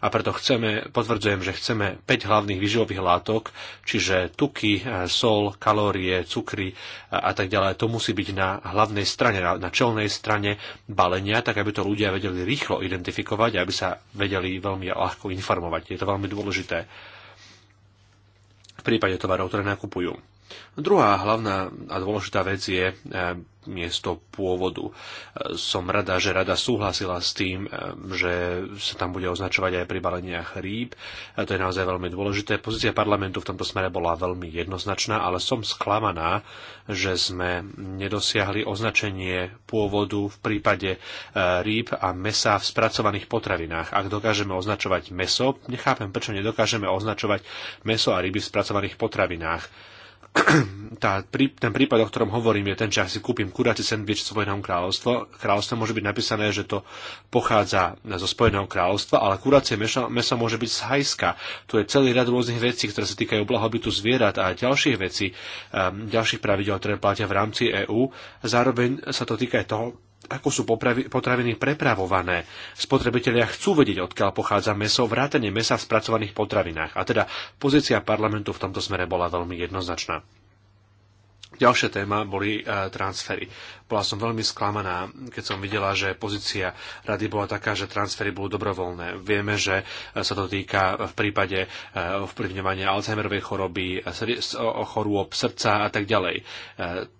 A preto chceme, potvrdzujem, že chceme 5 hlavných výživových látok, čiže tuky, e, sol, kalórie, cukry e, a tak ďalej. To musí byť na hlavnej strane, na čelnej strane balenia, tak aby to ľudia vedeli rýchlo identifikovať a aby sa vedeli veľmi ľahko informovať. Je to veľmi dôležité prípade tovarov, ktoré nakupujú. Druhá hlavná a dôležitá vec je eh, miesto pôvodu. Eh, som rada, že rada súhlasila s tým, eh, že sa tam bude označovať aj pri baleniach rýb. A to je naozaj veľmi dôležité. Pozícia parlamentu v tomto smere bola veľmi jednoznačná, ale som sklamaná, že sme nedosiahli označenie pôvodu v prípade rýb a mesa v spracovaných potravinách. Ak dokážeme označovať meso, nechápem, prečo nedokážeme označovať meso a ryby v spracovaných potravinách [clears throat] tá, prí, ten prípad, o ktorom hovorím, je ten, že ak si kúpim kurací sendvič Spojeného kráľovstva, kráľovstvo môže byť napísané, že to pochádza zo Spojeného kráľovstva, ale kuracie meso, meso môže byť z Hajska. Tu je celý rad rôznych vecí, ktoré sa týkajú blahobytu zvierat a ďalších vecí, um, ďalších pravidel, ktoré platia v rámci EÚ. Zároveň sa to týka aj toho, ako sú potraviny prepravované. Spotrebitelia chcú vedieť, odkiaľ pochádza meso, vrátane mesa v spracovaných potravinách. A teda pozícia parlamentu v tomto smere bola veľmi jednoznačná. Ďalšia téma boli e, transfery. Bola som veľmi sklamaná, keď som videla, že pozícia rady bola taká, že transfery budú dobrovoľné. Vieme, že e, sa to týka v prípade e, vplyvňovania Alzheimerovej choroby, chorôb srdca a tak ďalej.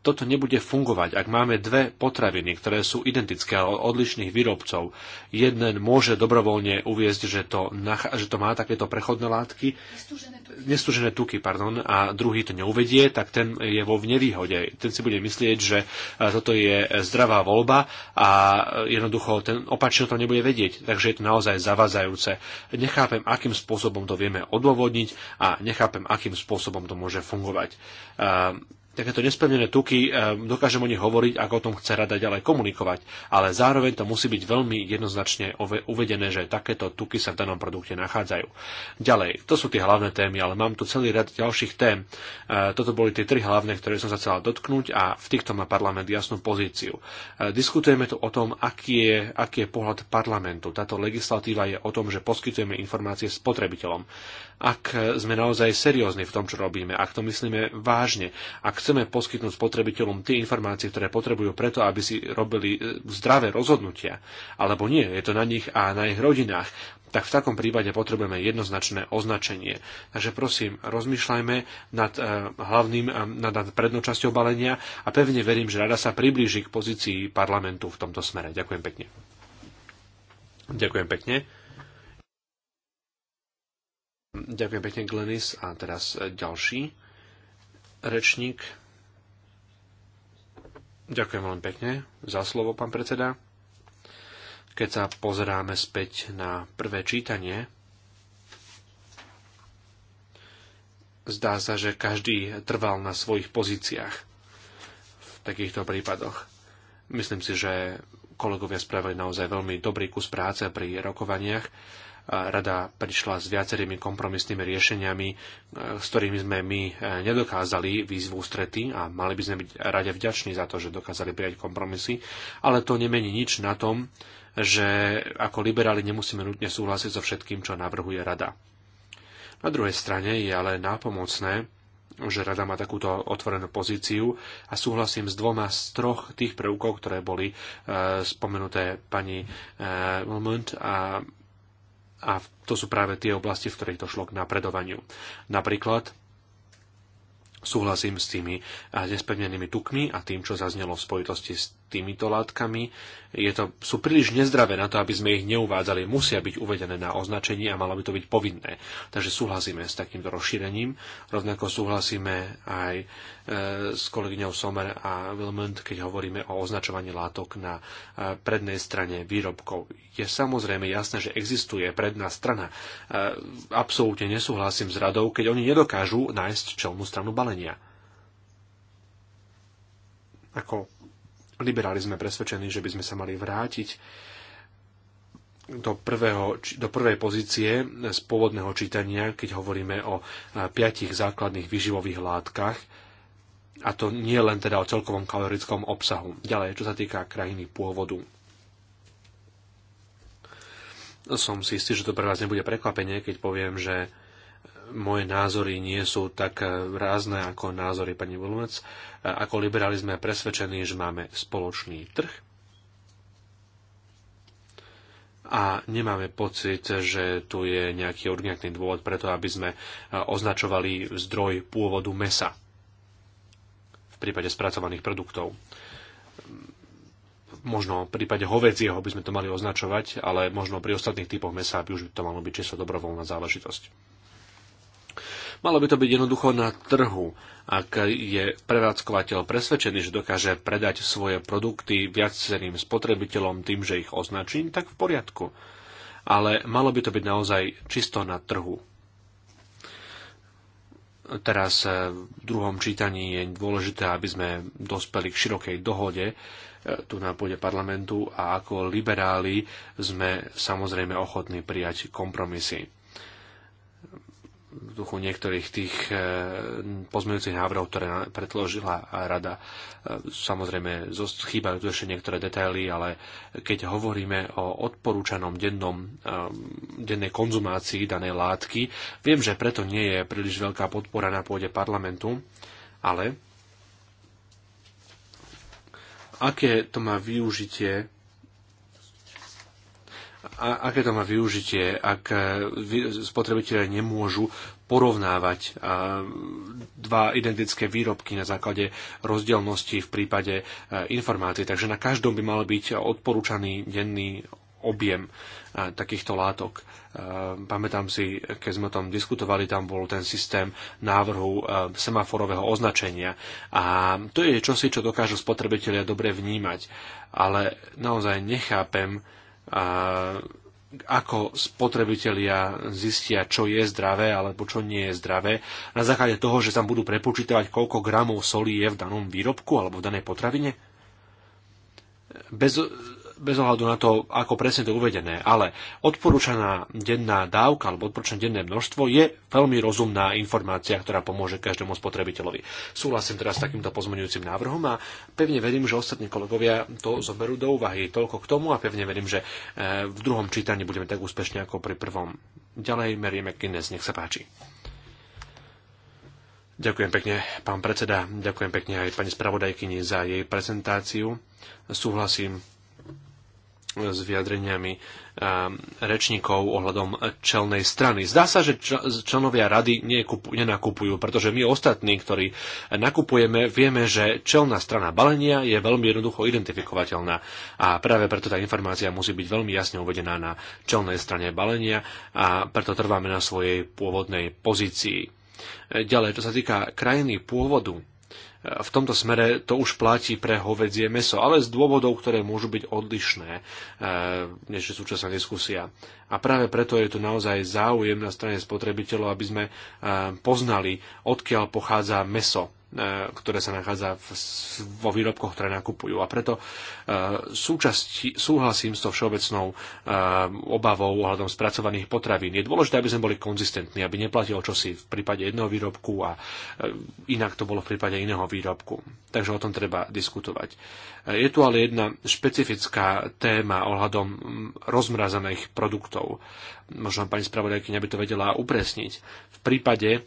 Toto nebude fungovať, ak máme dve potraviny, ktoré sú identické, ale od odlišných výrobcov. Jeden môže dobrovoľne uviezť, že to, že to má takéto prechodné látky. Vystúžené nestužené tuky pardon, a druhý to neuvedie, tak ten je vo nevýhode. Ten si bude myslieť, že e, toto je zdravá voľba a jednoducho ten opačne to nebude vedieť. Takže je to naozaj zavazajúce. Nechápem, akým spôsobom to vieme odôvodniť a nechápem, akým spôsobom to môže fungovať. Ehm, takéto nesplnené tuky, e, dokážem o nich hovoriť, ako o tom chce rada ďalej komunikovať, ale zároveň to musí byť veľmi jednoznačne uvedené, že takéto tuky sa v danom produkte nachádzajú. Ďalej, to sú tie hlavné témy, ale mám tu celý rad ďalších tém. E, toto boli tie tri hlavné, ktoré som sa chcela dotknúť a v týchto má parlament jasnú pozíciu. E, diskutujeme tu o tom, aký je, aký je pohľad parlamentu. Táto legislatíva je o tom, že poskytujeme informácie spotrebiteľom ak sme naozaj seriózni v tom, čo robíme, ak to myslíme vážne, ak chceme poskytnúť spotrebiteľom tie informácie, ktoré potrebujú preto, aby si robili e, zdravé rozhodnutia, alebo nie, je to na nich a na ich rodinách, tak v takom prípade potrebujeme jednoznačné označenie. Takže prosím, rozmýšľajme nad e, hlavným, e, nad, prednou časťou balenia a pevne verím, že rada sa priblíži k pozícii parlamentu v tomto smere. Ďakujem pekne. Ďakujem pekne. Ďakujem pekne, Glenis. A teraz e, ďalší rečník. Ďakujem veľmi pekne za slovo, pán predseda. Keď sa pozeráme späť na prvé čítanie, zdá sa, že každý trval na svojich pozíciách v takýchto prípadoch. Myslím si, že kolegovia spravili naozaj veľmi dobrý kus práce pri rokovaniach Rada prišla s viacerými kompromisnými riešeniami, e, s ktorými sme my e, nedokázali výzvu strety a mali by sme byť rade vďační za to, že dokázali prijať kompromisy, ale to nemení nič na tom, že ako liberáli nemusíme nutne súhlasiť so všetkým, čo navrhuje Rada. Na druhej strane je ale nápomocné, že rada má takúto otvorenú pozíciu a súhlasím s dvoma z troch tých prvkov, ktoré boli e, spomenuté pani e, Wilmund a a to sú práve tie oblasti, v ktorých došlo k napredovaniu. Napríklad súhlasím s tými nespevnenými tukmi a tým, čo zaznelo v spojitosti s týmito látkami je to, sú príliš nezdravé na to, aby sme ich neuvádzali. Musia byť uvedené na označenie a malo by to byť povinné. Takže súhlasíme s takýmto rozšírením. Rovnako súhlasíme aj e, s kolegyňou Somer a Wilmund, keď hovoríme o označovaní látok na e, prednej strane výrobkov. Je samozrejme jasné, že existuje predná strana. E, absolútne nesúhlasím s radou, keď oni nedokážu nájsť čelnú stranu balenia. Ako Liberáli sme presvedčení, že by sme sa mali vrátiť do, prvého, do prvej pozície z pôvodného čítania, keď hovoríme o piatich základných vyživových látkach, a to nie len teda o celkovom kalorickom obsahu. Ďalej, čo sa týka krajiny pôvodu. Som si istý, že to pre vás nebude prekvapenie, keď poviem, že moje názory nie sú tak rázne ako názory pani Volumec. Ako liberáli sme presvedčení, že máme spoločný trh a nemáme pocit, že tu je nejaký urgentný dôvod preto, aby sme označovali zdroj pôvodu mesa v prípade spracovaných produktov možno v prípade hovedzieho by sme to mali označovať, ale možno pri ostatných typoch mesa by už to malo byť čisto dobrovoľná záležitosť. Malo by to byť jednoducho na trhu. Ak je prevádzkovateľ presvedčený, že dokáže predať svoje produkty viacerým spotrebiteľom tým, že ich označím, tak v poriadku. Ale malo by to byť naozaj čisto na trhu. Teraz eh, v druhom čítaní je dôležité, aby sme dospeli k širokej dohode, eh, tu na pôde parlamentu a ako liberáli sme samozrejme ochotní prijať kompromisy v duchu niektorých tých e, pozmeňujúcich návrhov, ktoré predložila rada. E, samozrejme, chýbajú tu ešte niektoré detaily, ale keď hovoríme o odporúčanom dennom, e, dennej konzumácii danej látky, viem, že preto nie je príliš veľká podpora na pôde parlamentu, ale aké to má využitie a aké to má využitie, ak eh, spotrebitelia nemôžu porovnávať eh, dva identické výrobky na základe rozdielnosti v prípade eh, informácií. Takže na každom by mal byť odporúčaný denný objem takýchto látok. Pamätám si, keď sme o tom diskutovali, tam bol ten systém návrhu semaforového označenia. A to je čosi, čo dokážu spotrebitelia dobre vnímať. Ale naozaj nechápem, ako spotrebitelia zistia, čo je zdravé alebo čo nie je zdravé, na základe toho, že tam budú prepočítavať, koľko gramov soli je v danom výrobku alebo v danej potravine? Bez bez ohľadu na to, ako presne to uvedené, ale odporúčaná denná dávka alebo odporúčané denné množstvo je veľmi rozumná informácia, ktorá pomôže každému spotrebiteľovi. Súhlasím teraz s takýmto pozmeňujúcim návrhom a pevne verím, že ostatní kolegovia to zoberú do úvahy. Toľko k tomu a pevne verím, že eh, v druhom čítaní budeme tak úspešne ako pri prvom. Ďalej k dnes, nech sa páči. Ďakujem pekne, pán predseda. Ďakujem pekne aj pani spravodajkyni za jej prezentáciu. Súhlasím s vyjadreniami rečníkov ohľadom čelnej strany. Zdá sa, že členovia rady nenakupujú, pretože my ostatní, ktorí nakupujeme, vieme, že čelná strana balenia je veľmi jednoducho identifikovateľná a práve preto tá informácia musí byť veľmi jasne uvedená na čelnej strane balenia a preto trváme na svojej pôvodnej pozícii. Ďalej, čo sa týka krajiny pôvodu, v tomto smere to už platí pre hovedzie meso, ale z dôvodov, ktoré môžu byť odlišné eh, než je súčasná diskusia. A práve preto je tu naozaj záujem na strane spotrebiteľov, aby sme eh, poznali, odkiaľ pochádza meso E, ktoré sa nachádza vo výrobkoch, ktoré nakupujú. A preto e, súčasť, súhlasím s tou všeobecnou e, obavou ohľadom spracovaných potravín. Je dôležité, aby sme boli konzistentní, aby neplatilo čosi v prípade jedného výrobku a inak to bolo v prípade iného výrobku. Takže o tom treba diskutovať. Je tu ale jedna špecifická téma ohľadom mm, rozmrazaných produktov. Možno pani spravodajkyňa by to vedela upresniť. V prípade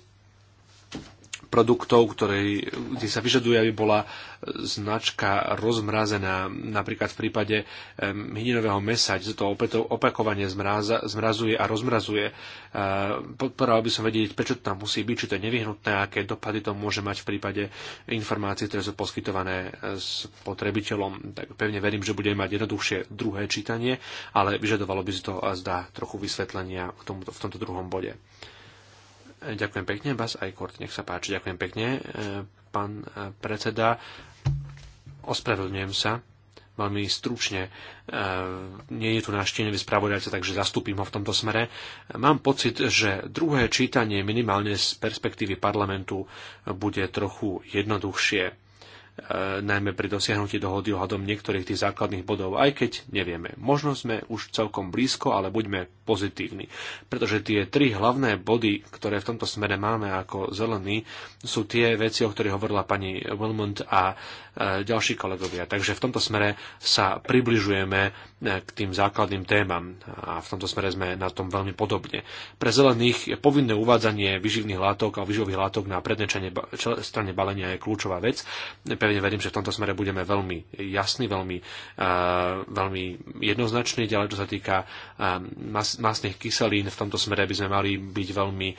produktov, ktoré, kde sa vyžaduje, aby bola značka rozmrazená. Napríklad v prípade hydinového mesa, kde sa to opakovane zmraza, zmrazuje a rozmrazuje. E, podporoval by som vedieť, prečo to tam musí byť, či to je nevyhnutné, aké dopady to môže mať v prípade informácií, ktoré sú poskytované e, spotrebiteľom. Tak pevne verím, že budeme mať jednoduchšie druhé čítanie, ale vyžadovalo by si to, a zdá, trochu vysvetlenia v, tomto, v tomto druhom bode. Ďakujem pekne, Bas Ajkort, nech sa páči. Ďakujem pekne, e, pán e, predseda. Ospravedlňujem sa veľmi stručne. E, nie je tu náš tieňový spravodajca, takže zastúpim ho v tomto smere. Mám pocit, že druhé čítanie minimálne z perspektívy parlamentu bude trochu jednoduchšie E, najmä pri dosiahnutí dohody ohľadom niektorých tých základných bodov, aj keď nevieme. Možno sme už celkom blízko, ale buďme pozitívni, pretože tie tri hlavné body, ktoré v tomto smere máme ako zelení, sú tie veci, o ktorých hovorila pani Wilmont a e, ďalší kolegovia. Takže v tomto smere sa približujeme Eh, k tým základným témam a v tomto smere sme na tom veľmi podobne. Pre zelených je povinné uvádzanie vyživných látok a vyživových látok na prednej strane balenia je kľúčová vec. Pevne verím, že v tomto smere budeme veľmi jasní, veľmi, uh, veľmi jednoznační. Ďalej, čo sa týka uh, mas, masných kyselín, v tomto smere by sme mali byť veľmi uh,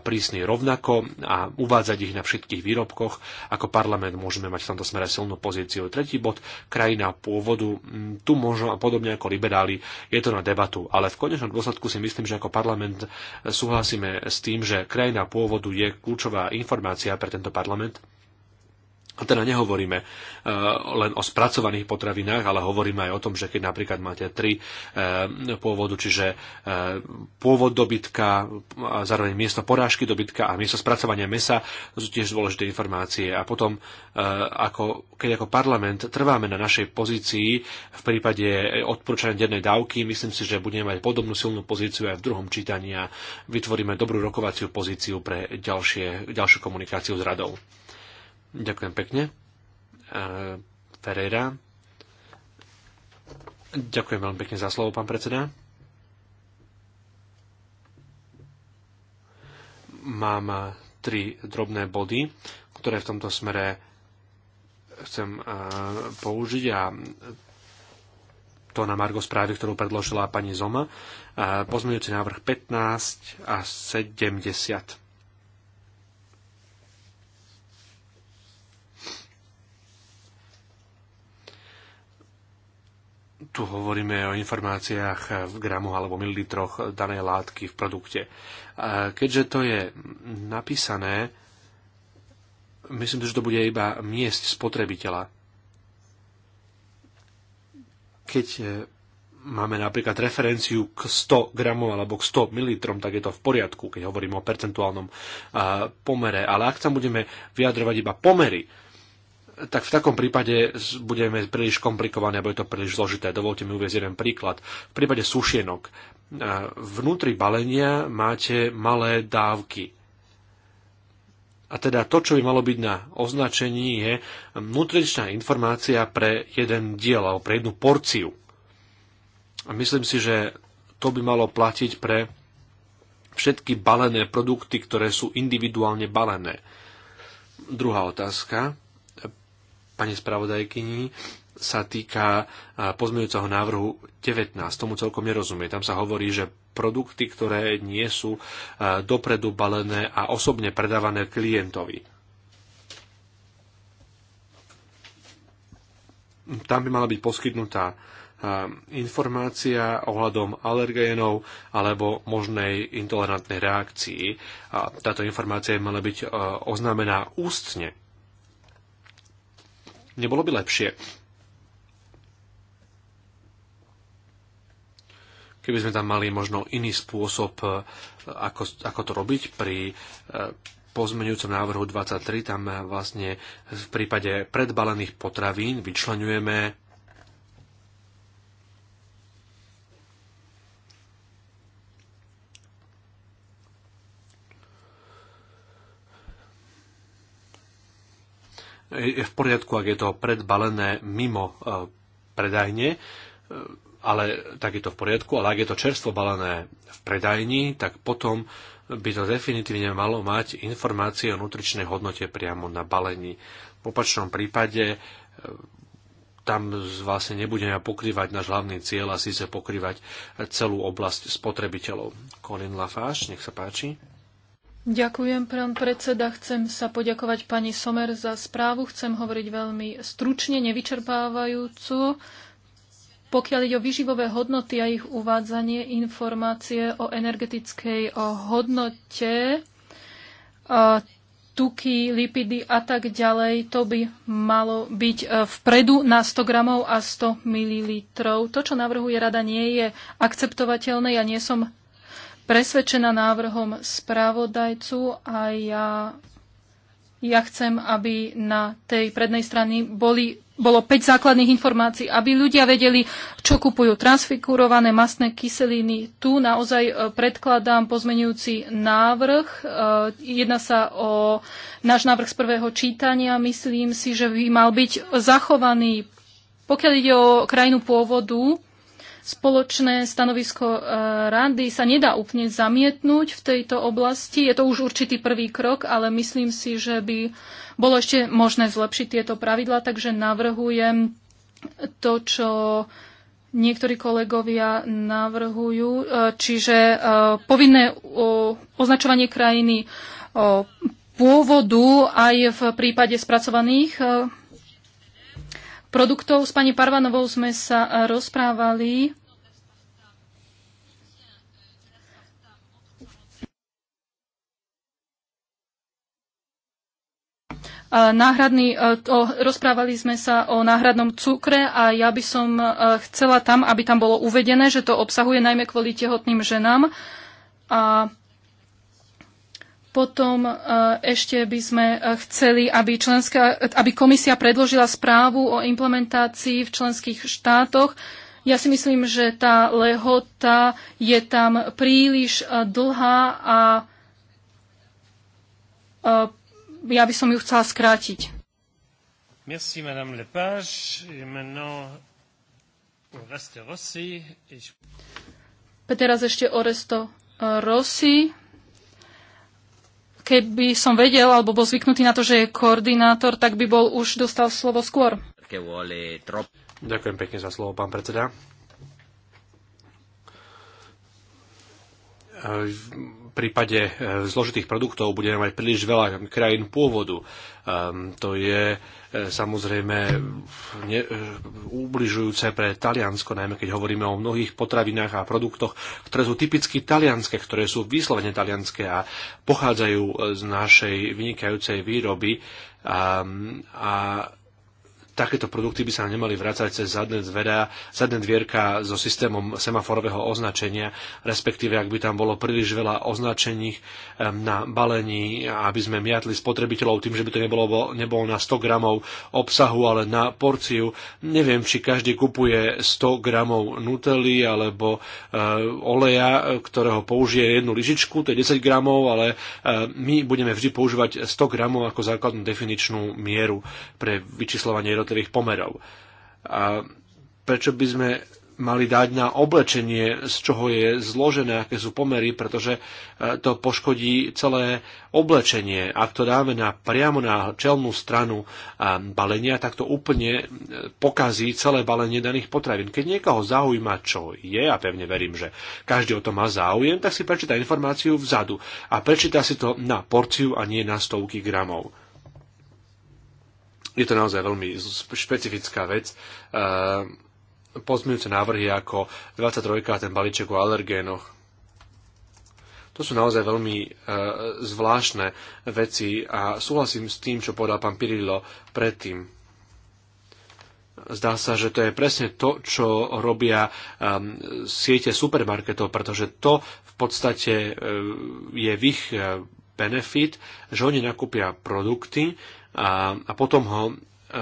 prísni rovnako a uvádzať ich na všetkých výrobkoch. Ako parlament môžeme mať v tomto smere silnú pozíciu. Tretí bod, krajina pôvodu. Mm, tu možno a podobne ako liberáli, je to na debatu. Ale v konečnom dôsledku si myslím, že ako parlament súhlasíme s tým, že krajina pôvodu je kľúčová informácia pre tento parlament teda nehovoríme e, len o spracovaných potravinách, ale hovoríme aj o tom, že keď napríklad máte tri e, pôvodu, čiže e, pôvod dobytka, a zároveň miesto porážky dobytka a miesto spracovania mesa, to sú tiež dôležité informácie. A potom, ako, keď ako parlament trváme na našej pozícii v prípade odporúčania dennej dávky, myslím si, že budeme mať podobnú silnú pozíciu aj v druhom čítaní a vytvoríme dobrú rokovaciu pozíciu pre ďalšie, ďalšiu komunikáciu s radou. Ďakujem pekne. E, Ferreira. Ďakujem veľmi pekne za slovo, pán predseda. Mám tri drobné body, ktoré v tomto smere chcem e, použiť a to na Margo správy, ktorú predložila pani Zoma. E, pozmeňujúci návrh 15 a 70. tu hovoríme o informáciách v gramoch alebo mililitroch danej látky v produkte. Keďže to je napísané, myslím, že to bude iba miesť spotrebiteľa. Keď e, máme napríklad referenciu k 100 gramov alebo k 100 ml, tak je to v poriadku, keď hovoríme o percentuálnom e, pomere. Ale ak tam budeme vyjadrovať iba pomery, tak v takom prípade budeme príliš komplikované, bude to príliš zložité. Dovolte mi uvieť jeden príklad. V prípade sušienok vnútri balenia máte malé dávky. A teda to, čo by malo byť na označení, je nutričná informácia pre jeden diel alebo pre jednu porciu. A myslím si, že to by malo platiť pre všetky balené produkty, ktoré sú individuálne balené. Druhá otázka pani spravodajkyni sa týka pozmeňujúceho návrhu 19. Tomu celkom nerozumie. Tam sa hovorí, že produkty, ktoré nie sú dopredu balené a osobne predávané klientovi. Tam by mala byť poskytnutá informácia ohľadom alergénov alebo možnej intolerantnej reakcii. Táto informácia mala byť oznámená ústne Nebolo by lepšie, keby sme tam mali možno iný spôsob, e, ako, ako to robiť pri e, pozmeňujúcom návrhu 23, tam e, vlastne v prípade predbalených potravín vyčlenujeme je v poriadku, ak je to predbalené mimo e, predajne, e, ale tak je to v poriadku, ale ak je to čerstvo balené v predajni, tak potom by to definitívne malo mať informácie o nutričnej hodnote priamo na balení. V opačnom prípade e, tam vlastne nebudeme pokrývať náš hlavný cieľ a síce pokrývať celú oblasť spotrebiteľov. Colin Lafáš, nech sa páči. Ďakujem, pán predseda. Chcem sa poďakovať pani Somer za správu. Chcem hovoriť veľmi stručne, nevyčerpávajúco. Pokiaľ ide o vyživové hodnoty a ich uvádzanie, informácie o energetickej hodnote, tuky, lipidy a tak ďalej, to by malo byť e, vpredu na 100 gramov a 100 ml. To, čo navrhuje rada, nie je akceptovateľné. Ja nie som presvedčená návrhom správodajcu a ja, ja chcem, aby na tej prednej strane boli, bolo 5 základných informácií, aby ľudia vedeli, čo kupujú transfigurované masné kyseliny. Tu naozaj e, predkladám pozmenujúci návrh. E, jedná sa o náš návrh z prvého čítania. Myslím si, že by mal byť zachovaný. Pokiaľ ide o krajinu pôvodu, spoločné stanovisko e, rady sa nedá úplne zamietnúť v tejto oblasti. Je to už určitý prvý krok, ale myslím si, že by bolo ešte možné zlepšiť tieto pravidla, takže navrhujem to, čo niektorí kolegovia navrhujú, e, čiže e, povinné označovanie krajiny pôvodu aj v prípade spracovaných produktov. S pani Parvanovou sme sa e, rozprávali e, náhradný, e, o, rozprávali sme sa o náhradnom cukre a ja by som chcela tam, aby tam bolo uvedené, že to obsahuje najmä kvôli tehotným ženám. A potom e, ešte by sme e, chceli, aby, členská, aby komisia predložila správu o implementácii v členských štátoch. Ja si myslím, že tá lehota je tam príliš e, dlhá a ja by som ju chcela skrátiť. Merci, Madame Lepage. maintenant, Rossi. Teraz ešte Oresto Rossi. Keby som vedel, alebo bol zvyknutý na to, že je koordinátor, tak by bol už dostal slovo skôr. Ďakujem pekne za slovo, pán predseda. V prípade eh, zložitých produktov budeme mať príliš veľa krajín pôvodu. Ehm, to je samozrejme ne, e, ubližujúce pre Taliansko, najmä keď hovoríme o mnohých potravinách a produktoch, ktoré sú typicky talianské, ktoré sú vyslovene talianské a pochádzajú z našej vynikajúcej výroby. A, a takéto produkty by sa nemali vrácať cez zadné, dvera, zadné dvierka so systémom semaforového označenia, respektíve ak by tam bolo príliš veľa označení na balení, aby sme miatli spotrebiteľov tým, že by to nebolo, nebolo na 100 gramov obsahu, ale na porciu. Neviem, či každý kupuje 100 gramov nutely alebo e, oleja, ktorého použije jednu lyžičku, to je 10 gramov, ale e, my budeme vždy používať 100 gramov ako základnú definičnú mieru pre vyčíslovanie jednotlivých pomerov. A prečo by sme mali dať na oblečenie, z čoho je zložené, aké sú pomery, pretože e, to poškodí celé oblečenie. Ak to dáme na, priamo na čelnú stranu e, balenia, tak to úplne e, pokazí celé balenie daných potravín. Keď niekoho zaujíma, čo je, a pevne verím, že každý o to má záujem, tak si prečíta informáciu vzadu a prečíta si to na porciu a nie na stovky gramov je to naozaj veľmi špecifická vec. Ehm, pozmeňujúce návrhy ako 23. ten balíček o alergénoch. To sú naozaj veľmi e, zvláštne veci a súhlasím s tým, čo povedal pán Pirillo predtým. Zdá sa, že to je presne to, čo robia um, siete supermarketov, pretože to v podstate uh, je v ich uh, benefit, že oni nakúpia produkty, a, a potom ho e,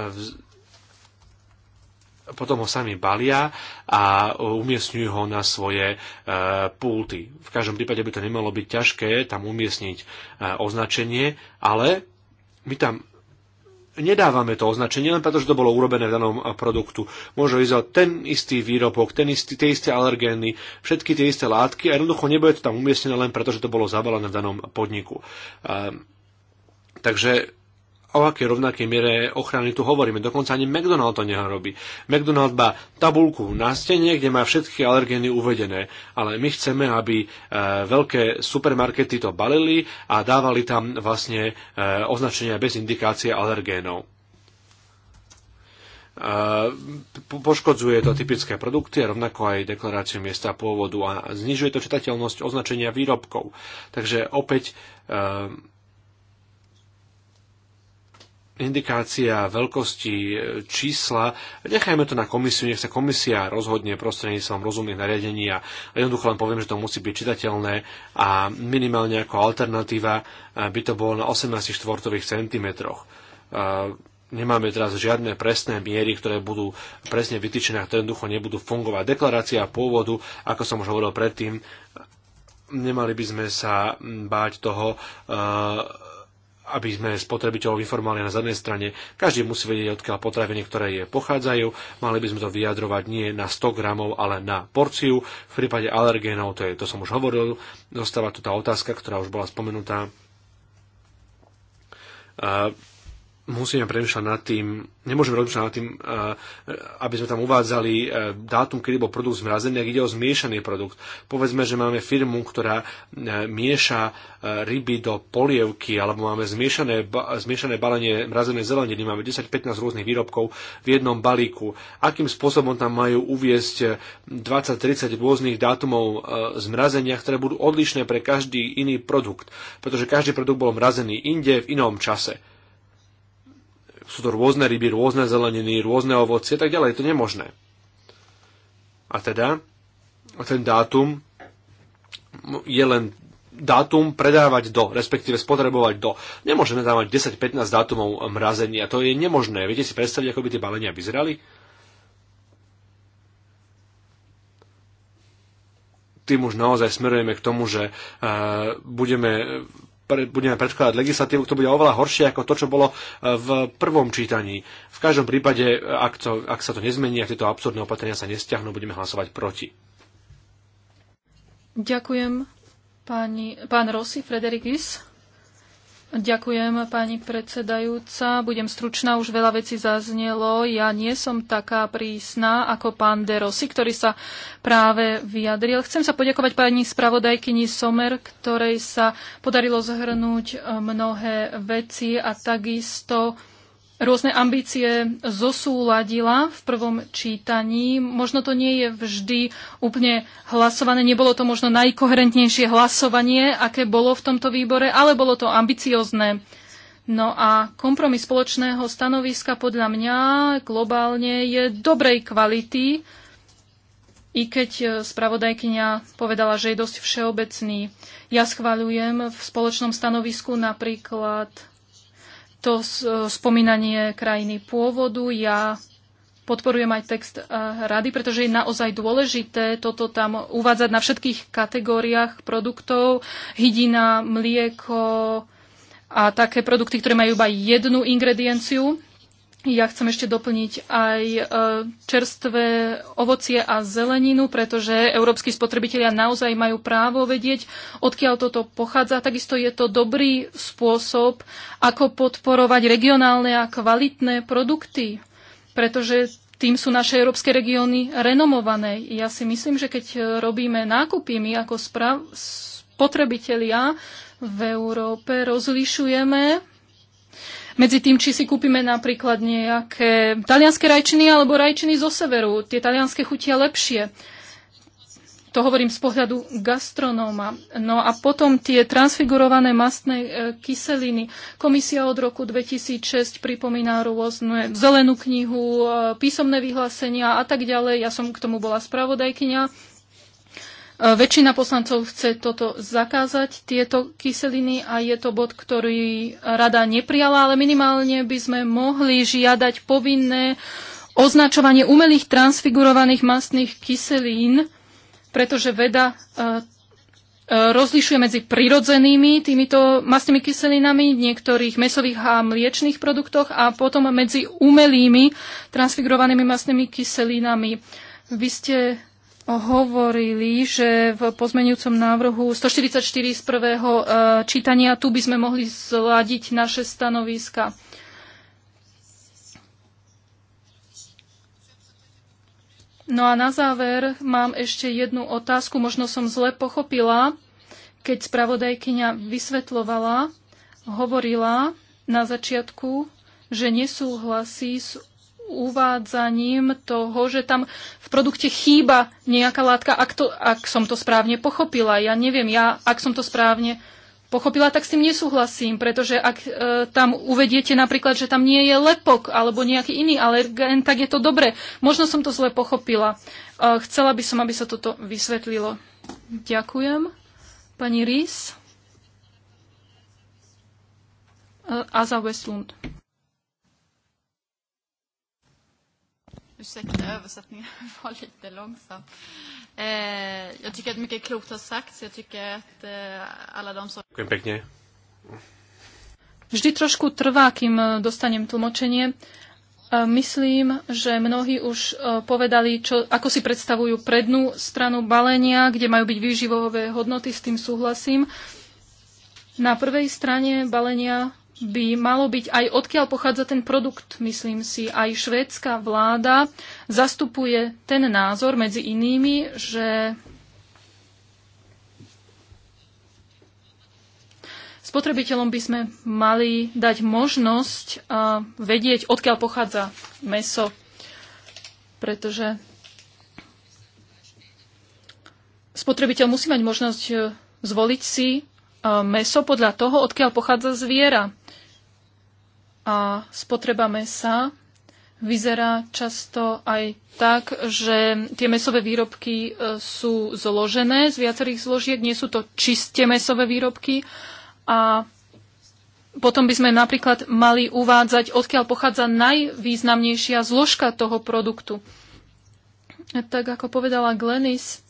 potom ho sami balia a umiestňujú ho na svoje e, pulty. V každom prípade by to nemalo byť ťažké tam umiestniť e, označenie, ale my tam nedávame to označenie, len pretože to bolo urobené v danom e, produktu. Môže ísť o ten istý výrobok, ten istý, tie isté alergény, všetky tie isté látky a jednoducho nebude to tam umiestnené len pretože to bolo zabalené v danom podniku. E, takže o akej rovnakej miere ochrany tu hovoríme. Dokonca ani McDonald to nerobí. McDonald má tabulku na stene, kde má všetky alergény uvedené, ale my chceme, aby e, veľké supermarkety to balili a dávali tam vlastne e, označenia bez indikácie alergénov e, poškodzuje to typické produkty a rovnako aj deklaráciu miesta pôvodu a znižuje to čitateľnosť označenia výrobkov. Takže opäť indikácia veľkosti e, čísla. Nechajme to na komisiu, nech sa komisia rozhodne prostredníctvom rozumných nariadení a jednoducho len poviem, že to musí byť čitateľné a minimálne ako alternatíva e, by to bolo na 18 štvortových centimetroch e, nemáme teraz žiadne presné miery, ktoré budú presne vytýčené a ktoré jednoducho nebudú fungovať. Deklarácia pôvodu, ako som už hovoril predtým, nemali by sme sa báť toho, aby sme spotrebiteľov informovali na zadnej strane. Každý musí vedieť, odkiaľ potraviny, ktoré je, pochádzajú. Mali by sme to vyjadrovať nie na 100 gramov, ale na porciu. V prípade alergénov, to, je, to som už hovoril, dostáva tu tá otázka, ktorá už bola spomenutá. Uh, musíme premýšľať nad tým, nemôžeme rozmýšľať nad tým, eh, aby sme tam uvádzali eh, dátum, kedy bol produkt zmrazený, ak ide o zmiešaný produkt. Povedzme, že máme firmu, ktorá eh, mieša ryby do polievky, alebo máme zmiešané, zmiešané balenie mrazené zeleniny, máme 10-15 rôznych výrobkov v jednom balíku. Akým spôsobom tam majú uviesť 20-30 rôznych dátumov zmrazenia, ktoré budú odlišné pre každý iný produkt, pretože každý produkt bol mrazený inde v inom čase sú to rôzne ryby, rôzne zeleniny, rôzne ovocie tak ďalej. Je to nemožné. A teda ten dátum je len dátum predávať do, respektíve spotrebovať do. Nemôžeme dávať 10-15 dátumov mrazenia. To je nemožné. Viete si predstaviť, ako by tie balenia vyzerali? Tým už naozaj smerujeme k tomu, že eh, budeme budeme predkladať legislatívu, to bude oveľa horšie ako to, čo bolo e, v prvom čítaní. V každom prípade, e, ak, to, ak sa to nezmení, ak tieto absurdné opatrenia sa nestiahnu, budeme hlasovať proti. Ďakujem. Pani, pán Rossi, Frederikis. Ďakujem, pani predsedajúca. Budem stručná, už veľa vecí zaznelo. Ja nie som taká prísna ako pán de Rossi, ktorý sa práve vyjadril. Chcem sa poďakovať pani spravodajkyni Somer, ktorej sa podarilo zhrnúť mnohé veci a takisto rôzne ambície zosúladila v prvom čítaní. Možno to nie je vždy úplne hlasované, nebolo to možno najkoherentnejšie hlasovanie, aké bolo v tomto výbore, ale bolo to ambiciozne. No a kompromis spoločného stanoviska podľa mňa globálne je dobrej kvality, i keď e, spravodajkyňa povedala, že je dosť všeobecný. Ja schváľujem v spoločnom stanovisku napríklad to e, spomínanie krajiny pôvodu. Ja podporujem aj text e, rady, pretože je naozaj dôležité toto tam uvádzať na všetkých kategóriách produktov. Hydina, mlieko a také produkty, ktoré majú iba jednu ingredienciu. Ja chcem ešte doplniť aj e, čerstvé ovocie a zeleninu, pretože európsky spotrebitelia naozaj majú právo vedieť, odkiaľ toto pochádza. Takisto je to dobrý spôsob, ako podporovať regionálne a kvalitné produkty, pretože tým sú naše európske regióny renomované. Ja si myslím, že keď robíme nákupy my ako spotrebitelia v Európe, rozlišujeme medzi tým, či si kúpime napríklad nejaké talianské rajčiny alebo rajčiny zo severu. Tie talianské chutia lepšie. To hovorím z pohľadu gastronóma. No a potom tie transfigurované mastné e, kyseliny. Komisia od roku 2006 pripomína rôzne zelenú knihu, e, písomné vyhlásenia a tak ďalej. Ja som k tomu bola spravodajkyňa E, väčšina poslancov chce toto zakázať, tieto kyseliny a je to bod, ktorý rada neprijala, ale minimálne by sme mohli žiadať povinné označovanie umelých transfigurovaných mastných kyselín, pretože veda e, e, rozlišuje medzi prirodzenými týmito mastnými kyselinami v niektorých mesových a mliečných produktoch a potom medzi umelými transfigurovanými mastnými kyselinami. Vy ste hovorili, že v pozmenujúcom návrhu 144 z prvého e, čítania tu by sme mohli zladiť naše stanoviska. No a na záver mám ešte jednu otázku, možno som zle pochopila, keď spravodajkyňa vysvetlovala, hovorila na začiatku, že nesúhlasí s uvádzaním toho, že tam v produkte chýba nejaká látka, ak, to, ak som to správne pochopila. Ja neviem, ja ak som to správne pochopila, tak s tým nesúhlasím, pretože ak e, tam uvediete napríklad, že tam nie je lepok alebo nejaký iný alergén, tak je to dobre. Možno som to zle pochopila. E, chcela by som, aby sa toto vysvetlilo. Ďakujem. Pani Rís. E, Aza Westlund. Ursäkta översättningen [laughs] var lite långsam. Eh, jag tycker att mycket klokt har sagts. Jag tycker att eh, alla de som... Ďakujem pekne. Vždy trošku trvá, kým eh, dostanem tlmočenie. Eh, myslím, že mnohí už eh, povedali, čo, ako si predstavujú prednú stranu balenia, kde majú byť výživové hodnoty, s tým súhlasím. Na prvej strane balenia by malo byť aj odkiaľ pochádza ten produkt, myslím si. Aj švédska vláda zastupuje ten názor medzi inými, že spotrebiteľom by sme mali dať možnosť vedieť, odkiaľ pochádza meso, pretože spotrebiteľ musí mať možnosť e, zvoliť si meso podľa toho, odkiaľ pochádza zviera. A spotreba mesa vyzerá často aj tak, že tie mesové výrobky e, sú zložené z viacerých zložiek, nie sú to čisté mesové výrobky a potom by sme napríklad mali uvádzať, odkiaľ pochádza najvýznamnejšia zložka toho produktu. Tak ako povedala Glenis,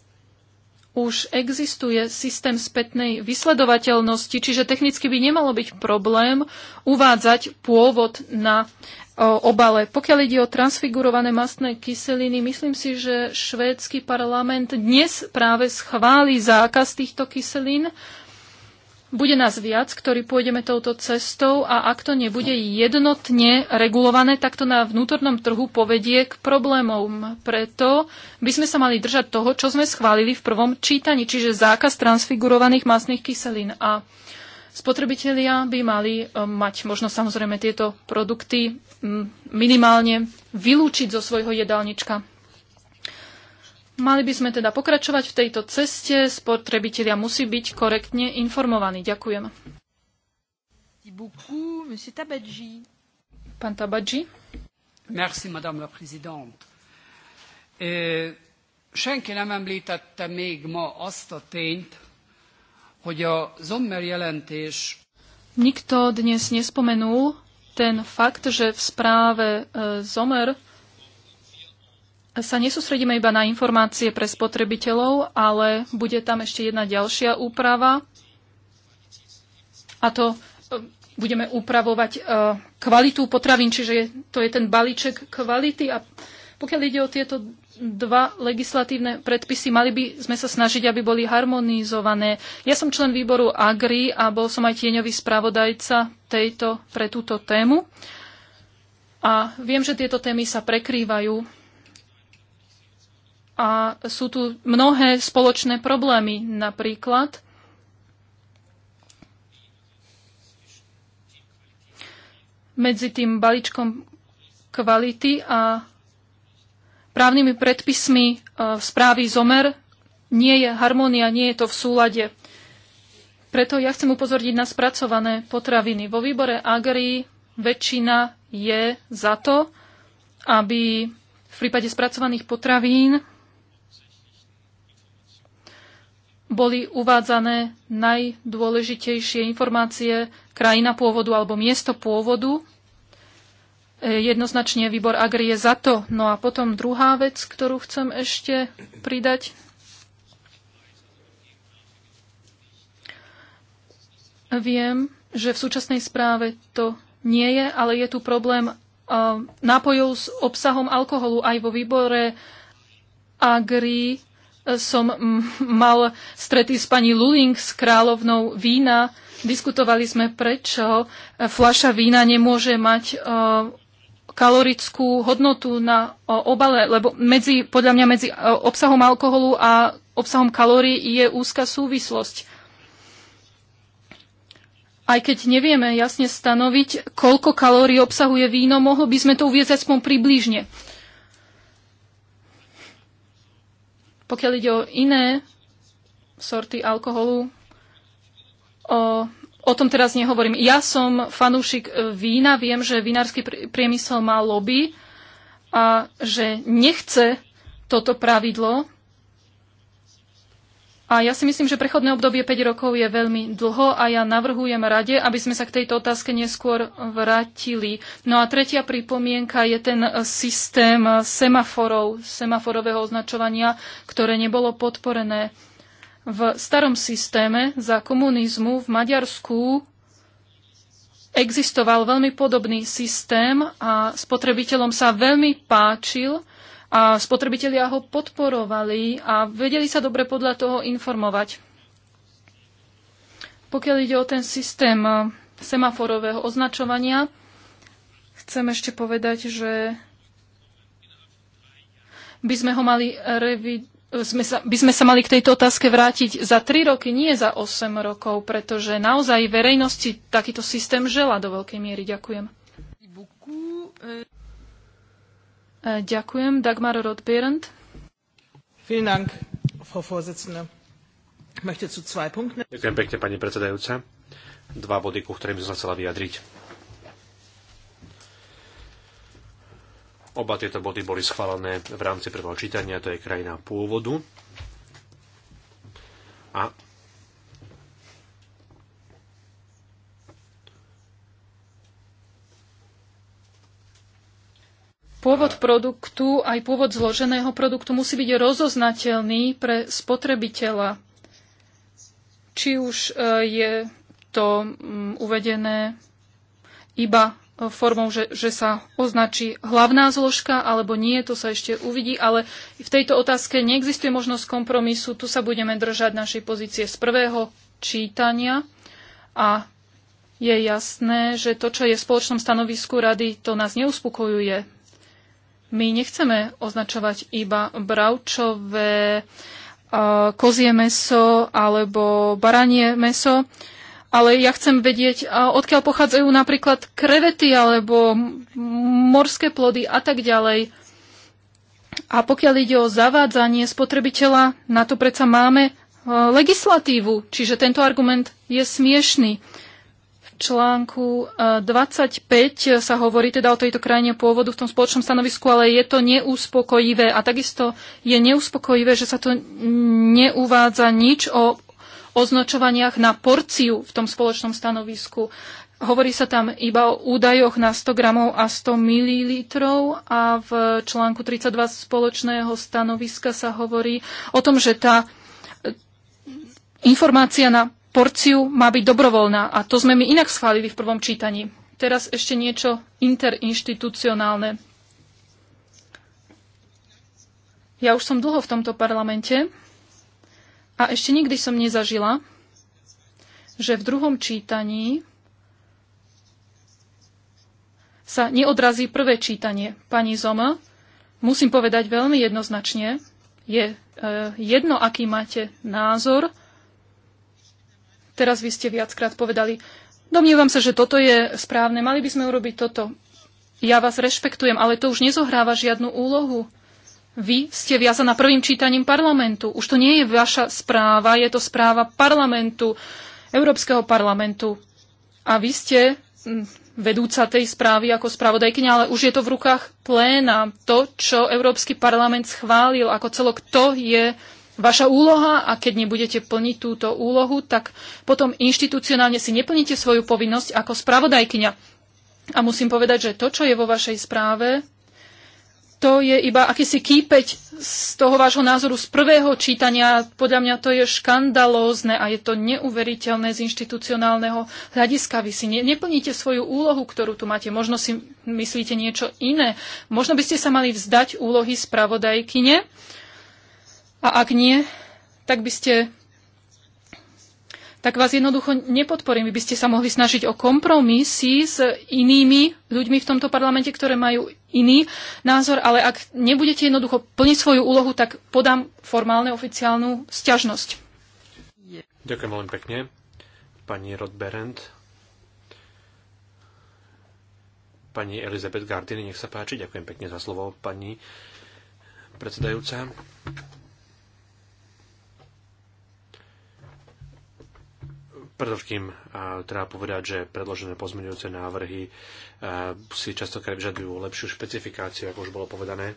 už existuje systém spätnej vysledovateľnosti, čiže technicky by nemalo byť problém uvádzať pôvod na obale. Pokiaľ ide o transfigurované mastné kyseliny, myslím si, že švédsky parlament dnes práve schváli zákaz týchto kyselín bude nás viac, ktorí pôjdeme touto cestou a ak to nebude jednotne regulované, tak to na vnútornom trhu povedie k problémom. Preto by sme sa mali držať toho, čo sme schválili v prvom čítaní, čiže zákaz transfigurovaných masných kyselín. A spotrebitelia by mali e, mať možno samozrejme tieto produkty minimálne vylúčiť zo svojho jedálnička. Mali by sme teda pokračovať v tejto ceste. Spotrebitelia musí byť korektne informovaní. Ďakujem. Pán Tabadži. Merci, madame la présidente. Eh, senki nem említette még ma azt a tényt, hogy a Zommer jelentés... Nikto dnes nespomenul ten fakt, že v správe Zomer eh, sa nesústredíme iba na informácie pre spotrebiteľov, ale bude tam ešte jedna ďalšia úprava. A to e, budeme upravovať e, kvalitu potravín, čiže to je ten balíček kvality. A pokiaľ ide o tieto dva legislatívne predpisy, mali by sme sa snažiť, aby boli harmonizované. Ja som člen výboru AGRI a bol som aj tieňový spravodajca tejto, pre túto tému. A viem, že tieto témy sa prekrývajú a sú tu mnohé spoločné problémy, napríklad medzi tým balíčkom kvality a právnymi predpismi e, správy Zomer nie je harmónia, nie je to v súlade. Preto ja chcem upozorniť na spracované potraviny. Vo výbore Agri väčšina je za to, aby v prípade spracovaných potravín boli uvádzané najdôležitejšie informácie krajina pôvodu alebo miesto pôvodu. E, jednoznačne výbor Agri je za to. No a potom druhá vec, ktorú chcem ešte pridať. Viem, že v súčasnej správe to nie je, ale je tu problém e, nápojov s obsahom alkoholu aj vo výbore Agri som mal strety s pani Luling, s kráľovnou vína. Diskutovali sme, prečo e, fľaša vína nemôže mať e, kalorickú hodnotu na obale, lebo medzi, podľa mňa medzi e, obsahom alkoholu a obsahom kalórií je úzka súvislosť. Aj keď nevieme jasne stanoviť, koľko kalórií obsahuje víno, mohlo by sme to uviezť aspoň približne. Pokiaľ ide o iné sorty alkoholu, o, o tom teraz nehovorím. Ja som fanúšik e, vína, viem, že vinársky priemysel má lobby a že nechce toto pravidlo a ja si myslím, že prechodné obdobie 5 rokov je veľmi dlho a ja navrhujem rade, aby sme sa k tejto otázke neskôr vrátili. No a tretia pripomienka je ten systém semaforov, semaforového označovania, ktoré nebolo podporené. V starom systéme za komunizmu v Maďarsku existoval veľmi podobný systém a spotrebiteľom sa veľmi páčil a spotrebitelia ho podporovali a vedeli sa dobre podľa toho informovať. Pokiaľ ide o ten systém e, semaforového označovania, chcem ešte povedať, že by sme ho mali revi- sme sa, by sme sa mali k tejto otázke vrátiť za 3 roky, nie za 8 rokov, pretože naozaj verejnosti takýto systém žela do veľkej miery. Ďakujem. E, ďakujem. Dagmar Roth-Behrendt. Vielen Dank, Frau Vorsitzende. Ich möchte zu zwei Punkten... Ďakujem pekne, pani predsedajúca. Dva body, ku ktorým som chcela vyjadriť. Oba tieto body boli schválené v rámci prvého čítania, to je krajina pôvodu a Pôvod produktu, aj pôvod zloženého produktu musí byť rozoznateľný pre spotrebiteľa. Či už e, je to mm, uvedené iba e, formou, že, že sa označí hlavná zložka, alebo nie, to sa ešte uvidí, ale v tejto otázke neexistuje možnosť kompromisu, tu sa budeme držať našej pozície z prvého čítania a je jasné, že to, čo je v spoločnom stanovisku rady, to nás neuspokojuje. My nechceme označovať iba bravčové, kozie meso alebo baranie meso, ale ja chcem vedieť, odkiaľ pochádzajú napríklad krevety alebo morské plody a tak ďalej. A pokiaľ ide o zavádzanie spotrebiteľa, na to predsa máme legislatívu, čiže tento argument je smiešný článku 25 eh, sa hovorí teda o tejto krajine pôvodu v tom spoločnom stanovisku, ale je to neuspokojivé. A takisto je neuspokojivé, že sa to neuvádza nič o označovaniach na porciu v tom spoločnom stanovisku. Hovorí sa tam iba o údajoch na 100 gramov a 100 mililitrov a v článku 32 spoločného stanoviska sa hovorí o tom, že tá informácia na porciu má byť dobrovoľná. A to sme my inak schválili v prvom čítaní. Teraz ešte niečo interinštitucionálne. Ja už som dlho v tomto parlamente a ešte nikdy som nezažila, že v druhom čítaní sa neodrazí prvé čítanie. Pani Zoma, musím povedať veľmi jednoznačne, je e, jedno, aký máte názor, Teraz vy ste viackrát povedali, domnievam sa, že toto je správne, mali by sme urobiť toto. Ja vás rešpektujem, ale to už nezohráva žiadnu úlohu. Vy ste viazaná prvým čítaním parlamentu. Už to nie je vaša správa, je to správa parlamentu, Európskeho parlamentu. A vy ste hm, vedúca tej správy ako spravodajkyňa, ale už je to v rukách pléna. To, čo Európsky parlament schválil ako celok, to je vaša úloha a keď nebudete plniť túto úlohu, tak potom inštitucionálne si neplníte svoju povinnosť ako spravodajkyňa. A musím povedať, že to, čo je vo vašej správe, to je iba akýsi kýpeť z toho vášho názoru z prvého čítania. Podľa mňa to je škandalózne a je to neuveriteľné z inštitucionálneho hľadiska. Vy si ne, neplníte svoju úlohu, ktorú tu máte. Možno si myslíte niečo iné. Možno by ste sa mali vzdať úlohy spravodajkyne a ak nie, tak by ste tak vás jednoducho nepodporím. Vy by ste sa mohli snažiť o kompromisy s inými ľuďmi v tomto parlamente, ktoré majú iný názor, ale ak nebudete jednoducho plniť svoju úlohu, tak podám formálne oficiálnu sťažnosť. Ďakujem veľmi pekne. Pani Rodberend. Pani Elizabeth Gardini, nech sa páči. Ďakujem pekne za slovo, pani predsedajúca. Predovšetkým treba povedať, že predložené pozmeňujúce návrhy e, si častokrát vyžadujú lepšiu špecifikáciu, ako už bolo povedané.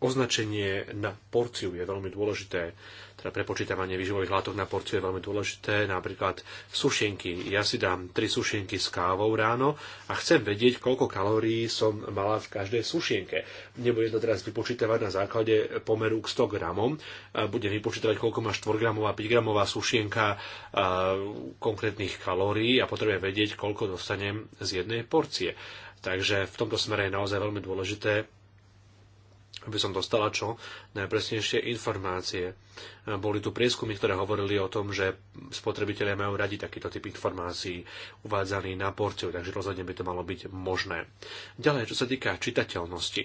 Označenie na porciu je veľmi dôležité teda prepočítavanie výživových látok na porciu je veľmi dôležité. Napríklad sušenky. Ja si dám tri sušenky s kávou ráno a chcem vedieť, koľko kalórií som mala v každej sušenke. Nebudem to teraz vypočítavať na základe pomeru k 100 gramom. Budem vypočítavať, koľko má 4 gramová, 5 gramová sušenka konkrétnych kalórií a potrebujem vedieť, koľko dostanem z jednej porcie. Takže v tomto smere je naozaj veľmi dôležité aby som dostala čo najpresnejšie informácie. Boli tu prieskumy, ktoré hovorili o tom, že spotrebitelia majú radi takýto typ informácií uvádzaný na porciu, takže rozhodne by to malo byť možné. Ďalej, čo sa týka čitateľnosti.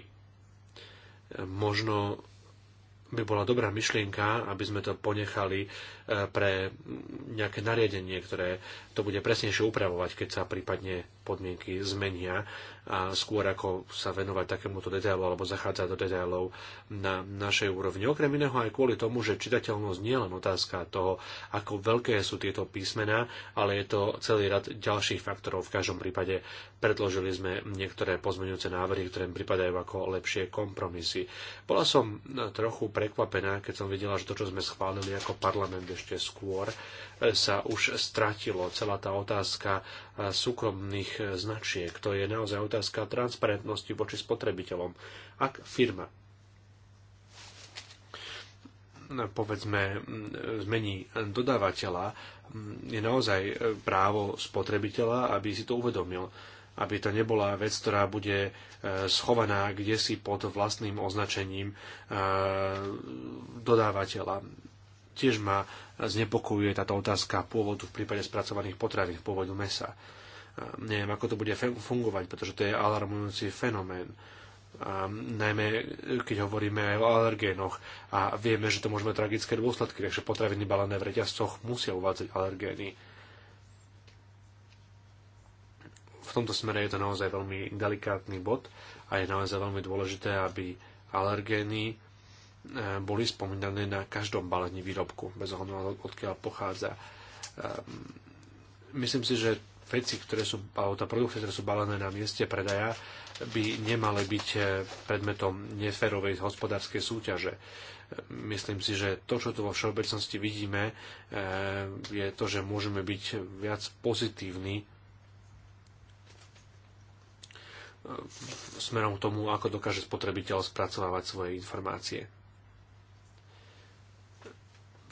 Možno by bola dobrá myšlienka, aby sme to ponechali e, pre nejaké nariadenie, ktoré to bude presnejšie upravovať, keď sa prípadne podmienky zmenia a skôr ako sa venovať takémuto detailu alebo zachádzať do detailov na našej úrovni. Okrem iného aj kvôli tomu, že čitateľnosť nie je len otázka toho, ako veľké sú tieto písmená, ale je to celý rad ďalších faktorov. V každom prípade predložili sme niektoré pozmeňujúce návrhy, ktoré pripadajú ako lepšie kompromisy. Bola som trochu prekvapená, keď som videla, že to, čo sme schválili ako parlament ešte skôr, sa už stratilo celá tá otázka e, súkromných e, značiek. To je naozaj otázka transparentnosti voči spotrebiteľom. Ak firma no, povedzme, zmení dodávateľa, je naozaj e, právo spotrebiteľa, aby si to uvedomil. Aby to nebola vec, ktorá bude schovaná kde si pod vlastným označením dodávateľa tiež ma znepokojuje táto otázka pôvodu v prípade spracovaných potravín, pôvodu mesa. Neviem, ako to bude fungovať, pretože to je alarmujúci fenomén. A najmä keď hovoríme aj o alergénoch a vieme, že to môžeme tragické dôsledky, takže potraviny balené v reťazcoch musia uvádzať alergény. V tomto smere je to naozaj veľmi delikátny bod a je naozaj veľmi dôležité, aby alergény boli spomínané na každom balení výrobku, bez ohľadu na to, odkiaľ pochádza. Ehm, myslím si, že veci, ktoré sú, alebo tá produkty, ktoré sú balené na mieste predaja, by nemali byť eh, predmetom neférovej hospodárskej súťaže ehm, myslím si, že to, čo tu vo všeobecnosti vidíme, eh, je to, že môžeme byť viac pozitívni eh, smerom k tomu, ako dokáže spotrebiteľ spracovávať svoje informácie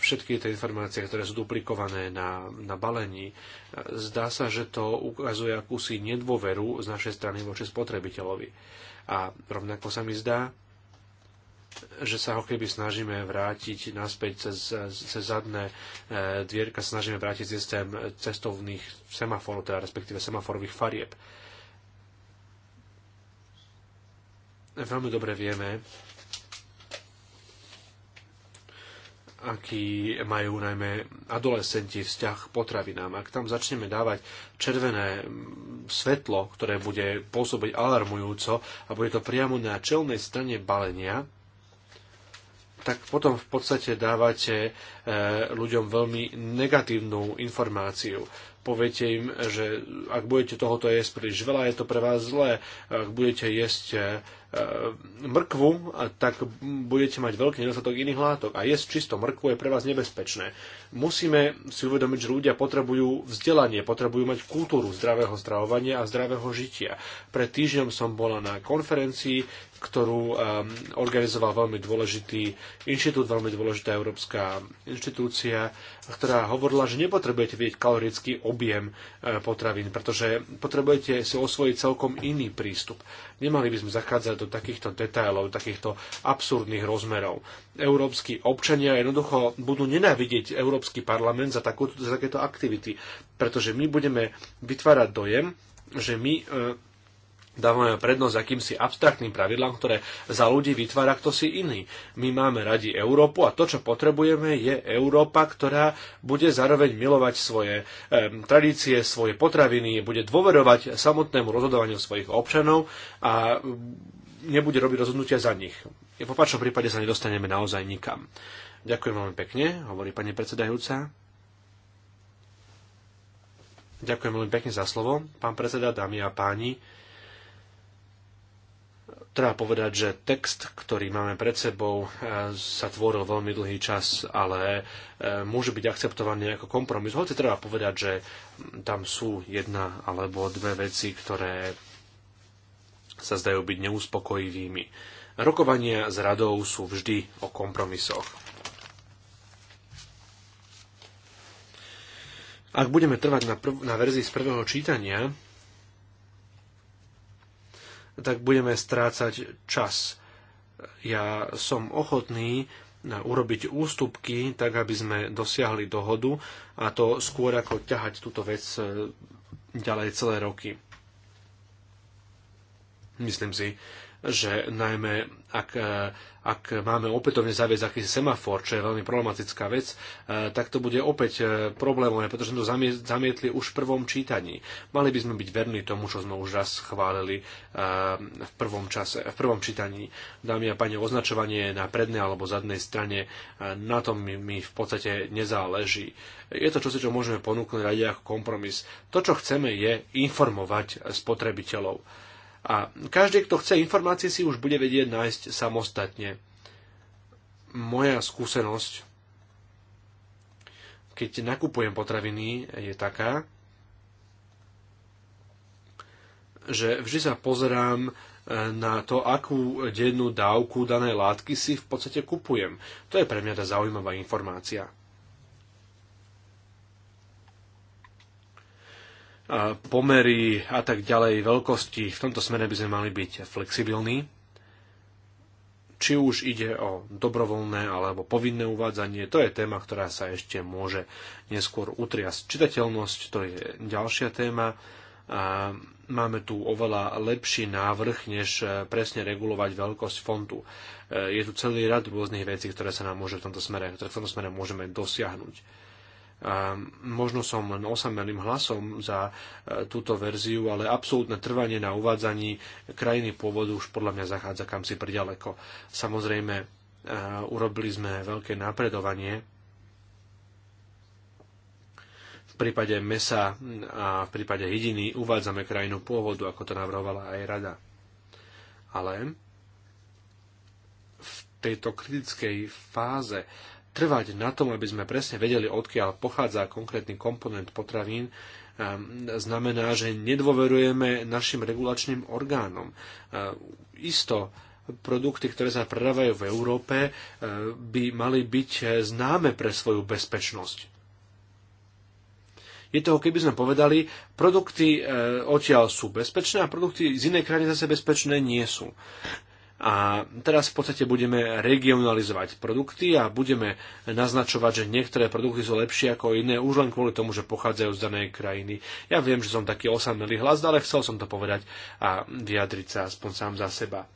všetky tie informácie, ktoré sú duplikované na, na balení. Zdá sa, že to ukazuje akúsi nedôveru z našej strany voči spotrebiteľovi. A rovnako sa mi zdá, že sa ho keby snažíme vrátiť naspäť cez, cez zadné e, dvierka, snažíme vrátiť systém cestovných semaforov, teda respektíve semaforových farieb. Veľmi dobre vieme, aký majú najmä adolescenti vzťah k potravinám. Ak tam začneme dávať červené mm, svetlo, ktoré bude pôsobiť alarmujúco a bude to priamo na čelnej strane balenia, tak potom v podstate dávate e, ľuďom veľmi negatívnu informáciu. Poviete im, že ak budete tohoto jesť príliš veľa, je to pre vás zlé. Ak budete jesť e, E, mrkvu, tak budete mať veľký nedostatok iných látok. A jesť čisto mrkvu je pre vás nebezpečné. Musíme si uvedomiť, že ľudia potrebujú vzdelanie, potrebujú mať kultúru zdravého stravovania a zdravého žitia. Pred týždňom som bola na konferencii, ktorú um, organizoval veľmi dôležitý inštitút, veľmi dôležitá európska inštitúcia, ktorá hovorila, že nepotrebujete vidieť kalorický objem e, potravín, pretože potrebujete si osvojiť celkom iný prístup. Nemali by sme zachádzať do do takýchto detailov, takýchto absurdných rozmerov. Európsky občania jednoducho budú nenávidieť Európsky parlament za, takú, za takéto aktivity, pretože my budeme vytvárať dojem, že my e, dávame prednosť akýmsi abstraktným pravidlám, ktoré za ľudí vytvára kto si iný. My máme radi Európu a to, čo potrebujeme, je Európa, ktorá bude zároveň milovať svoje e, tradície, svoje potraviny, bude dôverovať samotnému rozhodovaniu svojich občanov a nebude robiť rozhodnutia za nich. V opačnom prípade sa nedostaneme naozaj nikam. Ďakujem veľmi pekne, hovorí pani predsedajúca. Ďakujem veľmi pekne za slovo. Pán predseda, dámy a páni, treba povedať, že text, ktorý máme pred sebou, e, sa tvoril veľmi dlhý čas, ale e, môže byť akceptovaný ako kompromis. Hoci treba povedať, že tam sú jedna alebo dve veci, ktoré sa zdajú byť neuspokojivými. Rokovania s radou sú vždy o kompromisoch. Ak budeme trvať na, prv, na verzii z prvého čítania, tak budeme strácať čas. Ja som ochotný e, urobiť ústupky, tak aby sme dosiahli dohodu a to skôr ako ťahať túto vec e, ďalej celé roky. Myslím si, že najmä ak, e, ak máme opätovne zaviesť akýsi semafor, čo je veľmi problematická vec, e, tak to bude opäť e, problémové, pretože sme to zamietli už v prvom čítaní. Mali by sme byť verní tomu, čo sme už raz schválili v prvom, čase, v prvom čítaní. Dámy a pani, označovanie na prednej alebo zadnej strane, na tom mi v podstate nezáleží. Je to čosi, čo môžeme ponúknuť radi ako kompromis. To, čo chceme, je informovať spotrebiteľov a každý, kto chce informácie, si už bude vedieť nájsť samostatne. Moja skúsenosť, keď nakupujem potraviny, je taká, že vždy sa pozerám e, na to, akú dennú dávku danej látky si v podstate kupujem. To je pre mňa tá zaujímavá informácia. pomery a tak ďalej, veľkosti. V tomto smere by sme mali byť flexibilní. Či už ide o dobrovoľné alebo povinné uvádzanie, to je téma, ktorá sa ešte môže neskôr utriasť. Čitateľnosť, to je ďalšia téma. A máme tu oveľa lepší návrh, než e, presne regulovať veľkosť fontu. E, je tu celý rad rôznych vecí, ktoré sa nám môže v tomto smere, ktoré v tomto smere môžeme dosiahnuť Možno som len osamelým hlasom za e, túto verziu, ale absolútne trvanie na uvádzaní krajiny pôvodu už podľa mňa zachádza kam si priďaleko. Samozrejme, e, urobili sme veľké napredovanie v prípade mesa a v prípade hydiny uvádzame krajinu pôvodu, ako to navrhovala aj rada. Ale v tejto kritickej fáze trvať na tom, aby sme presne vedeli, odkiaľ pochádza konkrétny komponent potravín, ehm, znamená, že nedôverujeme našim regulačným orgánom. Ehm, isto, produkty, ktoré sa predávajú v Európe, ehm, by mali byť známe pre svoju bezpečnosť. Je toho, keby sme povedali, produkty odtiaľ sú bezpečné a produkty z inej krajiny zase bezpečné nie sú. A teraz v podstate budeme regionalizovať produkty a budeme naznačovať, že niektoré produkty sú lepšie ako iné, už len kvôli tomu, že pochádzajú z danej krajiny. Ja viem, že som taký osamelý hlas, ale chcel som to povedať a vyjadriť sa aspoň sám za seba.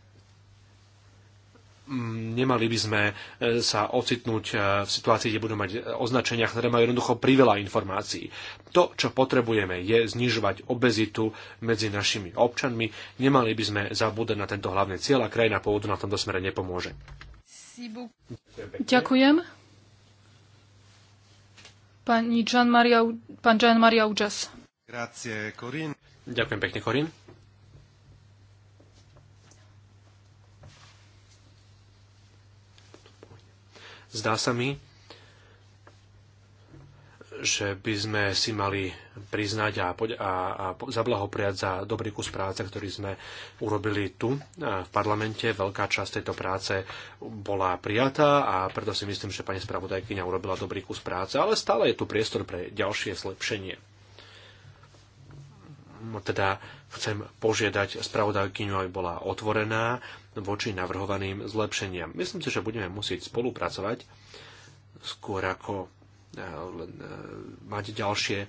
Mm, nemali by sme e, sa ocitnúť e, v situácii, kde budú mať e, označenia, ktoré majú jednoducho priveľa informácií. To, čo potrebujeme, je znižovať obezitu medzi našimi občanmi. Nemali by sme zabúdať na tento hlavný cieľ a krajina pôvodu na tomto smere nepomôže. Ďakujem. Pani Gian Maria, pán Gian Maria Ďakujem pekne, korín. Zdá sa mi, že by sme si mali priznať a, a, a zablahopriať za dobrý kus práce, ktorý sme urobili tu v parlamente. Veľká časť tejto práce bola prijatá a preto si myslím, že pani spravodajkyňa urobila dobrý kus práce, ale stále je tu priestor pre ďalšie zlepšenie teda chcem požiadať spravodajkyňu, aby bola otvorená voči navrhovaným zlepšeniam. Myslím si, že budeme musieť spolupracovať skôr ako e, e, mať ďalšie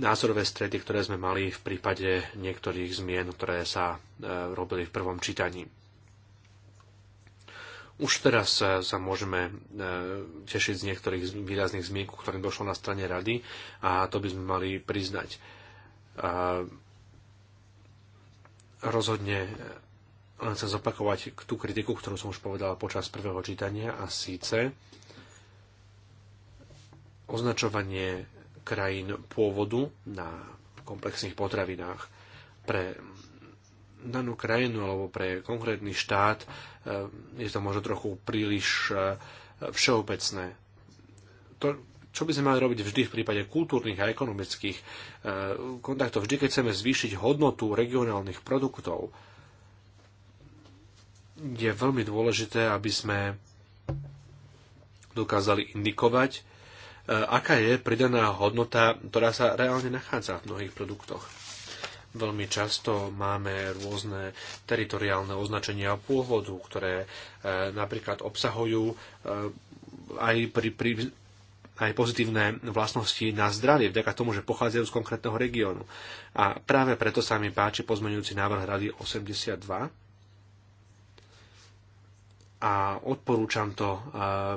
názorové stredy, ktoré sme mali v prípade niektorých zmien, ktoré sa e, robili v prvom čítaní. Už teraz sa môžeme e, tešiť z niektorých výrazných zmien, ktoré ktorým došlo na strane rady a to by sme mali priznať. Rozhodne len chcem zopakovať tú kritiku, ktorú som už povedala počas prvého čítania a síce označovanie krajín pôvodu na komplexných potravinách pre danú krajinu alebo pre konkrétny štát e, je to možno trochu príliš e, všeobecné. To, čo by sme mali robiť vždy v prípade kultúrnych a ekonomických e, kontaktov, vždy keď chceme zvýšiť hodnotu regionálnych produktov, je veľmi dôležité, aby sme dokázali indikovať, aká je pridaná hodnota, ktorá sa reálne nachádza v mnohých produktoch. Veľmi často máme rôzne teritoriálne označenia pôvodu, ktoré e, napríklad obsahujú e, aj pri, pri, aj pozitívne vlastnosti na zdravie, vďaka tomu, že pochádzajú z konkrétneho regiónu. A práve preto sa mi páči pozmeňujúci návrh Rady 82 a odporúčam to e,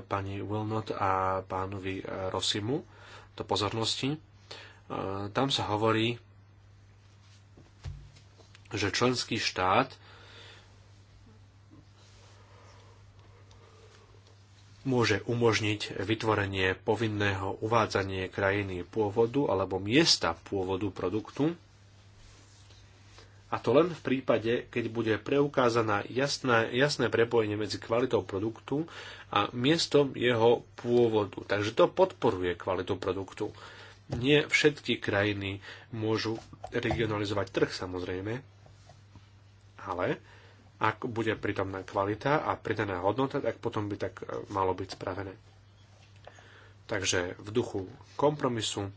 pani Wilnot a pánovi Rosimu do pozornosti. Tam sa hovorí že členský štát môže umožniť vytvorenie povinného uvádzanie krajiny pôvodu alebo miesta pôvodu produktu, a to len v prípade, keď bude preukázaná jasná, jasné prepojenie medzi kvalitou produktu a miestom jeho pôvodu. Takže to podporuje kvalitu produktu. Nie všetky krajiny môžu regionalizovať trh samozrejme, ale ak bude pritomná kvalita a pridaná hodnota, tak potom by tak e, malo byť spravené. Takže v duchu kompromisu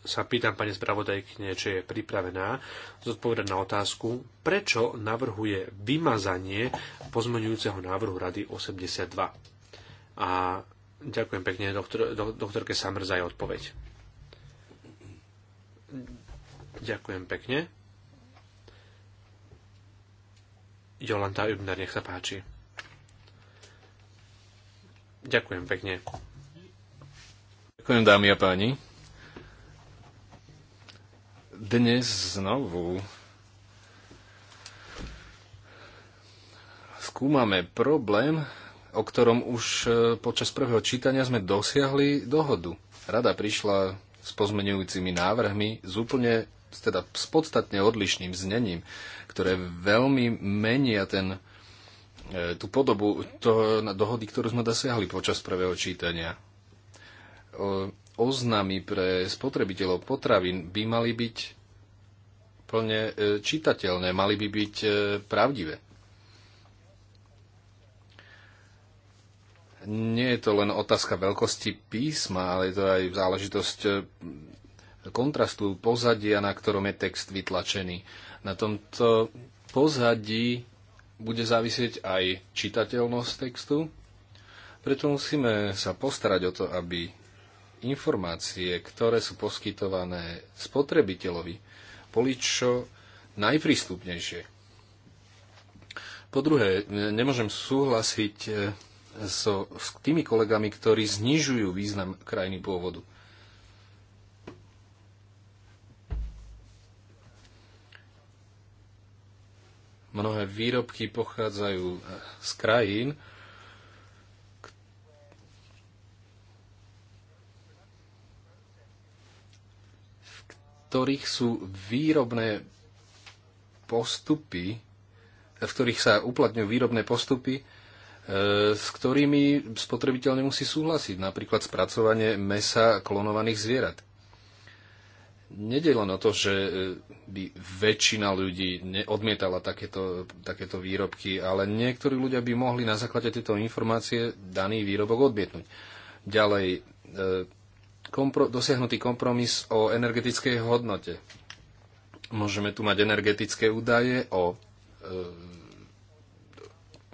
sa pýtam pani spravodajkyne, či je pripravená zodpovedať na otázku, prečo navrhuje vymazanie pozmeňujúceho návrhu Rady 82. A ďakujem pekne doktor, do, doktorke Samr za jej odpoveď. Ďakujem pekne. Jolanta Übner, nech sa páči. Ďakujem pekne. Ďakujem, dámy a páni. Dnes znovu skúmame problém, o ktorom už e, počas prvého čítania sme dosiahli dohodu. Rada prišla s pozmenujúcimi návrhmi s úplne teda s podstatne odlišným znením ktoré veľmi menia ten, e, tú podobu toho, na dohody, ktorú sme dosiahli počas prvého čítania. Oznamy pre spotrebiteľov potravín by mali byť plne e, čitateľné, mali by byť e, pravdivé. nie je to len otázka veľkosti písma, ale je to aj záležitosť kontrastu pozadia, na ktorom je text vytlačený. Na tomto pozadí bude závisieť aj čitateľnosť textu, preto musíme sa postarať o to, aby informácie, ktoré sú poskytované spotrebiteľovi, boli čo najprístupnejšie. Po druhé, nemôžem súhlasiť eh, so, s tými kolegami, ktorí znižujú význam krajiny pôvodu. Mnohé výrobky pochádzajú e, z krajín, v ktorých sú výrobné postupy, e, v ktorých sa uplatňujú výrobné postupy, e, s ktorými spotrebiteľ nemusí súhlasiť, napríklad spracovanie mesa klonovaných zvierat. Nede len o to, že e, by väčšina ľudí odmietala takéto, takéto výrobky, ale niektorí ľudia by mohli na základe tejto informácie daný výrobok odmietnúť. Ďalej, e, kompro, dosiahnutý kompromis o energetickej hodnote. Môžeme tu mať energetické údaje o, e,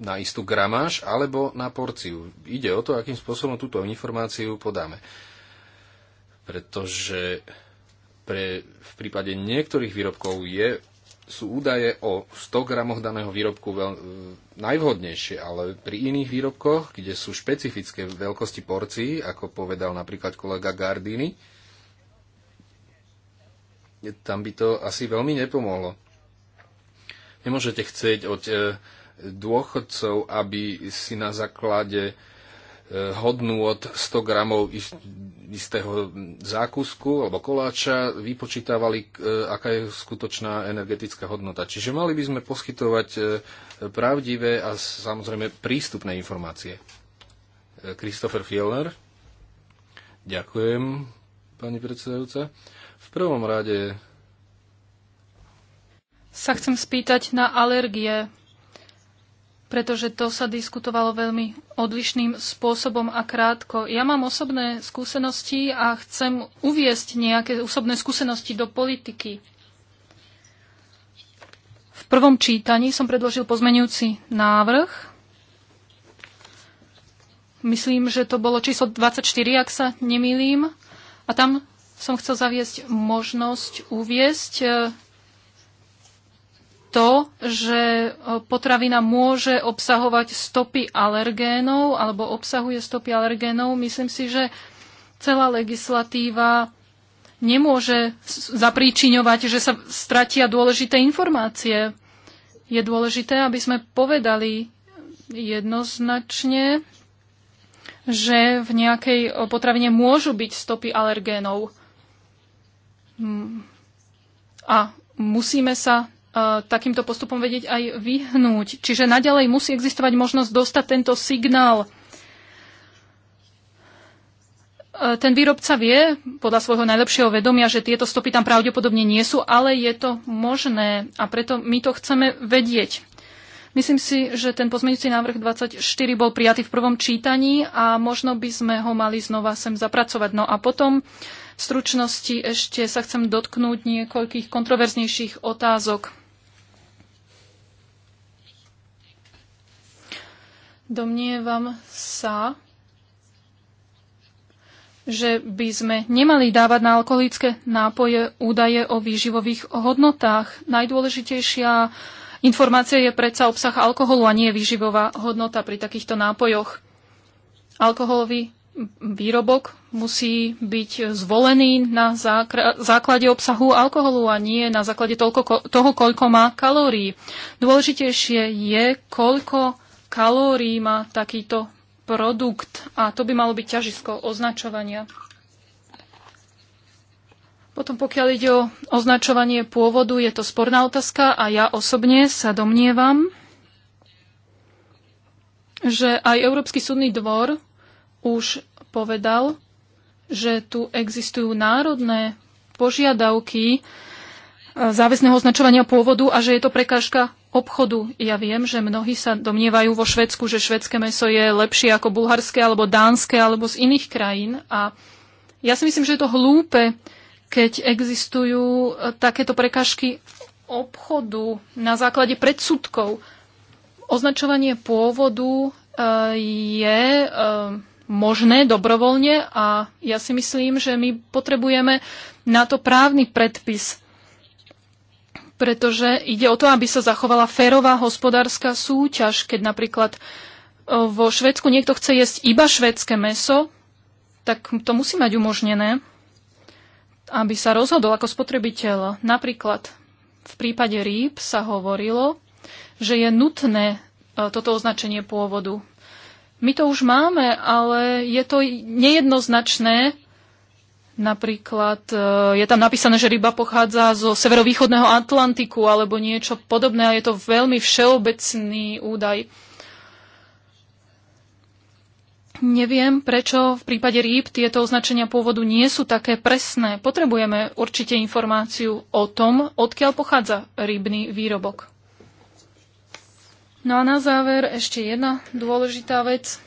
na istú gramáž alebo na porciu. Ide o to, akým spôsobom túto informáciu podáme. Pretože pre, v prípade niektorých výrobkov je, sú údaje o 100 gramoch daného výrobku veľ, najvhodnejšie, ale pri iných výrobkoch, kde sú špecifické veľkosti porcií, ako povedal napríklad kolega Gardini, tam by to asi veľmi nepomohlo. Nemôžete chcieť od e, dôchodcov, aby si na základe Eh, hodnú od 100 gramov istého zákusku alebo koláča, vypočítavali, eh, aká je skutočná energetická hodnota. Čiže mali by sme poskytovať eh, pravdivé a samozrejme prístupné informácie. Christopher Fielner. Ďakujem, pani predsedajúca. V prvom rade sa chcem spýtať na alergie pretože to sa diskutovalo veľmi odlišným spôsobom a krátko. Ja mám osobné skúsenosti a chcem uviesť nejaké osobné skúsenosti do politiky. V prvom čítaní som predložil pozmenujúci návrh. Myslím, že to bolo číslo 24, ak sa nemýlim. A tam som chcel zaviesť možnosť uviesť e, to, že e, potravina môže obsahovať stopy alergénov alebo obsahuje stopy alergénov, myslím si, že celá legislatíva nemôže zapríčiňovať, že sa stratia dôležité informácie. Je dôležité, aby sme povedali jednoznačne, že v nejakej e, potravine môžu byť stopy alergénov. A musíme sa takýmto postupom vedieť aj vyhnúť. Čiže naďalej musí existovať možnosť dostať tento signál. E, ten výrobca vie podľa svojho najlepšieho vedomia, že tieto stopy tam pravdepodobne nie sú, ale je to možné a preto my to chceme vedieť. Myslím si, že ten pozmeňujúci návrh 24 bol prijatý v prvom čítaní a možno by sme ho mali znova sem zapracovať. No a potom v stručnosti ešte sa chcem dotknúť niekoľkých kontroverznejších otázok. Domnievam sa, že by sme nemali dávať na alkoholické nápoje údaje o výživových hodnotách. Najdôležitejšia informácia je predsa obsah alkoholu a nie výživová hodnota pri takýchto nápojoch. Alkoholový výrobok musí byť zvolený na základe obsahu alkoholu a nie na základe toľko, toho, koľko má kalórií. Dôležitejšie je, koľko kalórií má takýto produkt a to by malo byť ťažisko označovania. Potom pokiaľ ide o označovanie pôvodu, je to sporná otázka a ja osobne sa domnievam, že aj Európsky súdny dvor už povedal, že tu existujú národné požiadavky e, záväzného označovania pôvodu a že je to prekážka obchodu. Ja viem, že mnohí sa domnievajú vo Švedsku, že švedské meso je lepšie ako bulharské alebo dánske alebo z iných krajín. A ja si myslím, že je to hlúpe, keď existujú eh, takéto prekažky obchodu na základe predsudkov. Označovanie pôvodu eh, je eh, možné dobrovoľne a ja si myslím, že my potrebujeme na to právny predpis pretože ide o to, aby sa zachovala férová hospodárska súťaž. Keď napríklad e, vo Švedsku niekto chce jesť iba švedské meso, tak to musí mať umožnené, aby sa rozhodol ako spotrebiteľ. Napríklad v prípade rýb sa hovorilo, že je nutné e, toto označenie pôvodu. My to už máme, ale je to nejednoznačné Napríklad e, je tam napísané, že ryba pochádza zo severovýchodného Atlantiku alebo niečo podobné a je to veľmi všeobecný údaj. Neviem, prečo v prípade rýb tieto označenia pôvodu nie sú také presné. Potrebujeme určite informáciu o tom, odkiaľ pochádza rybný výrobok. No a na záver ešte jedna dôležitá vec.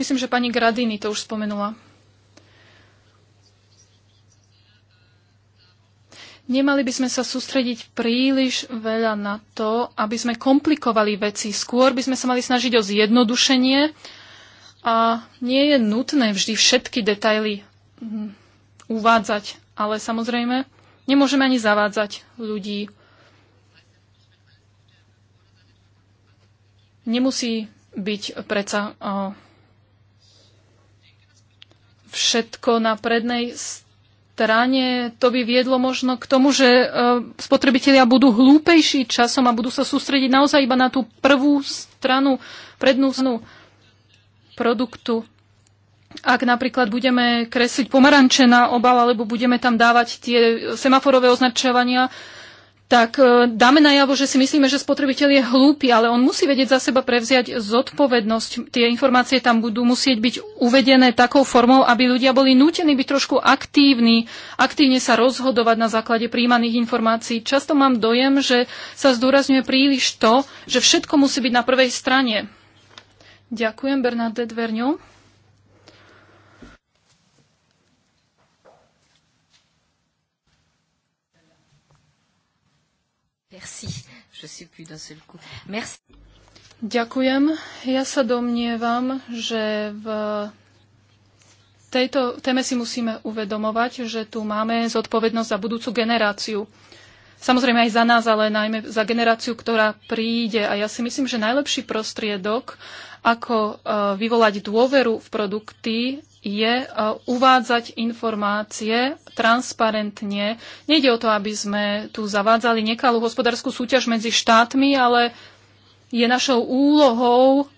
Myslím, že pani Gradini to už spomenula. Nemali by sme sa sústrediť príliš veľa na to, aby sme komplikovali veci. Skôr by sme sa mali snažiť o zjednodušenie a nie je nutné vždy všetky detaily hm, uvádzať, ale samozrejme nemôžeme ani zavádzať ľudí. Nemusí byť predsa všetko na prednej strane, to by viedlo možno k tomu, že e, spotrebitelia budú hlúpejší časom a budú sa sústrediť naozaj iba na tú prvú stranu, prednú stranu produktu. Ak napríklad budeme kresliť pomaranče na obal, alebo budeme tam dávať tie semaforové označovania, tak e, dáme najavo, že si myslíme, že spotrebiteľ je hlúpy, ale on musí vedieť za seba prevziať zodpovednosť. Tie informácie tam budú musieť byť uvedené takou formou, aby ľudia boli nútení byť trošku aktívni, aktívne sa rozhodovať na základe príjmaných informácií. Často mám dojem, že sa zdôrazňuje príliš to, že všetko musí byť na prvej strane. Ďakujem, Bernadette Verňo. Merci. Je plus d'un seul coup. Merci. Ďakujem. Ja sa domnievam, že v tejto téme si musíme uvedomovať, že tu máme zodpovednosť za budúcu generáciu. Samozrejme aj za nás, ale najmä za generáciu, ktorá príde. A ja si myslím, že najlepší prostriedok, ako e, vyvolať dôveru v produkty, je e, uvádzať informácie transparentne. Nejde o to, aby sme tu zavádzali nekalú hospodárskú súťaž medzi štátmi, ale je našou úlohou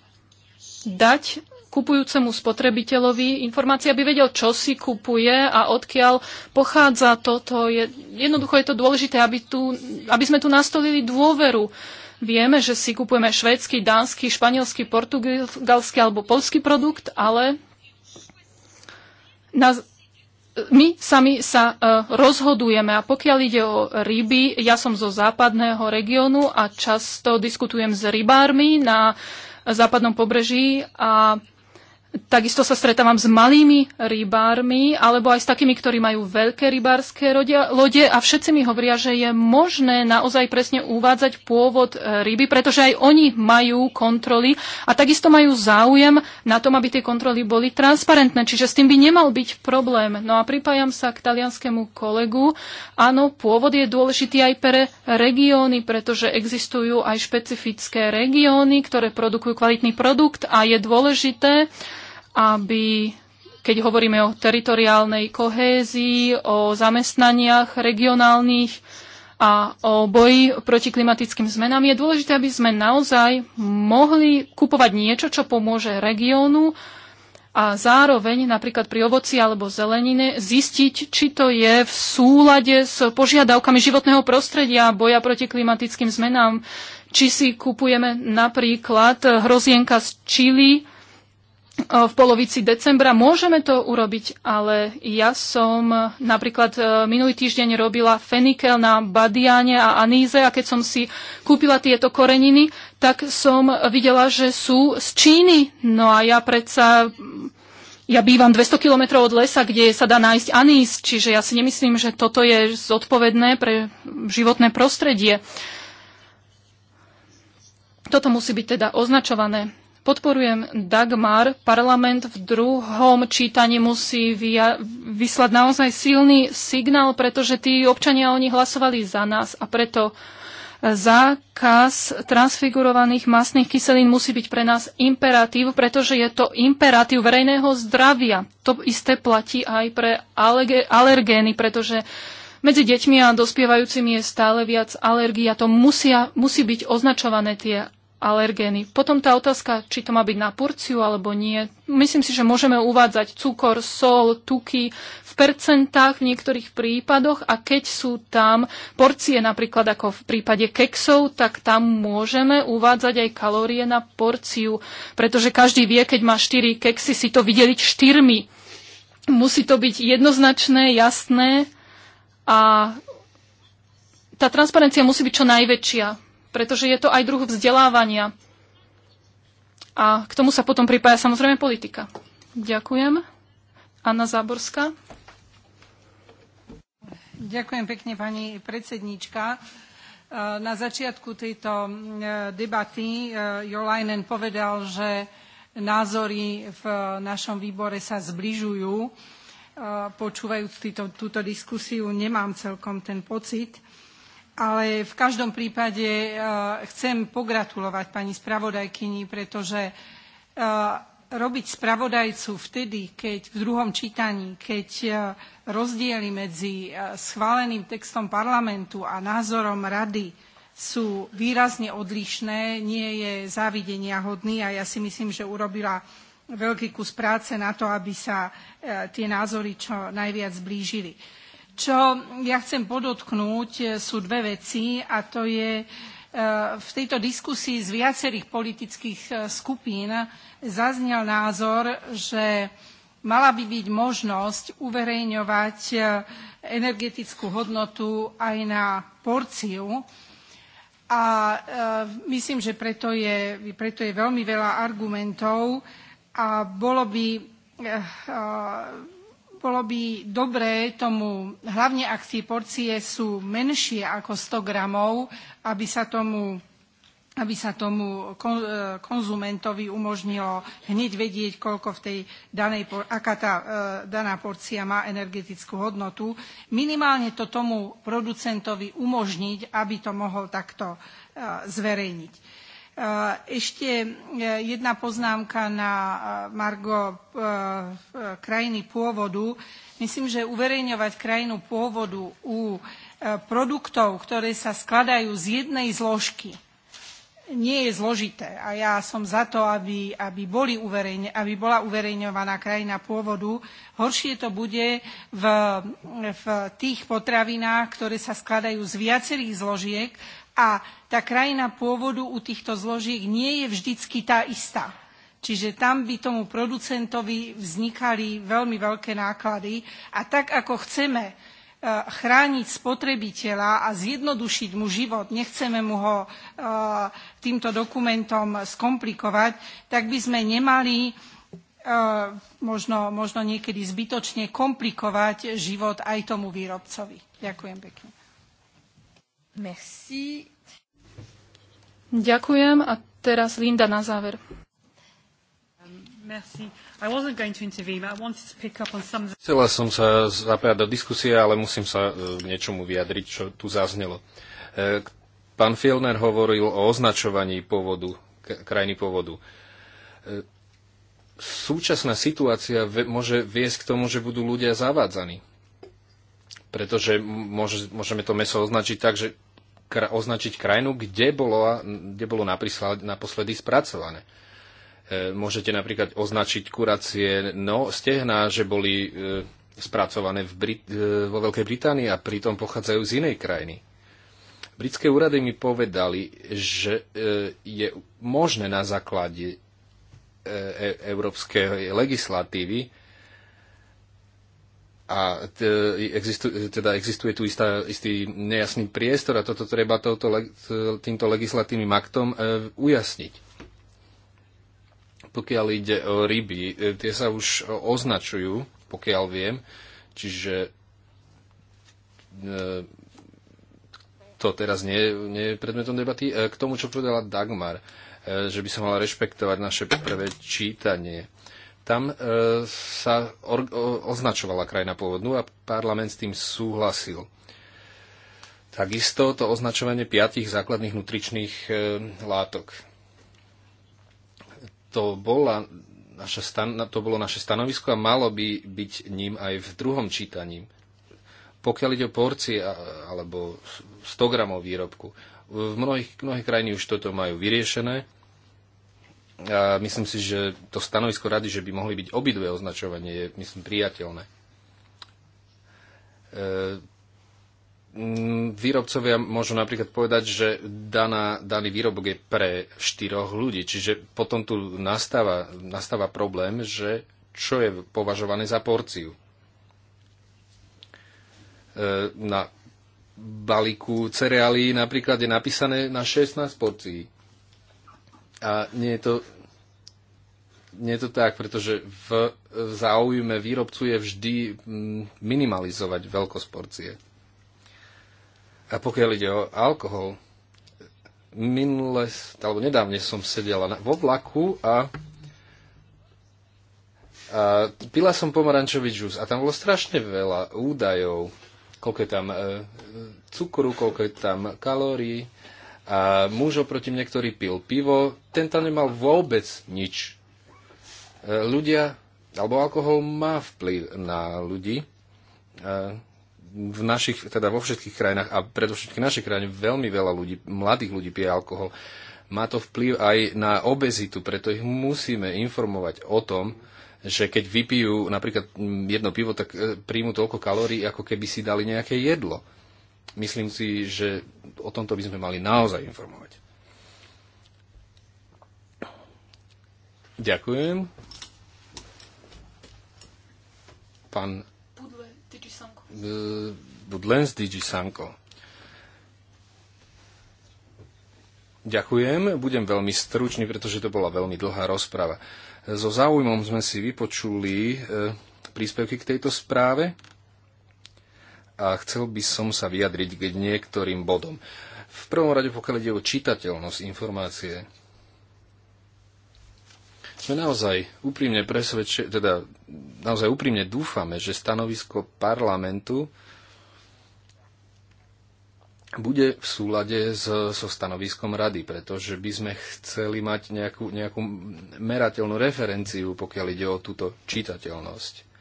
dať kupujúcemu spotrebiteľovi informácie, aby vedel, čo si kupuje a odkiaľ pochádza toto. Je, jednoducho je to dôležité, aby, tu, aby sme tu nastolili dôveru. Vieme, že si kupujeme švédsky, dánsky, španielsky, portugalský alebo polský produkt, ale na, my sami sa e, rozhodujeme a pokiaľ ide o ryby, ja som zo západného regiónu a často diskutujem s rybármi na západnom pobreží a Takisto sa stretávam s malými rybármi, alebo aj s takými, ktorí majú veľké rybárske lode a všetci mi hovoria, že je možné naozaj presne uvádzať pôvod e, ryby, pretože aj oni majú kontroly a takisto majú záujem na tom, aby tie kontroly boli transparentné, čiže s tým by nemal byť problém. No a pripájam sa k talianskému kolegu. Áno, pôvod je dôležitý aj pre regióny, pretože existujú aj špecifické regióny, ktoré produkujú kvalitný produkt a je dôležité, aby keď hovoríme o teritoriálnej kohézii, o zamestnaniach regionálnych a o boji proti klimatickým zmenám, je dôležité, aby sme naozaj mohli kupovať niečo, čo pomôže regiónu a zároveň napríklad pri ovoci alebo zelenine zistiť, či to je v súlade s požiadavkami životného prostredia, boja proti klimatickým zmenám, či si kupujeme napríklad hrozienka z Čili, v polovici decembra. Môžeme to urobiť, ale ja som eh, napríklad eh, minulý týždeň robila fenikel na badiane a aníze a keď som si kúpila tieto koreniny, tak som videla, že sú z Číny. No a ja predsa ja bývam 200 kilometrov od lesa, kde sa dá nájsť Aníz. čiže ja si nemyslím, že toto je zodpovedné pre životné prostredie. Toto musí byť teda označované. Podporujem Dagmar. Parlament v druhom čítaní musí vyslať naozaj silný signál, pretože tí občania oni hlasovali za nás a preto e, zákaz transfigurovaných masných kyselín musí byť pre nás imperatív, pretože je to imperatív verejného zdravia. To isté platí aj pre alergény, pretože medzi deťmi a dospievajúcimi je stále viac alergií a to musia, musí byť označované tie alergény. Potom tá otázka, či to má byť na porciu alebo nie. Myslím si, že môžeme uvádzať cukor, sol, tuky v percentách v niektorých prípadoch a keď sú tam porcie napríklad ako v prípade keksov, tak tam môžeme uvádzať aj kalórie na porciu, pretože každý vie, keď má 4 keksy, si to videliť štyrmi. Musí to byť jednoznačné, jasné a tá transparencia musí byť čo najväčšia pretože je to aj druh vzdelávania. A k tomu sa potom pripája samozrejme politika. Ďakujem. Anna Záborská. Ďakujem pekne, pani predsednička. Na začiatku tejto e, debaty e, Jolajnen povedal, že názory v našom výbore sa zbližujú. E, počúvajúc túto diskusiu, nemám celkom ten pocit ale v každom prípade e, chcem pogratulovať pani spravodajkyni, pretože e, robiť spravodajcu vtedy, keď v druhom čítaní, keď e, rozdiely medzi schváleným textom parlamentu a názorom rady sú výrazne odlišné, nie je závidenia hodný a ja si myslím, že urobila veľký kus práce na to, aby sa tie názory čo najviac zblížili. Čo ja chcem podotknúť, e, sú dve veci a to je e, v tejto diskusii z viacerých politických e, skupín zaznel názor, že mala by byť možnosť uverejňovať energetickú hodnotu aj na porciu. A myslím, že preto je, preto je veľmi veľa argumentov a bolo by bolo by dobré tomu, hlavne ak tie porcie sú menšie ako 100 gramov, aby sa tomu aby sa tomu e, konzumentovi umožnilo hneď vedieť, koľko v tej danej, aká tá e, daná porcia má energetickú hodnotu. Minimálne to tomu producentovi umožniť, aby to mohol takto e, zverejniť. Eh, ešte eh, jedna poznámka na eh, Margo krajiny pôvodu. Myslím, že uverejňovať krajinu pôvodu u produktov, ktoré sa skladajú z jednej zložky, nie je zložité. A ja som za to, aby, aby, boli uverejne, aby bola uverejňovaná krajina pôvodu. Horšie to bude v, v tých potravinách, ktoré sa skladajú z viacerých zložiek, a tá krajina pôvodu u týchto zložiek nie je vždycky tá istá. Čiže tam by tomu producentovi vznikali veľmi veľké náklady. A tak ako chceme eh, chrániť spotrebiteľa a zjednodušiť mu život, nechceme mu ho eh, týmto dokumentom skomplikovať, tak by sme nemali eh, možno, možno niekedy zbytočne komplikovať život aj tomu výrobcovi. Ďakujem pekne. Merci. Ďakujem a teraz Linda na záver. Um, Chcela som sa zapájať do diskusie, ale musím sa k e, niečomu vyjadriť, čo tu zaznelo. E, pán Fielner hovoril o označovaní pôvodu, krajiny pôvodu. E, súčasná situácia môže viesť k tomu, že budú ľudia zavádzaní pretože môže, môžeme to meso označiť tak, že kra, označiť krajinu, kde bolo, kde bolo naposledy spracované. E, môžete napríklad označiť kuracie no, stehná, že boli e, spracované v Brit- e, vo Veľkej Británii a pritom pochádzajú z inej krajiny. Britské úrady mi povedali, že e, je možné na základe e, e, európskej legislatívy a e, teda existuje tu istá, istý nejasný priestor a toto treba toto, týmto legislatívnym aktom e, ujasniť. Pokiaľ ide o ryby, e, tie sa už označujú, pokiaľ viem, čiže to teraz nie, nie je predmetom debaty. K tomu, čo povedala Dagmar, že by sa mala rešpektovať naše prvé čítanie tam e, sa označovala krajina pôvodnú a parlament s tým súhlasil. Takisto to označovanie piatich základných nutričných e, látok. To, bola naša stan- to bolo naše stanovisko a malo by byť ním aj v druhom čítaní. Pokiaľ ide o porcie alebo 100 gramov výrobku, v mnohých, mnohých krajiny už toto majú vyriešené a myslím si, že to stanovisko rady, že by mohli byť obidve označovanie, je, myslím, priateľné. E, výrobcovia môžu napríklad povedať, že daná, daný výrobok je pre štyroch ľudí. Čiže potom tu nastáva, nastáva problém, že čo je považované za porciu. E, na balíku cereálií napríklad je napísané na 16 porcií. A nie je to, nie je to tak, pretože v, v záujme výrobcu je vždy mm, minimalizovať veľkosť porcie. A pokiaľ ide o alkohol, minule, alebo nedávne som sedela na, vo vlaku a, a pila som pomarančový džús a tam bolo strašne veľa údajov, koľko je tam e, e cukru, koľko je tam kalórií a muž oproti mne, ktorý pil pivo, ten tam nemal vôbec nič. E, ľudia, alebo alkohol má vplyv na ľudí e, v našich, teda vo všetkých krajinách a predovšetkým v našej krajine veľmi veľa ľudí, mladých ľudí pije alkohol. Má to vplyv aj na obezitu, preto ich musíme informovať o tom, že keď vypijú napríklad jedno pivo, tak e, príjmu toľko kalórií, ako keby si dali nejaké jedlo myslím si, že o tomto by sme mali naozaj informovať. Ďakujem. Pán e, Budlen z Sanko. Ďakujem, budem veľmi stručný, pretože to bola veľmi dlhá rozprava. So záujmom sme si vypočuli e, príspevky k tejto správe a chcel by som sa vyjadriť k niektorým bodom. V prvom rade, pokiaľ ide o čitateľnosť informácie, sme naozaj úprimne presvedčení, teda naozaj úprimne dúfame, že stanovisko parlamentu bude v súlade so stanoviskom rady, pretože by sme chceli mať nejakú, nejakú merateľnú referenciu, pokiaľ ide o túto čitateľnosť.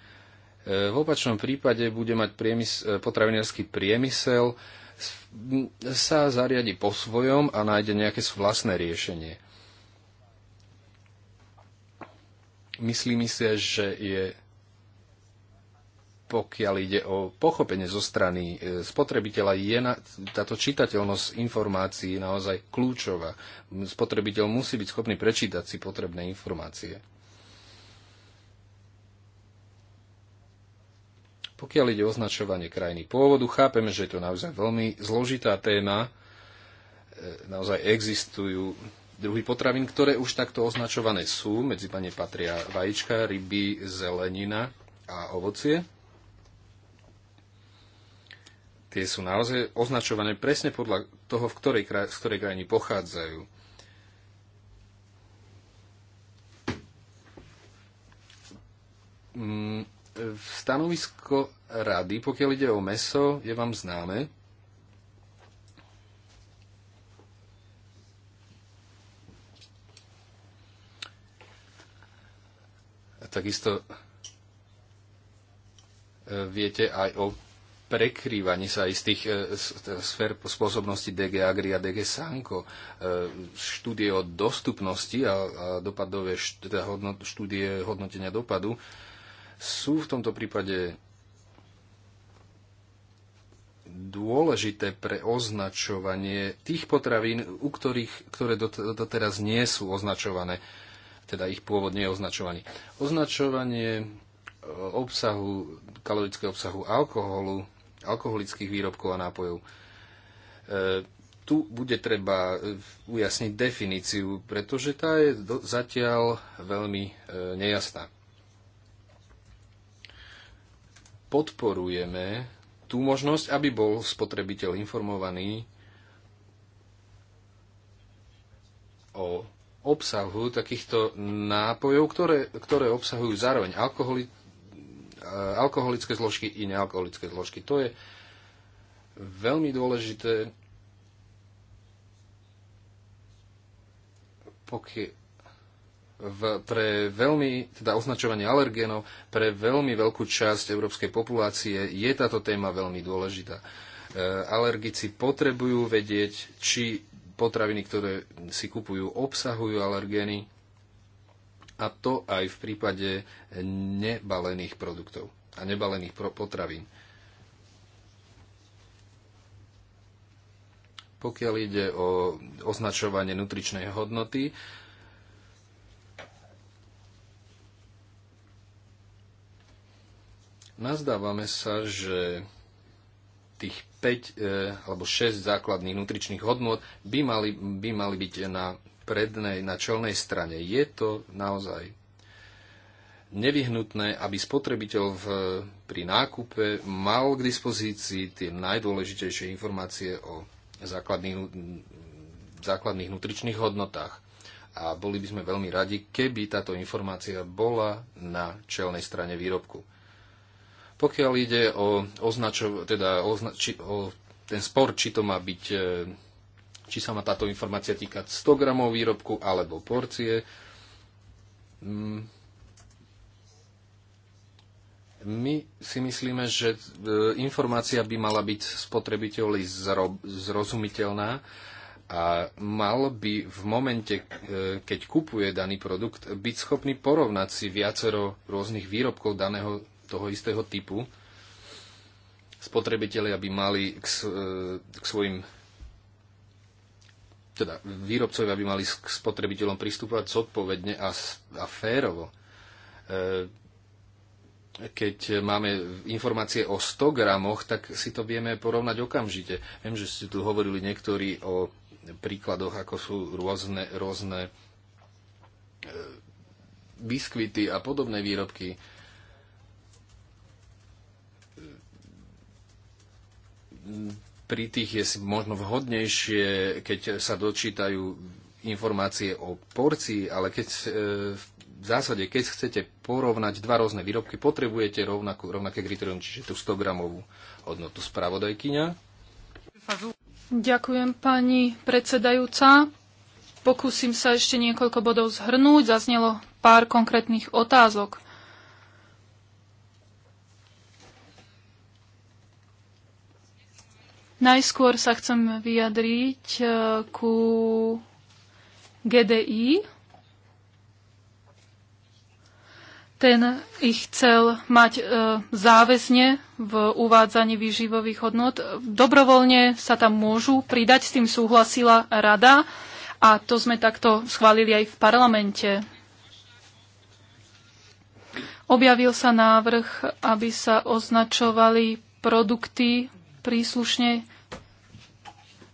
E, v opačnom prípade bude mať priemysel, potravinársky priemysel sa zariadi po svojom a nájde nejaké vlastné riešenie. Myslím si, že je pokiaľ ide o pochopenie zo strany e, spotrebiteľa, je na, táto čitateľnosť informácií naozaj kľúčová. Spotrebiteľ musí byť schopný prečítať si potrebné informácie. Pokiaľ ide o označovanie krajiny pôvodu, chápeme, že je to naozaj veľmi zložitá téma. E, naozaj existujú druhy potravín, ktoré už takto označované sú. Medzi pane patria vajíčka, ryby, zelenina a ovocie. Tie sú naozaj označované presne podľa toho, v ktorej, z ktorej krajiny pochádzajú. mm, v stanovisko rady, pokiaľ ide o meso, je vám známe. Takisto e, viete aj o prekrývaní sa istých e, sfér spôsobnosti DG Agri a DG Sanko. E, štúdie o dostupnosti a dopadové teda štúdie hodnotenia dopadu sú v tomto prípade dôležité pre označovanie tých potravín, u ktorých, ktoré doteraz nie sú označované, teda ich pôvod nie je označovaný. Označovanie e, obsahu, kalorického obsahu alkoholu, alkoholických výrobkov a nápojov. E, tu bude treba e, ujasniť definíciu, pretože tá je do, zatiaľ veľmi e, nejasná. podporujeme tú možnosť, aby bol spotrebiteľ informovaný o obsahu takýchto nápojov, ktoré, ktoré obsahujú zároveň alkoholi, alkoholické zložky i nealkoholické zložky. To je veľmi dôležité, pokiaľ v, pre veľmi, teda označovanie alergénov, pre veľmi veľkú časť európskej populácie je táto téma veľmi dôležitá. E, alergici potrebujú vedieť, či potraviny, ktoré si kupujú, obsahujú alergény a to aj v prípade nebalených produktov a nebalených potravín. Pokiaľ ide o označovanie nutričnej hodnoty, Nazdávame sa, že tých 5 e, alebo 6 základných nutričných hodnot by mali, by mali byť na prednej, na čelnej strane. Je to naozaj nevyhnutné, aby spotrebiteľ v, pri nákupe mal k dispozícii tie najdôležitejšie informácie o základných, základných nutričných hodnotách. A boli by sme veľmi radi, keby táto informácia bola na čelnej strane výrobku. Pokiaľ ide o, označov, teda o ten spor, či to má byť, e, či sa má táto informácia týkať 100 gramov výrobku alebo porcie, mm, my si myslíme, že e, informácia by mala byť spotrebiteľi zrozumiteľná a mal by v momente, e, keď kupuje daný produkt, byť schopný porovnať si viacero rôznych výrobkov daného toho istého typu, spotrebitelia by mali k, e, k svojim teda výrobcovia by mali k spotrebiteľom pristupovať zodpovedne a, a férovo. E, keď máme informácie o 100 gramoch, tak si to vieme porovnať okamžite. Viem, že ste tu hovorili niektorí o príkladoch, ako sú rôzne, rôzne e, biskvity a podobné výrobky. pri tých je možno vhodnejšie, keď sa dočítajú informácie o porcii, ale keď e, v zásade, keď chcete porovnať dva rôzne výrobky, potrebujete rovnakú, rovnaké kritérium, čiže tú 100-gramovú hodnotu spravodajkyňa. Ďakujem, pani predsedajúca. Pokúsim sa ešte niekoľko bodov zhrnúť. Zaznelo pár konkrétnych otázok. Najskôr sa chcem vyjadriť e, ku GDI. Ten ich chcel mať e, záväzne v uvádzaní výživových hodnot. Dobrovoľne sa tam môžu pridať, s tým súhlasila rada a to sme takto schválili aj v parlamente. Objavil sa návrh, aby sa označovali produkty príslušne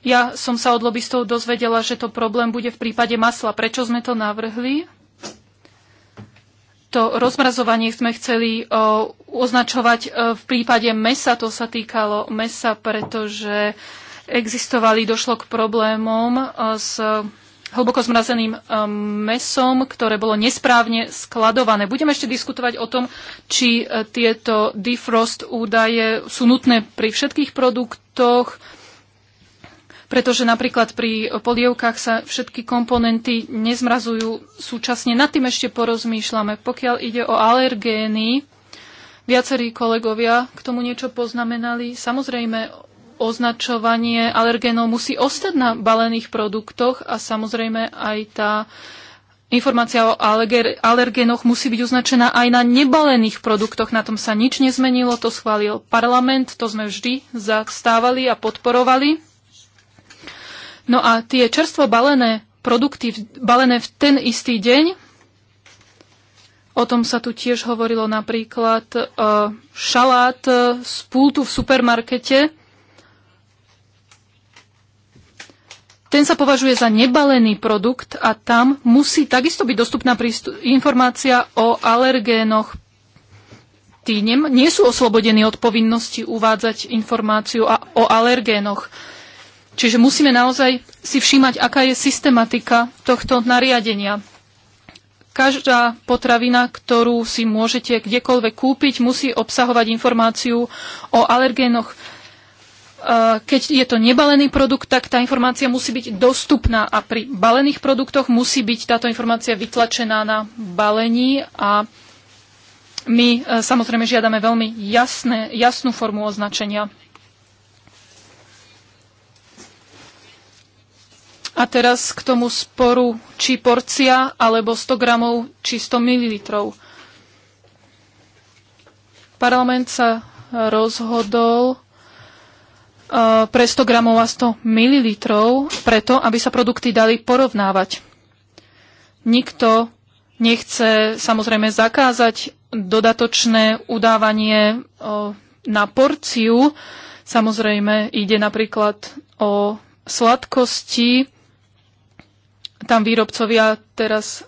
ja som sa od lobbystov dozvedela, že to problém bude v prípade masla. Prečo sme to navrhli? To rozmrazovanie sme chceli o, e, označovať o, e, v prípade mesa, to sa týkalo mesa, pretože existovali, došlo k problémom o, e, s hlboko zmrazeným mesom, ktoré bolo nesprávne skladované. Budeme ešte diskutovať o tom, či tieto defrost údaje sú nutné pri všetkých produktoch, pretože napríklad pri polievkách sa všetky komponenty nezmrazujú súčasne. Nad tým ešte porozmýšľame. Pokiaľ ide o alergény, viacerí kolegovia k tomu niečo poznamenali. Samozrejme, označovanie alergénov musí ostať na balených produktoch a samozrejme aj tá Informácia o alergénoch musí byť označená aj na nebalených produktoch. Na tom sa nič nezmenilo, to schválil parlament, to sme vždy zastávali a podporovali. No a tie čerstvo balené produkty, balené v ten istý deň, o tom sa tu tiež hovorilo napríklad e, šalát e, z pultu v supermarkete, Ten sa považuje za nebalený produkt a tam musí takisto byť dostupná informácia o alergénoch. Tí nie sú oslobodení od povinnosti uvádzať informáciu o alergénoch. Čiže musíme naozaj si všímať, aká je systematika tohto nariadenia. Každá potravina, ktorú si môžete kdekoľvek kúpiť, musí obsahovať informáciu o alergénoch. E, keď je to nebalený produkt, tak tá informácia musí byť dostupná a pri balených produktoch musí byť táto informácia vytlačená na balení a my e, samozrejme žiadame veľmi jasné, jasnú formu označenia. A teraz k tomu sporu, či porcia alebo 100 gramov, či 100 mililitrov. Parlament sa rozhodol e, pre 100 gramov a 100 mililitrov preto aby sa produkty dali porovnávať. Nikto nechce samozrejme zakázať dodatočné udávanie na porciu. Samozrejme ide napríklad o sladkosti, tam výrobcovia teraz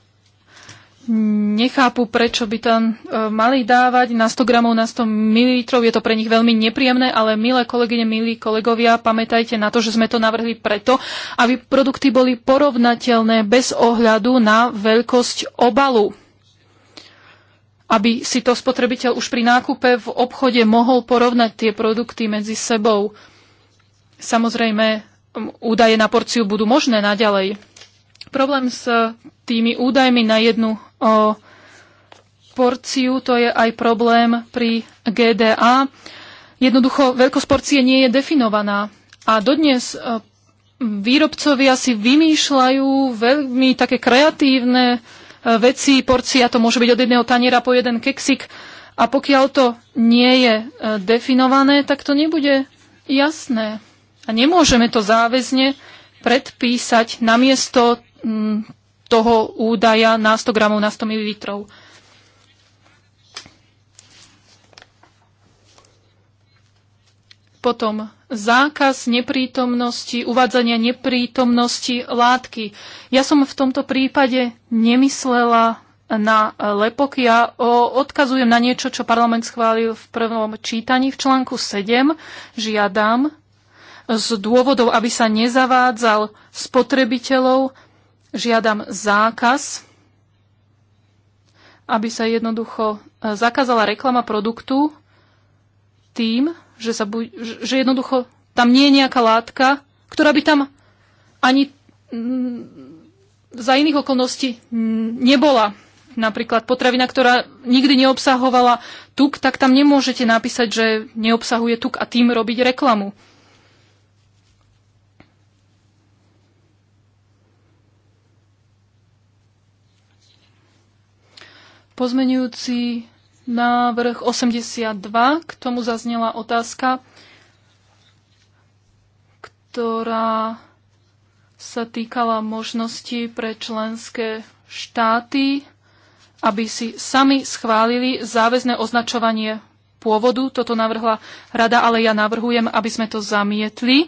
nechápu, prečo by tam e, mali dávať na 100 gramov na 100 ml. Je to pre nich veľmi nepríjemné, ale milé kolegyne, milí kolegovia, pamätajte na to, že sme to navrhli preto, aby produkty boli porovnateľné bez ohľadu na veľkosť obalu. Aby si to spotrebiteľ už pri nákupe v obchode mohol porovnať tie produkty medzi sebou. Samozrejme, údaje na porciu budú možné naďalej. Problém s tými údajmi na jednu o, porciu, to je aj problém pri GDA. Jednoducho, veľkosť porcie nie je definovaná. A dodnes e, výrobcovia si vymýšľajú veľmi také kreatívne e, veci, porcia to môže byť od jedného taniera po jeden keksik. A pokiaľ to nie je e, definované, tak to nebude jasné. A nemôžeme to záväzne predpísať namiesto Mm, toho údaja na 100 gramov na 100 ml. Potom zákaz neprítomnosti, uvádzania neprítomnosti látky. Ja som v tomto prípade nemyslela na lepoky. Ja odkazujem na niečo, čo parlament schválil v prvom čítaní. V článku 7 žiadam z dôvodov, aby sa nezavádzal spotrebiteľov žiadam zákaz, aby sa jednoducho e, zakázala reklama produktu tým, že, sa bu- že jednoducho tam nie je nejaká látka, ktorá by tam ani mm, za iných okolností nebola. Napríklad potravina, ktorá nikdy neobsahovala tuk, tak tam nemôžete napísať, že neobsahuje tuk a tým robiť reklamu. Pozmenujúci návrh 82, k tomu zaznela otázka, ktorá sa týkala možnosti pre členské štáty, aby si sami schválili záväzné označovanie pôvodu. Toto navrhla rada, ale ja navrhujem, aby sme to zamietli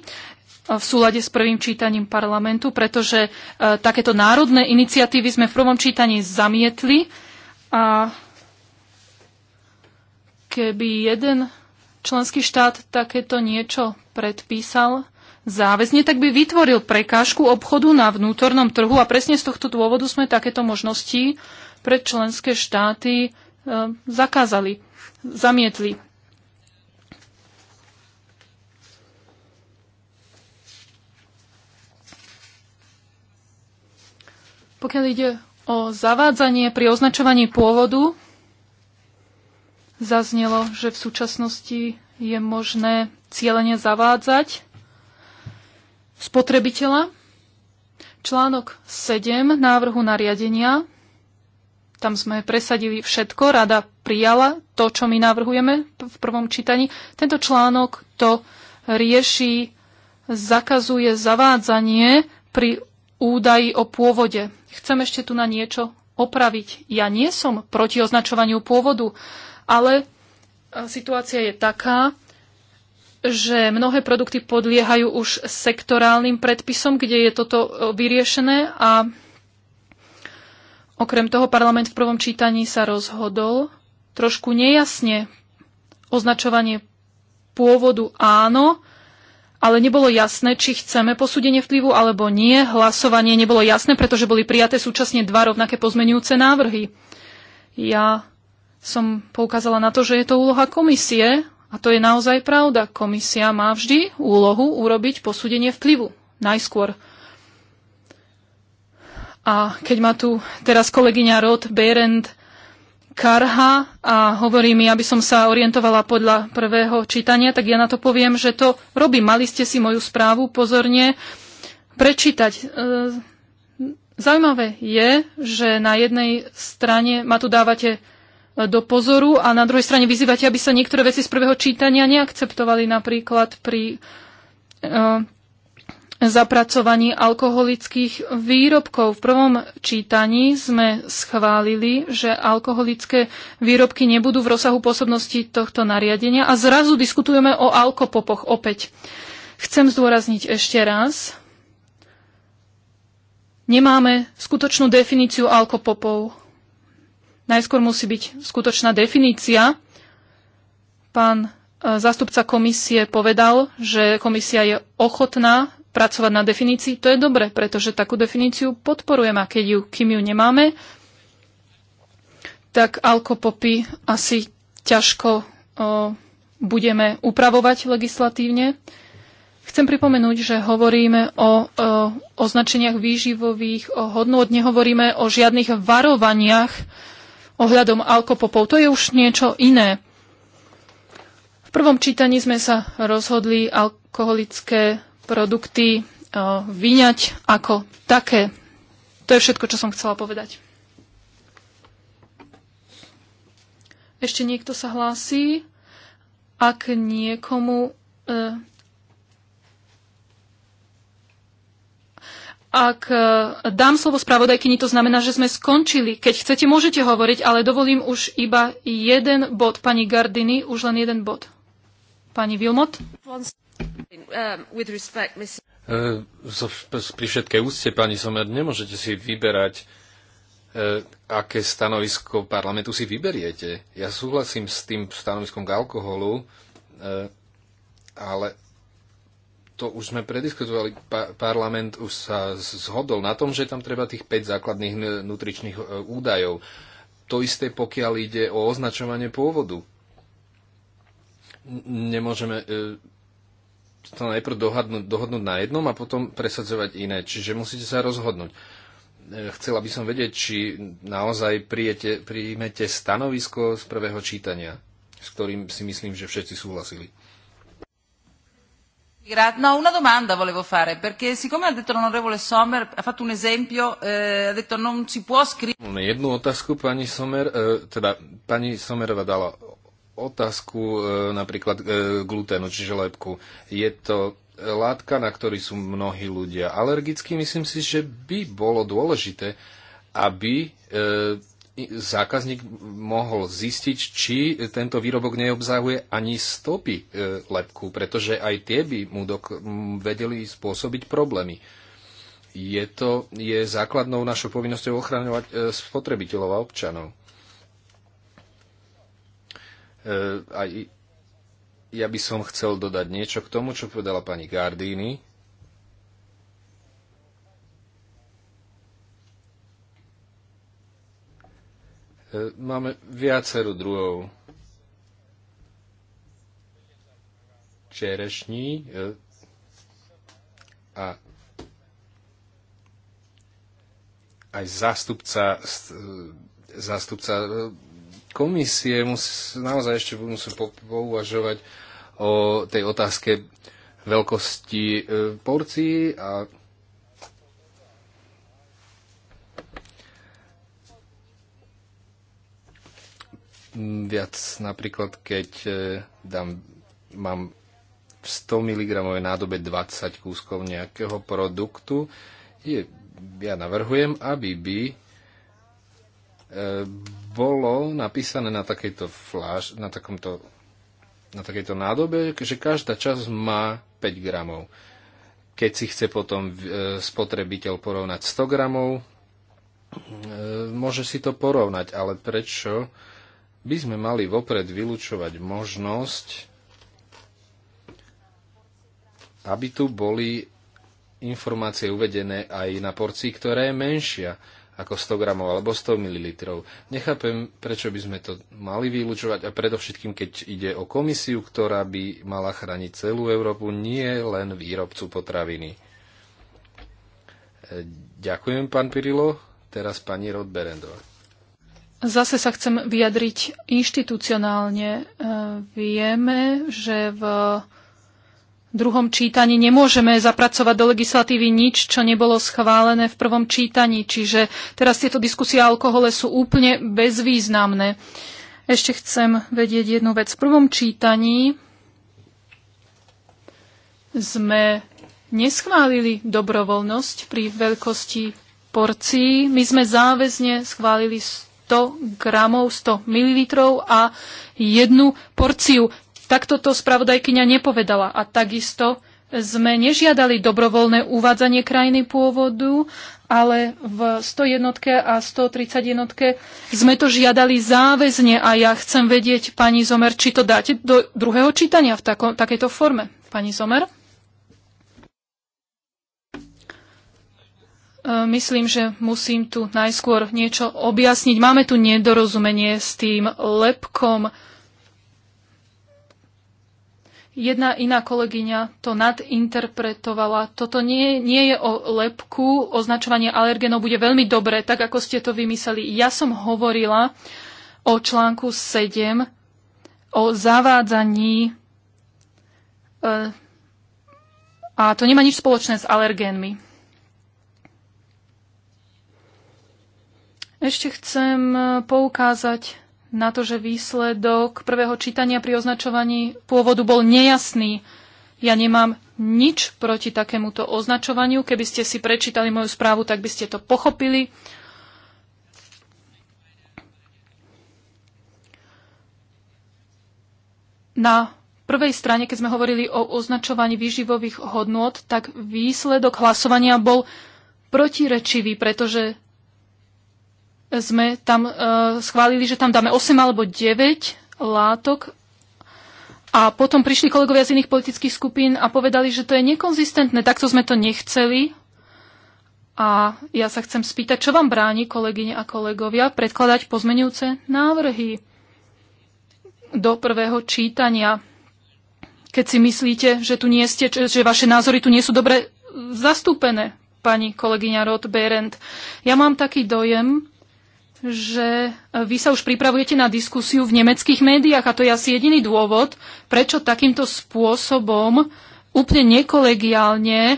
v súlade s prvým čítaním parlamentu, pretože e, takéto národné iniciatívy sme v prvom čítaní zamietli a keby jeden členský štát takéto niečo predpísal záväzne, tak by vytvoril prekážku obchodu na vnútornom trhu a presne z tohto dôvodu sme takéto možnosti pre členské štáty e, zakázali, zamietli. Pokiaľ ide o zavádzanie pri označovaní pôvodu. Zaznelo, že v súčasnosti je možné cieľene zavádzať spotrebiteľa. Článok 7 návrhu nariadenia. Tam sme presadili všetko, rada prijala to, čo my navrhujeme v prvom čítaní. Tento článok to rieši, zakazuje zavádzanie pri údaji o pôvode chcem ešte tu na niečo opraviť. Ja nie som proti označovaniu pôvodu, ale e, situácia je taká, že mnohé produkty podliehajú už sektorálnym predpisom, kde je toto e, vyriešené a okrem toho parlament v prvom čítaní sa rozhodol trošku nejasne označovanie pôvodu áno, ale nebolo jasné, či chceme posúdenie vplyvu alebo nie. Hlasovanie nebolo jasné, pretože boli prijaté súčasne dva rovnaké pozmenujúce návrhy. Ja som poukázala na to, že je to úloha komisie a to je naozaj pravda. Komisia má vždy úlohu urobiť posúdenie vplyvu. Najskôr. A keď ma tu teraz kolegyňa Rod Berend Karha a hovorí mi, aby som sa orientovala podľa prvého čítania, tak ja na to poviem, že to robím. Mali ste si moju správu pozorne prečítať. E, zaujímavé je, že na jednej strane ma tu dávate e, do pozoru a na druhej strane vyzývate, aby sa niektoré veci z prvého čítania neakceptovali, napríklad pri e, zapracovaní alkoholických výrobkov. V prvom čítaní sme schválili, že alkoholické výrobky nebudú v rozsahu pôsobnosti tohto nariadenia a zrazu diskutujeme o alkopopoch opäť. Chcem zdôrazniť ešte raz, nemáme skutočnú definíciu alkopopov. Najskôr musí byť skutočná definícia. Pán e, zástupca komisie povedal, že komisia je ochotná pracovať na definícii, to je dobre, pretože takú definíciu podporujem a keď ju, kým ju nemáme, tak alkopopy asi ťažko o, budeme upravovať legislatívne. Chcem pripomenúť, že hovoríme o, o označeniach výživových o hodnot, nehovoríme o žiadnych varovaniach ohľadom alkopopov. To je už niečo iné. V prvom čítaní sme sa rozhodli alkoholické produkty eh, vyňať ako také. To je všetko, čo som chcela povedať. Ešte niekto sa hlási? Ak niekomu... Eh, ak eh, dám slovo spravodajkyni, to znamená, že sme skončili. Keď chcete, môžete hovoriť, ale dovolím už iba jeden bod. Pani Gardiny, už len jeden bod. Pani Vilmot? Um, e, pri všetkej úcte, pani Somer, nemôžete si vyberať, e, aké stanovisko parlamentu si vyberiete. Ja súhlasím s tým stanoviskom k alkoholu, e, ale to už sme prediskutovali. parlament už sa zhodol na tom, že tam treba tých 5 základných nutričných údajov. To isté, pokiaľ ide o označovanie pôvodu. Nemôžeme to najprv dohodnúť, dohodnúť na jednom a potom presadzovať iné. Čiže musíte sa rozhodnúť. E, chcela by som vedieť, či naozaj prijete, prijmete stanovisko z prvého čítania, s ktorým si myslím, že všetci súhlasili. No, una domanda volevo fare, perché siccome ha detto l'onorevole Sommer, ha fatto un esempio, eh, ha detto non si può scrivere... Jednu otázku pani Sommer, eh, teda pani Sommerova dala otázku e, napríklad e, gluténu, čiže lepku. Je to látka, na ktorý sú mnohí ľudia alergickí. Myslím si, že by bolo dôležité, aby e, zákazník mohol zistiť, či tento výrobok neobzahuje ani stopy lepku, pretože aj tie by mu dok vedeli spôsobiť problémy. Je to je základnou našou povinnosťou ochraňovať spotrebiteľov a občanov. E, aj ja by som chcel dodať niečo k tomu, čo povedala pani Gardini. E, máme viacero druhov čerešní e, a aj zástupca, zástupca komisie musí, naozaj ešte budú musieť pouvažovať o tej otázke veľkosti e, porcií a viac napríklad, keď e, dám, mám v 100 mg nádobe 20 kúskov nejakého produktu, je, ja navrhujem, aby by E, bolo napísané na, takejto fláž, na, takomto, na takejto nádobe, že každá časť má 5 gramov. Keď si chce potom e, spotrebiteľ porovnať 100 gramov, e, môže si to porovnať, ale prečo by sme mali vopred vylúčovať možnosť, aby tu boli informácie uvedené aj na porcii, ktorá je menšia ako 100 gramov alebo 100 ml. Nechápem, prečo by sme to mali vylúčovať a predovšetkým, keď ide o komisiu, ktorá by mala chrániť celú Európu, nie len výrobcu potraviny. E, ďakujem, pán Pirilo. Teraz pani Rod Berendová. Zase sa chcem vyjadriť inštitucionálne. E, vieme, že v druhom čítaní nemôžeme zapracovať do legislatívy nič, čo nebolo schválené v prvom čítaní. Čiže teraz tieto diskusie o alkohole sú úplne bezvýznamné. Ešte chcem vedieť jednu vec. V prvom čítaní sme neschválili dobrovoľnosť pri veľkosti porcií. My sme záväzne schválili 100 gramov, 100 ml a jednu porciu tak toto spravodajkyňa nepovedala. A takisto sme nežiadali dobrovoľné uvádzanie krajiny pôvodu, ale v 101 jednotke a 130 jednotke sme to žiadali záväzne a ja chcem vedieť, pani Zomer, či to dáte do druhého čítania v tako, takejto forme. Pani Zomer? E, myslím, že musím tu najskôr niečo objasniť. Máme tu nedorozumenie s tým lepkom Jedna iná kolegyňa to nadinterpretovala. Toto nie, nie je o lepku. Označovanie alergenov bude veľmi dobré, tak ako ste to vymysleli. Ja som hovorila o článku 7, o zavádzaní e, a to nemá nič spoločné s alergénmi. Ešte chcem eh, poukázať na to, že výsledok prvého čítania pri označovaní pôvodu bol nejasný. Ja nemám nič proti takémuto označovaniu. Keby ste si prečítali moju správu, tak by ste to pochopili. Na prvej strane, keď sme hovorili o označovaní výživových hodnôt, tak výsledok hlasovania bol protirečivý, pretože sme tam uh, schválili, že tam dáme 8 alebo 9 látok a potom prišli kolegovia z iných politických skupín a povedali, že to je nekonzistentné, takto sme to nechceli. A ja sa chcem spýtať, čo vám bráni, kolegyne a kolegovia, predkladať pozmenujúce návrhy do prvého čítania, keď si myslíte, že, tu nie ste, že vaše názory tu nie sú dobre zastúpené, pani kolegyňa Roth Berend. Ja mám taký dojem, že e, vy sa už pripravujete na diskusiu v nemeckých médiách a to je asi jediný dôvod, prečo takýmto spôsobom úplne nekolegiálne e,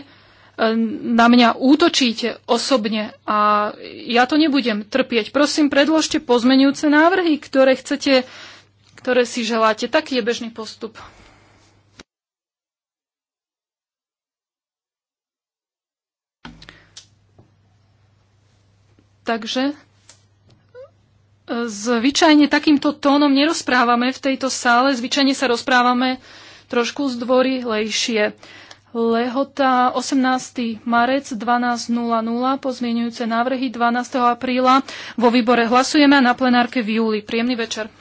na mňa útočíte osobne a ja to nebudem trpieť. Prosím, predložte pozmenujúce návrhy, ktoré chcete, ktoré si želáte. Taký je bežný postup. Takže Zvyčajne takýmto tónom nerozprávame v tejto sále, zvyčajne sa rozprávame trošku lejšie. Lehota 18. marec 12.00, pozmienujúce návrhy 12. apríla. Vo výbore hlasujeme a na plenárke v júli. Príjemný večer.